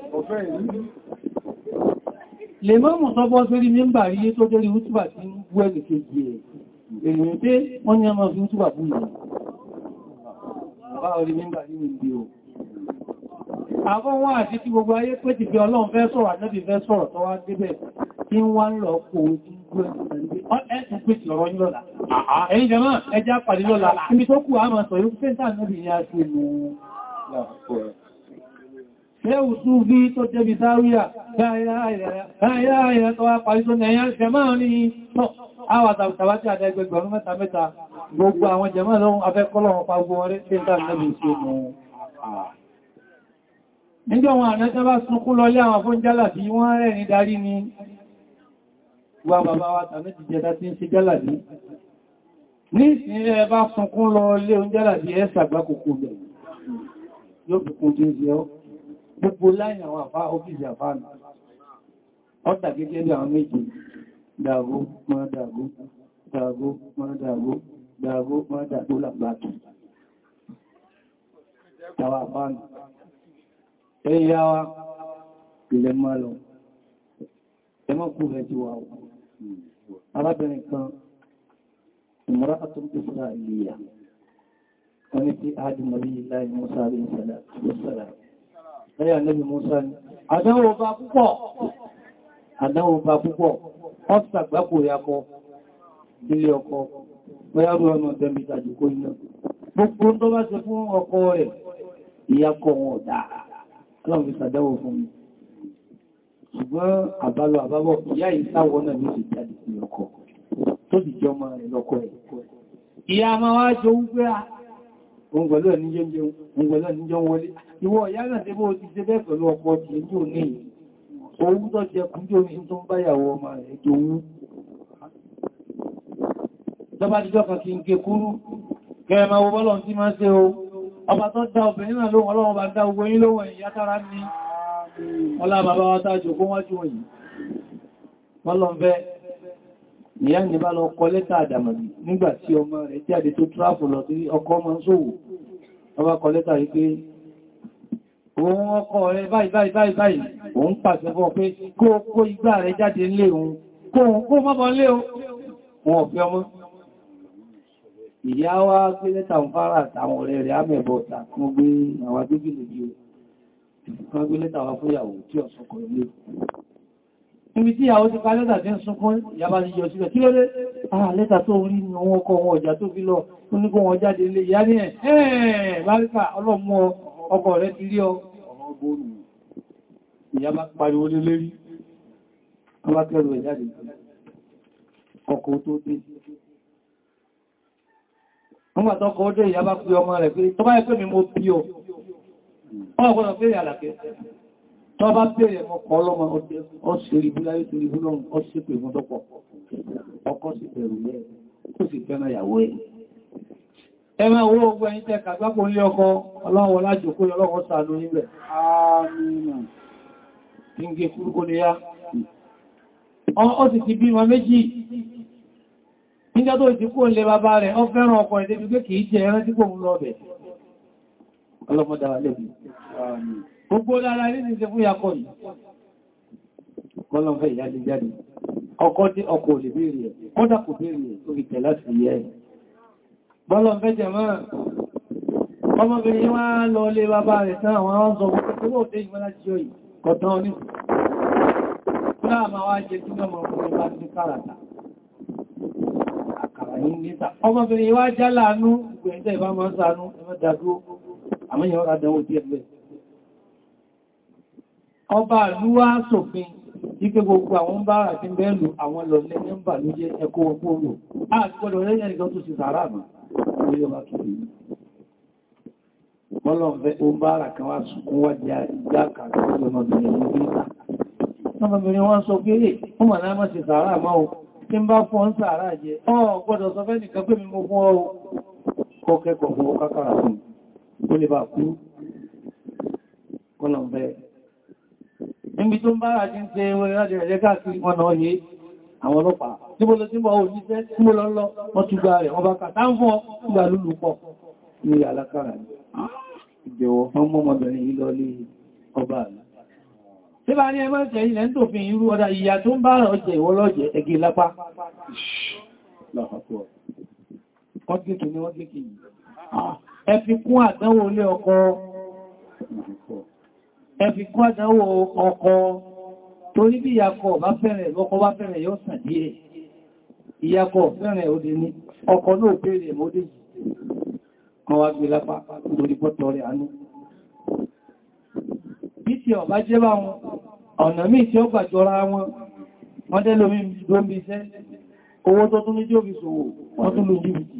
lè mọ́mù tọ́bọ́ sórí mímbà rí tó jẹ́rí útùbà tí ń bú ẹ̀lì kejì ẹ̀ èyàn pé wọ́n ní ọmọ fi útùbà bú ìyàn bá orí mímbà rí ní ìdí o àbọ́wọ́ àti tí gbogbo ayé pé ti fi ọlọ́run fẹ́ sọ̀rọ̀ àjẹ́bì fẹ́ sọ̀rọ̀ tọ́wá débẹ̀ tí ń ń lọ kò ojú Ṣéhù tún bí tó jẹ́bi sáwíyà láyáyà tó wá parí tó nẹ̀yà ṣẹmá ní àwọn àtàwà tí àdẹ́gbẹ̀gbẹ̀rún mẹ́ta mẹ́ta gbogbo àwọn jẹmá lọ́wọ́ afẹ́kọ́lọ́wọ́ pa gbogbo wọn rí tí ń tàbí lẹ́bí ṣe mú nígbà wọn àdájá bá sunkún lọ lé àwọn fún jálà bí wọ́n rẹ̀ ní darí ni wá bàbá wa tàbí ti jẹta tí ń ṣe jálàdí ní ìsinmi ẹ bá sunkún lọ ilé oúnjálàdí ẹ sàgbákòkò rẹ̀ yóò fi kún jíǹsì ọ́ gbogbo láyìn àwọn àfá ọ́fíìsì àfá nù gẹ́gẹ́ bí àwọn méjì dàgbó wa ilẹ̀ mọ́ lọ ẹmọ́kù rẹ̀ ti wà wọ́n arábìnrin kan ìmọ̀rá àtúntò Isra'iliya wani fi ahadi mọ̀rí láì Musa rí ìsẹ̀lá lẹ́yà nẹ́bí Musa ni àdánwò bá púpọ̀ àdánwò bá púpọ̀ ọ́fíà gbápò yakọ ilé ọkọ bọ́yárú ọmọ tẹ́mí tàjùkó iná gbogbo tó bá ṣe fún ọkọ rẹ̀ ìyakọ̀ wọn dáa aláwọ̀ ṣùgbọ́n àbálọ àbábọ̀ ìyá ìsáwọ̀ náà ló sì jáde sí ọkọ̀ tó sì jọ máa rẹ̀ lọ́kọ̀ ẹ̀ ìyá máa wá jọ wípé òun pẹ̀lú ẹ̀ níjọ́ wọlé ìwọ ìyá náà tẹ́bọ́ ti ṣe bẹ́ẹ̀ pẹ̀lú ọkọ̀ ti ẹjọ́ ní owó tó jẹ kú jọ ní tó ń báyàwó ọmọ rẹ̀ jọ wú lọ́bá jíjọ́ kan kí n ké kúrú kẹrẹmà owó bọ́lọ̀ tí máa ṣe o ọba tó dá obìnrin náà lóhun ọlọ́run bá dá ogun yí lóhun ìyátara ní ọlá bàbá wa tá jòkó wájú òyìn ọlọ́m̀bẹ́ ìyá ní bá lọ kọ lẹ́tà àdàmàdì nígbàtí ọmọ rẹ̀ jáde tó tráfù lọ sí ọkọ̀ ọmọ sówò ọba kọ lẹ́tà rí pé òun ọkọ rẹ̀ báyìí báyìí báyìí báyìí òun pàṣẹ fún ọ pé kó kó igbá rẹ̀ jáde nílé òun kó òun kó mọ́bọ̀ nílé òun ọ̀fẹ́ ọmọ ìyá wa gbé lẹ́tà ń fara àtàwọn ọ̀rẹ́ rẹ̀ á mẹ́bọ̀ ọ̀tà gbé àwọn agbégbè kan gbé lẹ́tà wá fún ìyàwó tí ọ̀sán kan ilé níbi tí ìyàwó ti ká lẹ́tà tí ń sunkún ìyàbá ti yọ sílẹ̀ kí ló dé àà ah, lẹ́tà tó rí ní wọn kọ wọn ọjà tó fi lọ tó ní kó wọn jáde ilé ìyá ní ẹ̀ ẹ̀ẹ̀ báríkà ọlọ́mọ ọkọ rẹ̀ ti rí Wọ́n gbọ́nà pé àlàkẹ́. Tọ́ bá bèèrè ọkọ̀ ọlọ́mọ ọ̀ṣẹ́ ìbú láyé tó ìbú lọ́rùn ọ̀ṣẹ́ pè fún tọ́pọ̀. Ọkọ̀ sì bẹ̀rù rẹ̀, ó sì fẹ́ràn ìyàwó ẹ̀. Ẹmẹ́ owó ogun ẹ̀yìn tẹ́ kàgbápò ilé ọkọ̀ ọlọ́wọ́ lájòkó ọlọ́wọ́ sàánú níbẹ̀. Àmín. Ìgbé kúrúkú ni yá. Ó sì ti bímọ méjì nígbà tó ìdíkò lè bàbá rẹ̀ ọ fẹ́ràn ọkọ̀ ìdébí kìí jẹ ẹran tí kò ń lọ bẹ̀ ọlọ́mọdá wà lẹ́bí gbogbo lára rí ní ṣe fún yakọ̀ yìí kọ́lọ́fẹ́ ìyájí jáde ọkọ́ tí ọkọ̀ olè bèèrè ẹ̀ kọ́dà kò bèèrè ẹ̀ tó fi tẹ̀ láti yẹ ẹ̀ bọ́lọ̀fẹ́ jẹ mọ́ ọmọbìnrin wá lọ lé bàbá rẹ̀ tán àwọn àwọn sọ fún owó tẹ́ ìmọ́lá jíọ yìí kọ̀tán ní láàmà wá jẹ tí ọmọ ọkùnrin bá ti káràtà àkàrà yìí níta ọmọbìnrin wá jálàánú ìgbẹ̀ẹ́jẹ́ ìbámọ́ àmúyàn adẹ̀wò tí ẹgbẹ́ ọba àlúwá sòfin ipé gbogbo àwọn bá àti bẹ́ẹ̀lù àwọn lọ̀lẹ́ nẹ́mbà ló jẹ́ ẹkọ́ ọgbọ́rò àgbọ́dọ̀ rẹ̀ ẹnìkan tó sì sàárà mọ̀ orí ọba kìí bọ́lọ̀fẹ́ ó bá ara kan wá sùkún wá jẹ́ ìjá kàkà ọmọbìnrin ní bíta ọmọbìnrin wọ́n sọ pé lè ó mà náà mọ́ sí sàárà máa o kó lè bá kú kọ́nà bẹ́ẹ̀. níbi tó ń bára jí ń ṣe orin rájẹ̀ rẹ̀ káàkiri ọ̀nà ọ̀yẹ́ àwọn ọlọ́pàá tí mo lọ sí mọ́ òjíṣẹ́ tí mo lọ lọ wọ́n tún gba rẹ̀ ọba kàtà ń fún ọ gbà lúlù pọ̀ ní alákàrà ìjẹ̀wọ̀ ọmọ ọmọbìnrin yìí lọ lé ọba àlú tí ẹ fi kún àdánwò ilé ọkọ ẹ fi kún àdánwò ọkọ torí bí ìyàkọ̀ bá fẹ́rẹ̀ ọkọ bá fẹ́rẹ̀ yóò sàn díẹ̀ ìyàkọ̀ fẹ́rẹ̀ òdì ní ọkọ náà bèèrè mọ́dé kan wá gbé lápá lórí pọ́tọ̀ rẹ̀ àánú bí ti ọ̀bá jẹ́ bá wọn ọ̀nà míì tí ó gbàjọra wọn wọ́n ló ń bí iṣẹ́ owó tó tún ní jóbi ṣòwò wọ́n lójú bìtì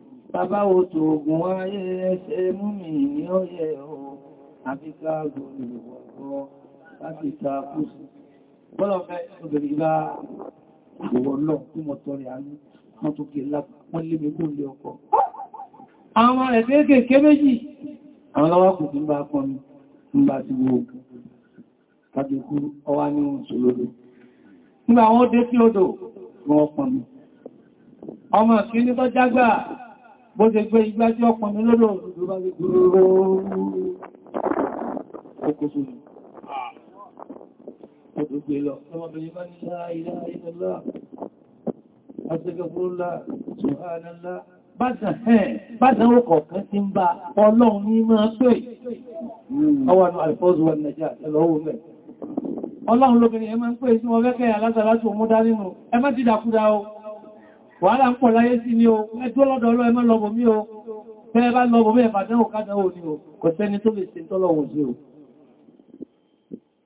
Bàbá wo tó ogun ayé ẹṣẹ́ múmi ní ọyẹ o, àfíkà gbogbo ọ̀pọ̀ láti ta kúsù. Bọ́lọ̀fẹ́ obìnrin bá ìwọ̀ náà tí mo tọrẹ àánú, wọ́n tó kìí lápá, wọ́n lé mi kó lé ọkọ. Àwọn rẹ̀ kéèkéé méjì, àwọn lọ́wọ́ kò tí ń bá pọn mi, ń ti wo ogun. ọwá bó ṣe gbé igbá tí ọ̀pọ̀ ní lọ́dọ̀ òṣùdó bá lè gbòòrò okòṣòlù ọdúgbé lọ ọmọbìnrin bá ní láàrín ìlọ́lá aṣẹ́gbẹ̀fúrúlá ṣùhánàlá báṣà ó kọ̀ọ̀kan tí ń bá ọlọ́run ní máa pè ọwọ́nà alfọ́zù wà nàíjà ẹlọ́wọ́ mẹ́ ọlọ́run lóbìnrin ẹ máa ń pè sí wọn fẹ́kẹ́ alásàlátù ọmọdá nínú ẹ wàhálà ń pọ̀ láyé sí ní o ẹjọ́ lọ́dọ̀ ọlọ́ ẹmọ́ lọ́bọ̀ mí o fẹ́ bá lọ́bọ̀ mẹ́ ìbàdánwò kádánwò Ni o kò sẹ́ni tó lè ṣe tọ́lọ̀wọ̀ sí o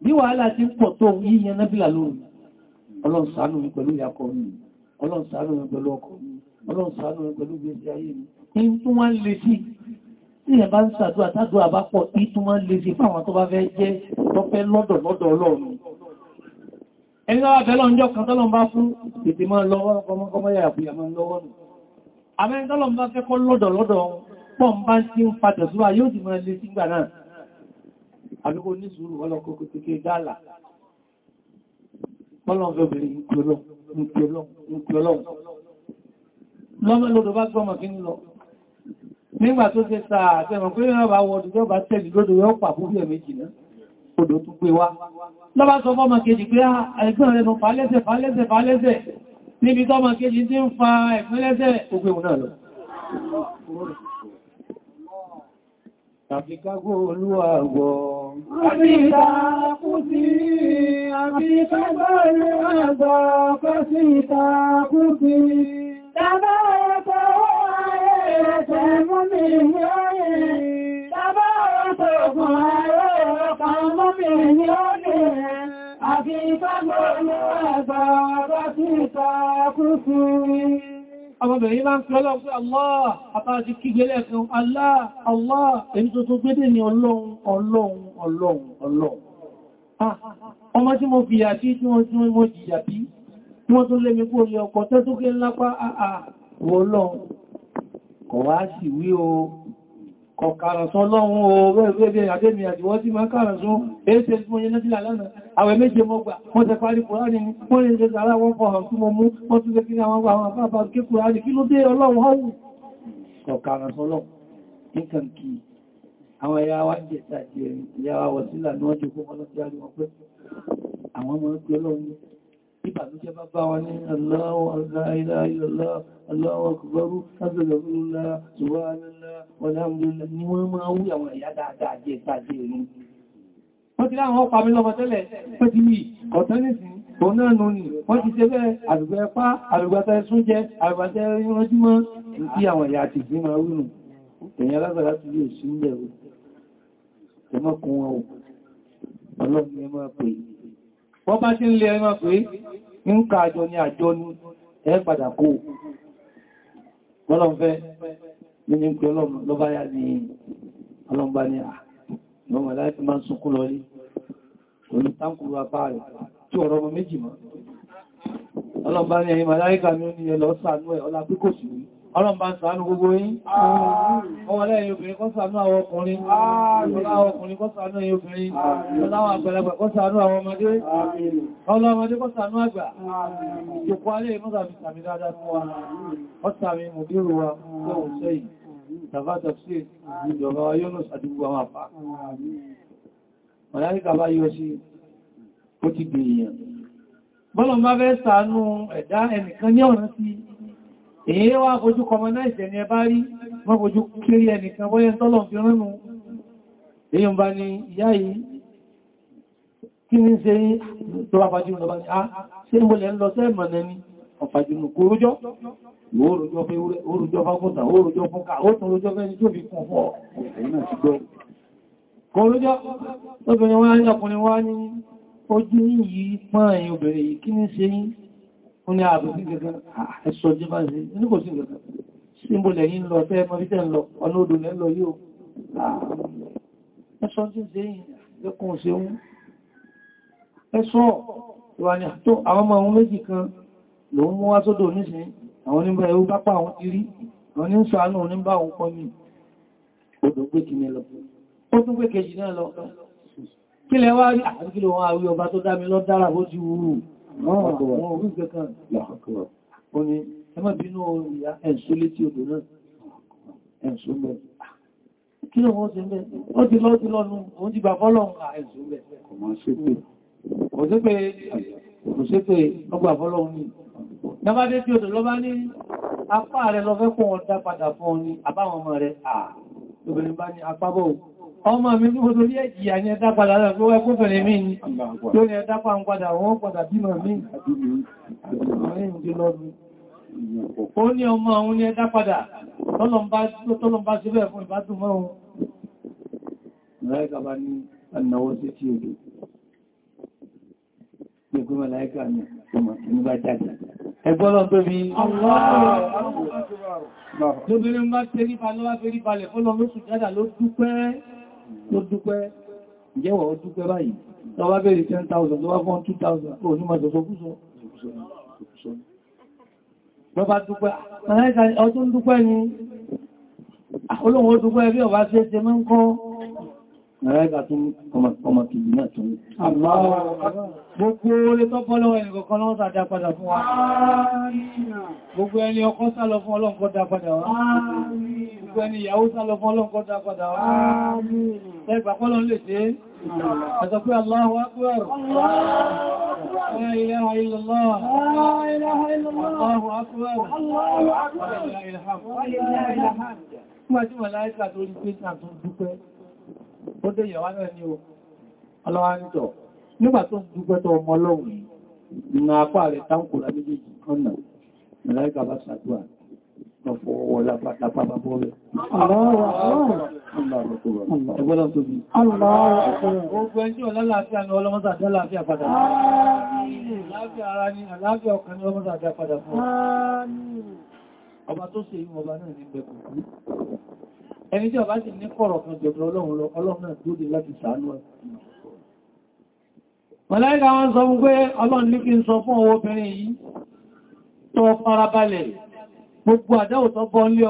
bí wàhálà ti ń pọ̀ tó yíyan nábìlà lóòrùn Ọlọ́run ṣàánú mi pẹ̀lú ìyàkọ mi Ọlọ́run ṣàánú mi pẹ̀lú ọkọ mi Ọlọ́run ṣàánú ẹni lọ́wọ́ tẹ́lọ ǹjọ́ kan tọ́lọ bá fún tètè máa lọ́wọ́ ọmọkọmọ yà àpìyà máa lọ́wọ́ nù àmẹ́rin tọ́lọ bá fẹ́ kọ́ lọ́dọ̀ lọ́dọ̀ pọ̀ ń bá tí ń padà súwá yóò ti máa lè sígbà náà àbíkò ní sùúrù ọlọ́kọ̀ọ́kọ́ kékeré dáàlà pọ́lọ̀ fẹ́ obìnrin ìpìọlọ́ lọ́mọ lọ́dọ̀ bá gbọ́mọ̀ kí ń lọ nígbà tó ṣe lọ́bá sọ fọ́mà kejì pé ah, ẹgbẹ́ rẹ̀ fún falẹ́sẹ̀ falẹ́sẹ̀ falẹ́sẹ̀ níbi tọ́mà kejì tí ń fa ẹ̀fẹ́lẹ́sẹ̀ Tàbá ọ̀tọ̀ fún ayé ọ̀pọ̀lọpọ̀ ọmọbìnrin ni ó lè àti ìtàgbò ní ẹgbà bá pé Allah àtàjì kígbélẹ̀ fún Allah, Allah, èyí tó tó gbédè ní ọlọ́run, ọlọ́run, ọlọ́run, ọlọ́run. Ah, ọmọ tí mo fìyà sí tí wọ́n tún wọ́n jìyà bí, tí wọ́n tún lé mi kó lè ọkọ̀ tẹ́ tó kí kọ̀kàrànsán lọ́wọ́ owó ẹgbẹ́gbẹ́ àdémi àjíwọ́ tí máa kàrànsán èéṣe tí mo yẹ nájílà lánàá àwẹ̀ méje mọ́ gbà wọ́n tẹ parí kùránì ní wọ́n lè ṣe tààrà wọ́n fọ́ ọ̀hún mọ́ mú wọ́n tún fẹ́ kí àwọn àwọn àpapà kí kùránì kí ló dé ọlọ́run ọ̀hún kọ̀kàrànsán lọ́wọ́ nǹkan kí àwọn ẹ̀yà wá jẹ́ tàbí ẹ̀yà wá wọ̀ sílà ìbànújẹ́ bá bá wa ní Allahu ilaha illallah Allahu akbar astaghfirullah subhanallah walhamdulillah ni wọ́n máa wú àwọn ẹ̀yà dáadáa jẹ́ ìtajẹ́ ìrún wọ́n ti láwọn ọpa mi lọ́mọ tẹ́lẹ̀ pé ti wí ọ̀tẹ́lẹ̀sì òun náà nù ní wọ́n ti ṣe bẹ́ẹ̀ àdùgbẹ́ ẹpá àdùgbàtẹ́ sún jẹ́ àdùgbàtẹ́ ríránjúmọ́ tí àwọn ìyá ti fi máa rúnù èyàn lágbàrá ti yóò sí ilẹ̀ ẹmọ́kùn wọ́n bá ti ń lé ẹmọ́ pé ń ká àjọ ní àjọ ní ẹ padà kó lọ́lọ́fẹ́ nínú pé lọ́bá yá ní ọlọ́mbá ní àwọn aláìsí máa ń sunkún lọ rí olùtánkùrú apá rẹ̀ tí ọ̀rọ̀ ọmọ méjì mọ́ ọlọ́mbá ní ẹ̀yìn Ọlọ́run bá ṣàánú gbogbo yín. Ọmọ lẹ́yìn obìnrin kó ṣàánú àwọn ọkùnrin. Ọláwọ̀ ọkùnrin kó ṣàánú ẹ̀yin obìnrin. Ọláwọ̀ àgbàlagbà kó ṣàánú àwọn ọmọdé. Ọlọ́mọdé kó ṣàánú àgbà. Ìjòkó alẹ́ mọ́sàmì sàmì dáadáa fún wa. Ọ́sàmì mòdírù wa lọ́wọ́ sẹ́yìn. Tàbá tàbí ìjọba Yónús àdúgbò àwọn àpá. Màláríkà bá yọ sí ó ti èyí wá fojú kọmọnáìsì ẹni ẹbá rí wọ́n fojú kiri ẹnìkan bọ́yẹ́ tọ́lọ̀ fi ránnu èyí ń bá ní ìyá yìí kí ní ṣe tó bá fàájú lọ bá ní a ṣe ń wọlẹ̀ ń lọ sẹ́ẹ̀mọ̀ nẹni ọ̀fàjúnù kó rújọ́ orùjọ́ fákúta orùjọ́ fúnka ó ní ààbò sí gẹ̀gẹ́ ẹ̀ṣọ́ jẹba sí inú kò sí gẹ̀gẹ́ símbò lẹ́yìn lọ tẹ́ ẹmọ bí tẹ́ ń lọ ọ̀nà odò lẹ́ lọ yóò ẹ̀ṣọ́ tí ń sẹ́yìn lẹ́kùn sí ohun ẹ̀ṣọ́ kan ló ń mú wá sódò nísìn àwọn oníbà ewu pápá àwọn ti rí àwọn ní ń sọ àánú oníbà òun pọ́ mi odò gbé kìíní lọ ó tún gbé kejì náà lọ kí lẹ wá rí àti ah, kí lọ Kí ló wọ́n ṣe ń bẹ́? Ó ti lọ́ ti lọ́nu, òun ti bà fọ́lọ́run àìsùn bẹ̀. Kò máa ṣe pé, kò ṣe pé, kò ṣe pé ọgbà fọ́lọ́run ní. Dábádé tí odò lọ bá ní apá rẹ̀ lọ fẹ́ kún ọdá padà fún ọ ní àbáwọn ọmọ rẹ̀. Àà, obìnrin bá ní apá bọ́ ọmọ mi ní gbogbo ní ẹ̀jìyà ní ẹ̀dá padà rẹ̀ ló ẹkú bẹ̀rẹ̀ mí ní tó ní ẹ̀dá pa ń padà wọ́n padà bímọ mí ó ní ọmọ òun ní ẹ̀dá padà tọ́lọmbá síbẹ̀ fún ìbátúmọ́ òun mẹ́rẹ́kà bá ní ẹ̀nàwó sí tí odò gbogbo mẹ́láíkà ní ọmọ ìbá jáde ẹgbọ́lọ́ tó bí lóbìnrin bá tẹ́rípa lọ́wọ́ tẹ́rípa lẹ̀ fọ́lọ́ lóṣù jádà ló dúpẹ́ ló dúpẹ́ ìjẹ́wọ̀ ó dúpẹ́ báyìí tó bá bẹ̀rẹ̀ 10,000 tó bá fún 2,000 ó ní máa sọ̀sọ̀ fúsọ lọ́bá dúpẹ́ ọdún dúpẹ́ ni olóhun ó dúpẹ́ bí ọba ṣe ṣe mẹ́ ń kọ́ ẹ̀ẹ́gà tún ọmọ kìí náà tún. Gbogbo orí tó fọ́lọ́ ẹni kọ̀kan lọ́wọ́ sàdá padà fún wa. Gbogbo ẹni ọkọ sálọ fún ọlọ́nkọ́ dá padà wá. Gbogbo ẹni ìyàwó sálọ fún ọlọ́nkọ́ dá padà wá. Ẹgbà fọ́lọ́ lè ṣe é. Àjọ pé Allahu Akbar. La Allah illallah. Allahu Akbar. Allahu Akbar. Wọ́n tí wọ́n láìsà tó rí pé sàtún ó tẹ́ ìyàwó náà ní ọlọ́wà ń tọ̀ nígbà tó ń dúgbẹ́tọ̀ ọmọ ọlọ́run ìrìnà apá rẹ̀ táǹkù rà méjèèjì ọ̀nà ìrìnàríkà bá ṣàdúrà lọ́fọ́ ọwọ́ lápá bá bọ́ rẹ̀ ẹgbọ́lá tó bí gbogbo ẹjọ́ lálàáfíà ni ọlọ́mọ́sà dá láàáfíà padà láàáfíà ara ni àlàáfíà ọkàn ni ọlọ́mọ́sà dá padà fún ọba tó ṣe ìwọ̀n ọba náà ní gbẹ̀kùnkú ẹni tí ọba sì ní kọ̀rọ̀ kan jẹ̀bọ̀ ọlọ́run lọ ọlọ́run náà tó dé láti sàánú ẹ̀ mọ̀láìkà wọ́n sọ wípé ọlọ́run ní kí n sọ fún obìnrin yìí tó farabalẹ̀ gbogbo àdáwò tó bọ́ nílé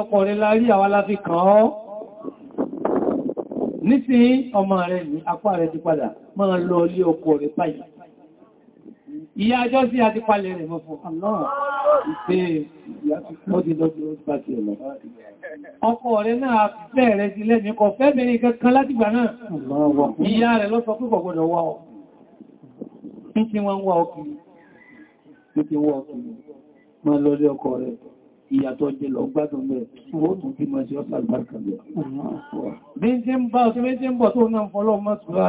ọkọ rẹ̀ ìyá ajọ́ sí àti palẹ̀ rẹ̀ mọ́ fún Allah ìpé ọkọ rẹ̀ náà fẹ́ rẹ̀ sí lẹ́ni kọ fẹ́ mẹ́rin kankan láti gbà náà ìyá rẹ̀ lọ́sọ púpọ̀ gbọdọ̀ wá ọ ní tí wọ́n wá ìyàtọ̀ jẹlọ gbádùn rẹ̀ ó tún kí mọ́ sí ọ́sà àgbàkà rẹ̀. Bí ń tí ń bá ọ̀tí méjì ń bọ̀ tó náà fọ́lọ́ mọ́sùlá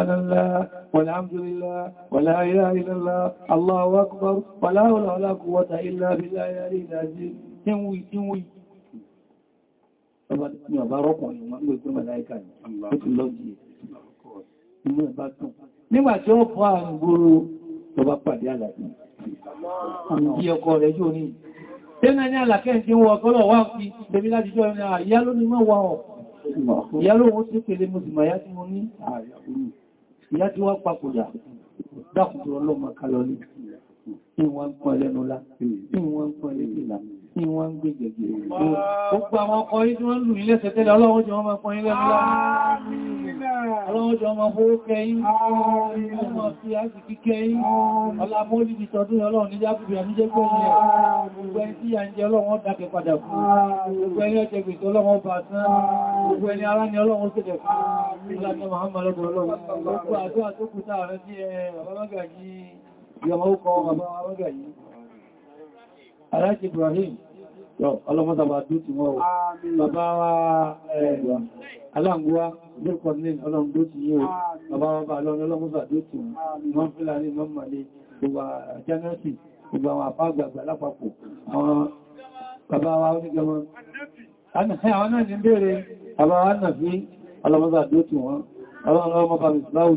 walhamdulillah wala ilaha illallah Allahu akbar wala hawla wala quwwata illa billahi Nígbàtí ó fọ́ àrùn gbòrò tó bá pàdé àlàyé. Ìyẹ̀kọ́ rẹ̀ yóò ní Tẹ́nà ní àlàkẹ́ ti wọ ọgọ́lọ̀ wá ń fi bèbí láti jọ ẹni àyá ló ní mọ́ wà ọ̀. Ìyá ló wọ́n tí pèlè mo sì máa yá tí mo ní ìyá tí wá papòdà dákùtù ọlọ́mọ kalọ́lé. Ìwọ̀n pọ̀ lẹ́nu lá, ìwọ̀n tí wọ́n ń gbé gẹ̀gẹ̀ gbogbo àwọn ọkọ̀ yìí tí wọ́n lù ilé ṣẹ̀tẹ́lẹ̀ ọlọ́wọ́ ọmọ ọkọ̀ ilẹ̀ ńlá ọlọ́wọ́ jẹ́ ọmọ fowó kẹ́yìn ọmọ sí àti kíkẹ́yìn ọlámọ́lì ti tọdún ọlọ́run ní jábùbì àníjẹ́ gbẹ̀yìn ẹ̀ gbogbo ẹni tí àǹjẹ́ ọlọ́run dákẹ́ padà fún gbogbo ẹni ọjẹ́ gbèsè ọlọ́run bà tán gbogbo ẹni ará ni ọlọ́run ṣẹ̀dẹ̀ fún ìlànà Muhammadu ọlọ́run gbogbo àdúrà tó kù sáà rẹ̀ sí ẹ̀ ọlọ́gà yìí ìyọmọ́ ó kọ́ ọmọ ọlọ́gà yìí aláàjì Ibrahim ọlọ́mọ́sàbà dú ti wọ́n bàbá wa aláàgbúwá lẹ́kọ̀ọ́ ní ọlọ́run dó ti yíò bàbá wa bá ọlọ́mọ́sà dó ti wọ́n fílàní mọ́màlẹ́ gbogbo jẹ́nẹ́sì gbogbo àwọn àpágbàgbà lápapọ̀ àwọn bàbá wa onígbẹ̀mọ́ àwọn náà ní bèèrè bàbá wa náà fi ọlọ́mọ́sà dó ti wọ́n ọlọ́run ọmọ bàbá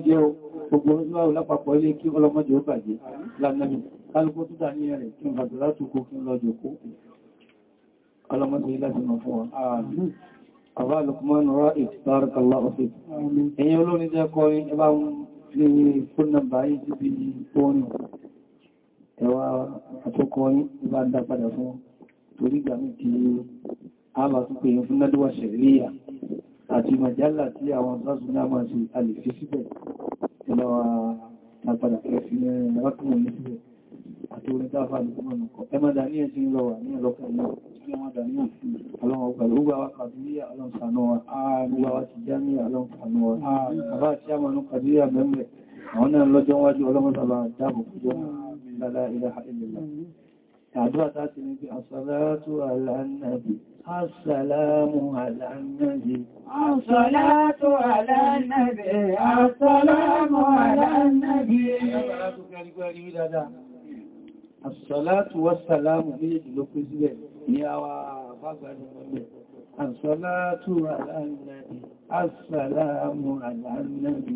ìsìláwù lápapọ̀ kálùkù tó dà ní ẹ̀rẹ̀ kí n bàtà látòkó kí n lọ́jọ́ kó ọlọ́mọdé láti mọ̀ fún wọn àbá Lukman ra'id barakallahu fik ẹ̀yin olórin jẹ́ kọrin ẹbá ní fúnnà báyìí ti bí orin ẹwà àtọ́kọrin ẹbá dá padà fún torí gbà mí kí àbá tó pè fún nádúwà ṣẹ̀ríyà àti màjálà tí àwọn sásúná máa ṣe alìfisíbẹ̀ ẹbá wa dá padà fẹ́ sí ẹ̀rọ àti orin tàbí àdìgbọ́nà kọ̀. Ẹ máa dàní ẹ̀sìn lọ́wà ní ọlọ́kà ní ọlọ́run ọgbàlú. Ó gbà wá kàdúríà alọ́nsànà wa, ààrùgbà wá ti já ní alọ́nsànà wa, àbá àti àmànú kàdúríà mẹ́mẹ́. Àwọn náà lọ́jọ́ wájú ọlọ́run tàbí àdábò fújọ́ lára ilẹ̀ àìlèlà. Àdúrà táti ní pé àṣàlátù àlànàbì, àṣàlámù àlànàbì, Àṣọ́látù wọ́sàlámù ní ìlú pé sílẹ̀ ní àwà àbágbàrí mọ́lẹ̀. Àṣọ́látù àlànàbì, àṣàlámù àlànàbì.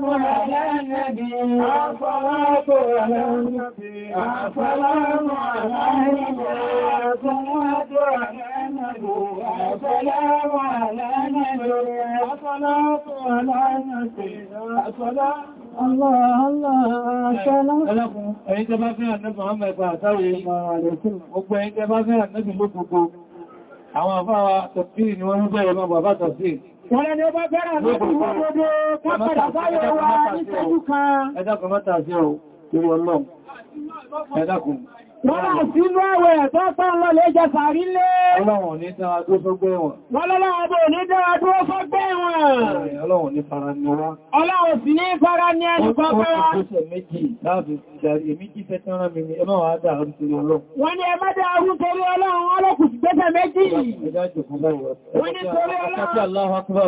السلام على النبي الصلاة على النبي السلام على النبي الصلاة على النبي السلام على النبي الصلاة على النبي الصلاة الله الله سلام عليكم ẹ̀yin tẹ́ bá fẹ́ ànábì Muhammad bá àtàrí ọgbọ̀ ẹ̀yin tẹ́ bá fẹ́ ànábì lókùnkùn àwọn àfáwà tọ̀fíì ni wọ́n ń bẹ̀rẹ̀ mọ́ bàbá tọ̀fíì Wọ́n lẹ́ni ó bá fẹ́ràn láti wọ́n mọ́ta sí ọ̀, torí ọlọ́run. Ẹ Wọ́lá sínú àwẹ̀ ẹ̀tọ́ tán lọ lè jẹ sàárí lé. Ọlọ́run ní dára tó sọ́gbẹ́ wọn. Wọ́lọ́lá àbò ní dára tó sọ́gbẹ́ wọn. Ọlọ́run ní fara ní wọn. Ọlọ́run sì ní fara ní ẹni kọ́kọ́. Wọ́n ni ẹ má dá arú torí ọlọ́run ọlọ́kù sí gbẹ́sẹ̀ méjì. Wọ́n ni torí ọlọ́run.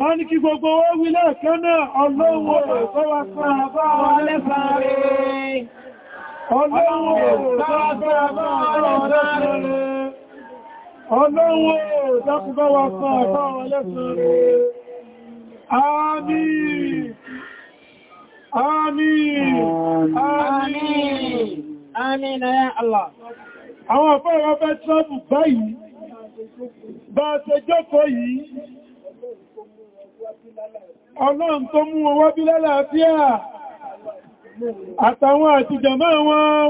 wọ́n ní kí gbogbo wọ́n wí lẹ́ẹ̀kẹ́ náà ọlọ́wọ́ ẹ̀kọ́wà kan àbá wọn rẹ̀ ọlọ́wọ́ ẹ̀kọ́wà kan àbá wọn rẹ̀ ọlọ́wọ́ dákùbáwà kan àbá wọn rẹ̀ ọlọ́run tó mú wọn wá bí lálàáfíà àtàwọn àti jàmá wọn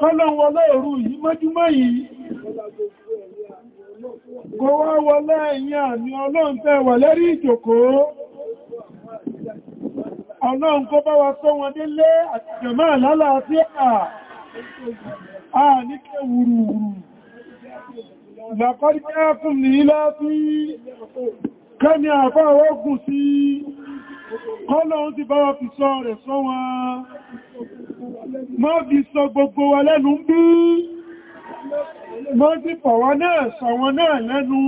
kọ́lọ̀n wọlé òru yìí mọ́júmọ́ yìí kó wá wọlé ẹ̀yìn àmì ọlọ́run tẹ́ wà lẹ́rí ìjòkó ọlọ́run kó bá wa sọ wọn délé àti jàmá lálàáfíà à ní kẹwùrùwùrù làkọ́dí jákùn ní láti kẹ́ni àbá ogun sí kọ́lọ̀un ti bára fi sọ rẹ̀ sọ wọn má fi sọ gbogbo wa lẹ́nu ń bí má fi pọ̀wọ́ náà sọ wọn náà lẹ́nu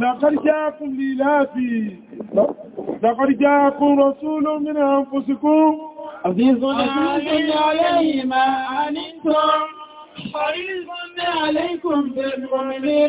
làkọ́dí jákùn ní láti لقد جاءكم رسول من أنفسكم عزيز عليه ما حريص عليكم بالمؤمنين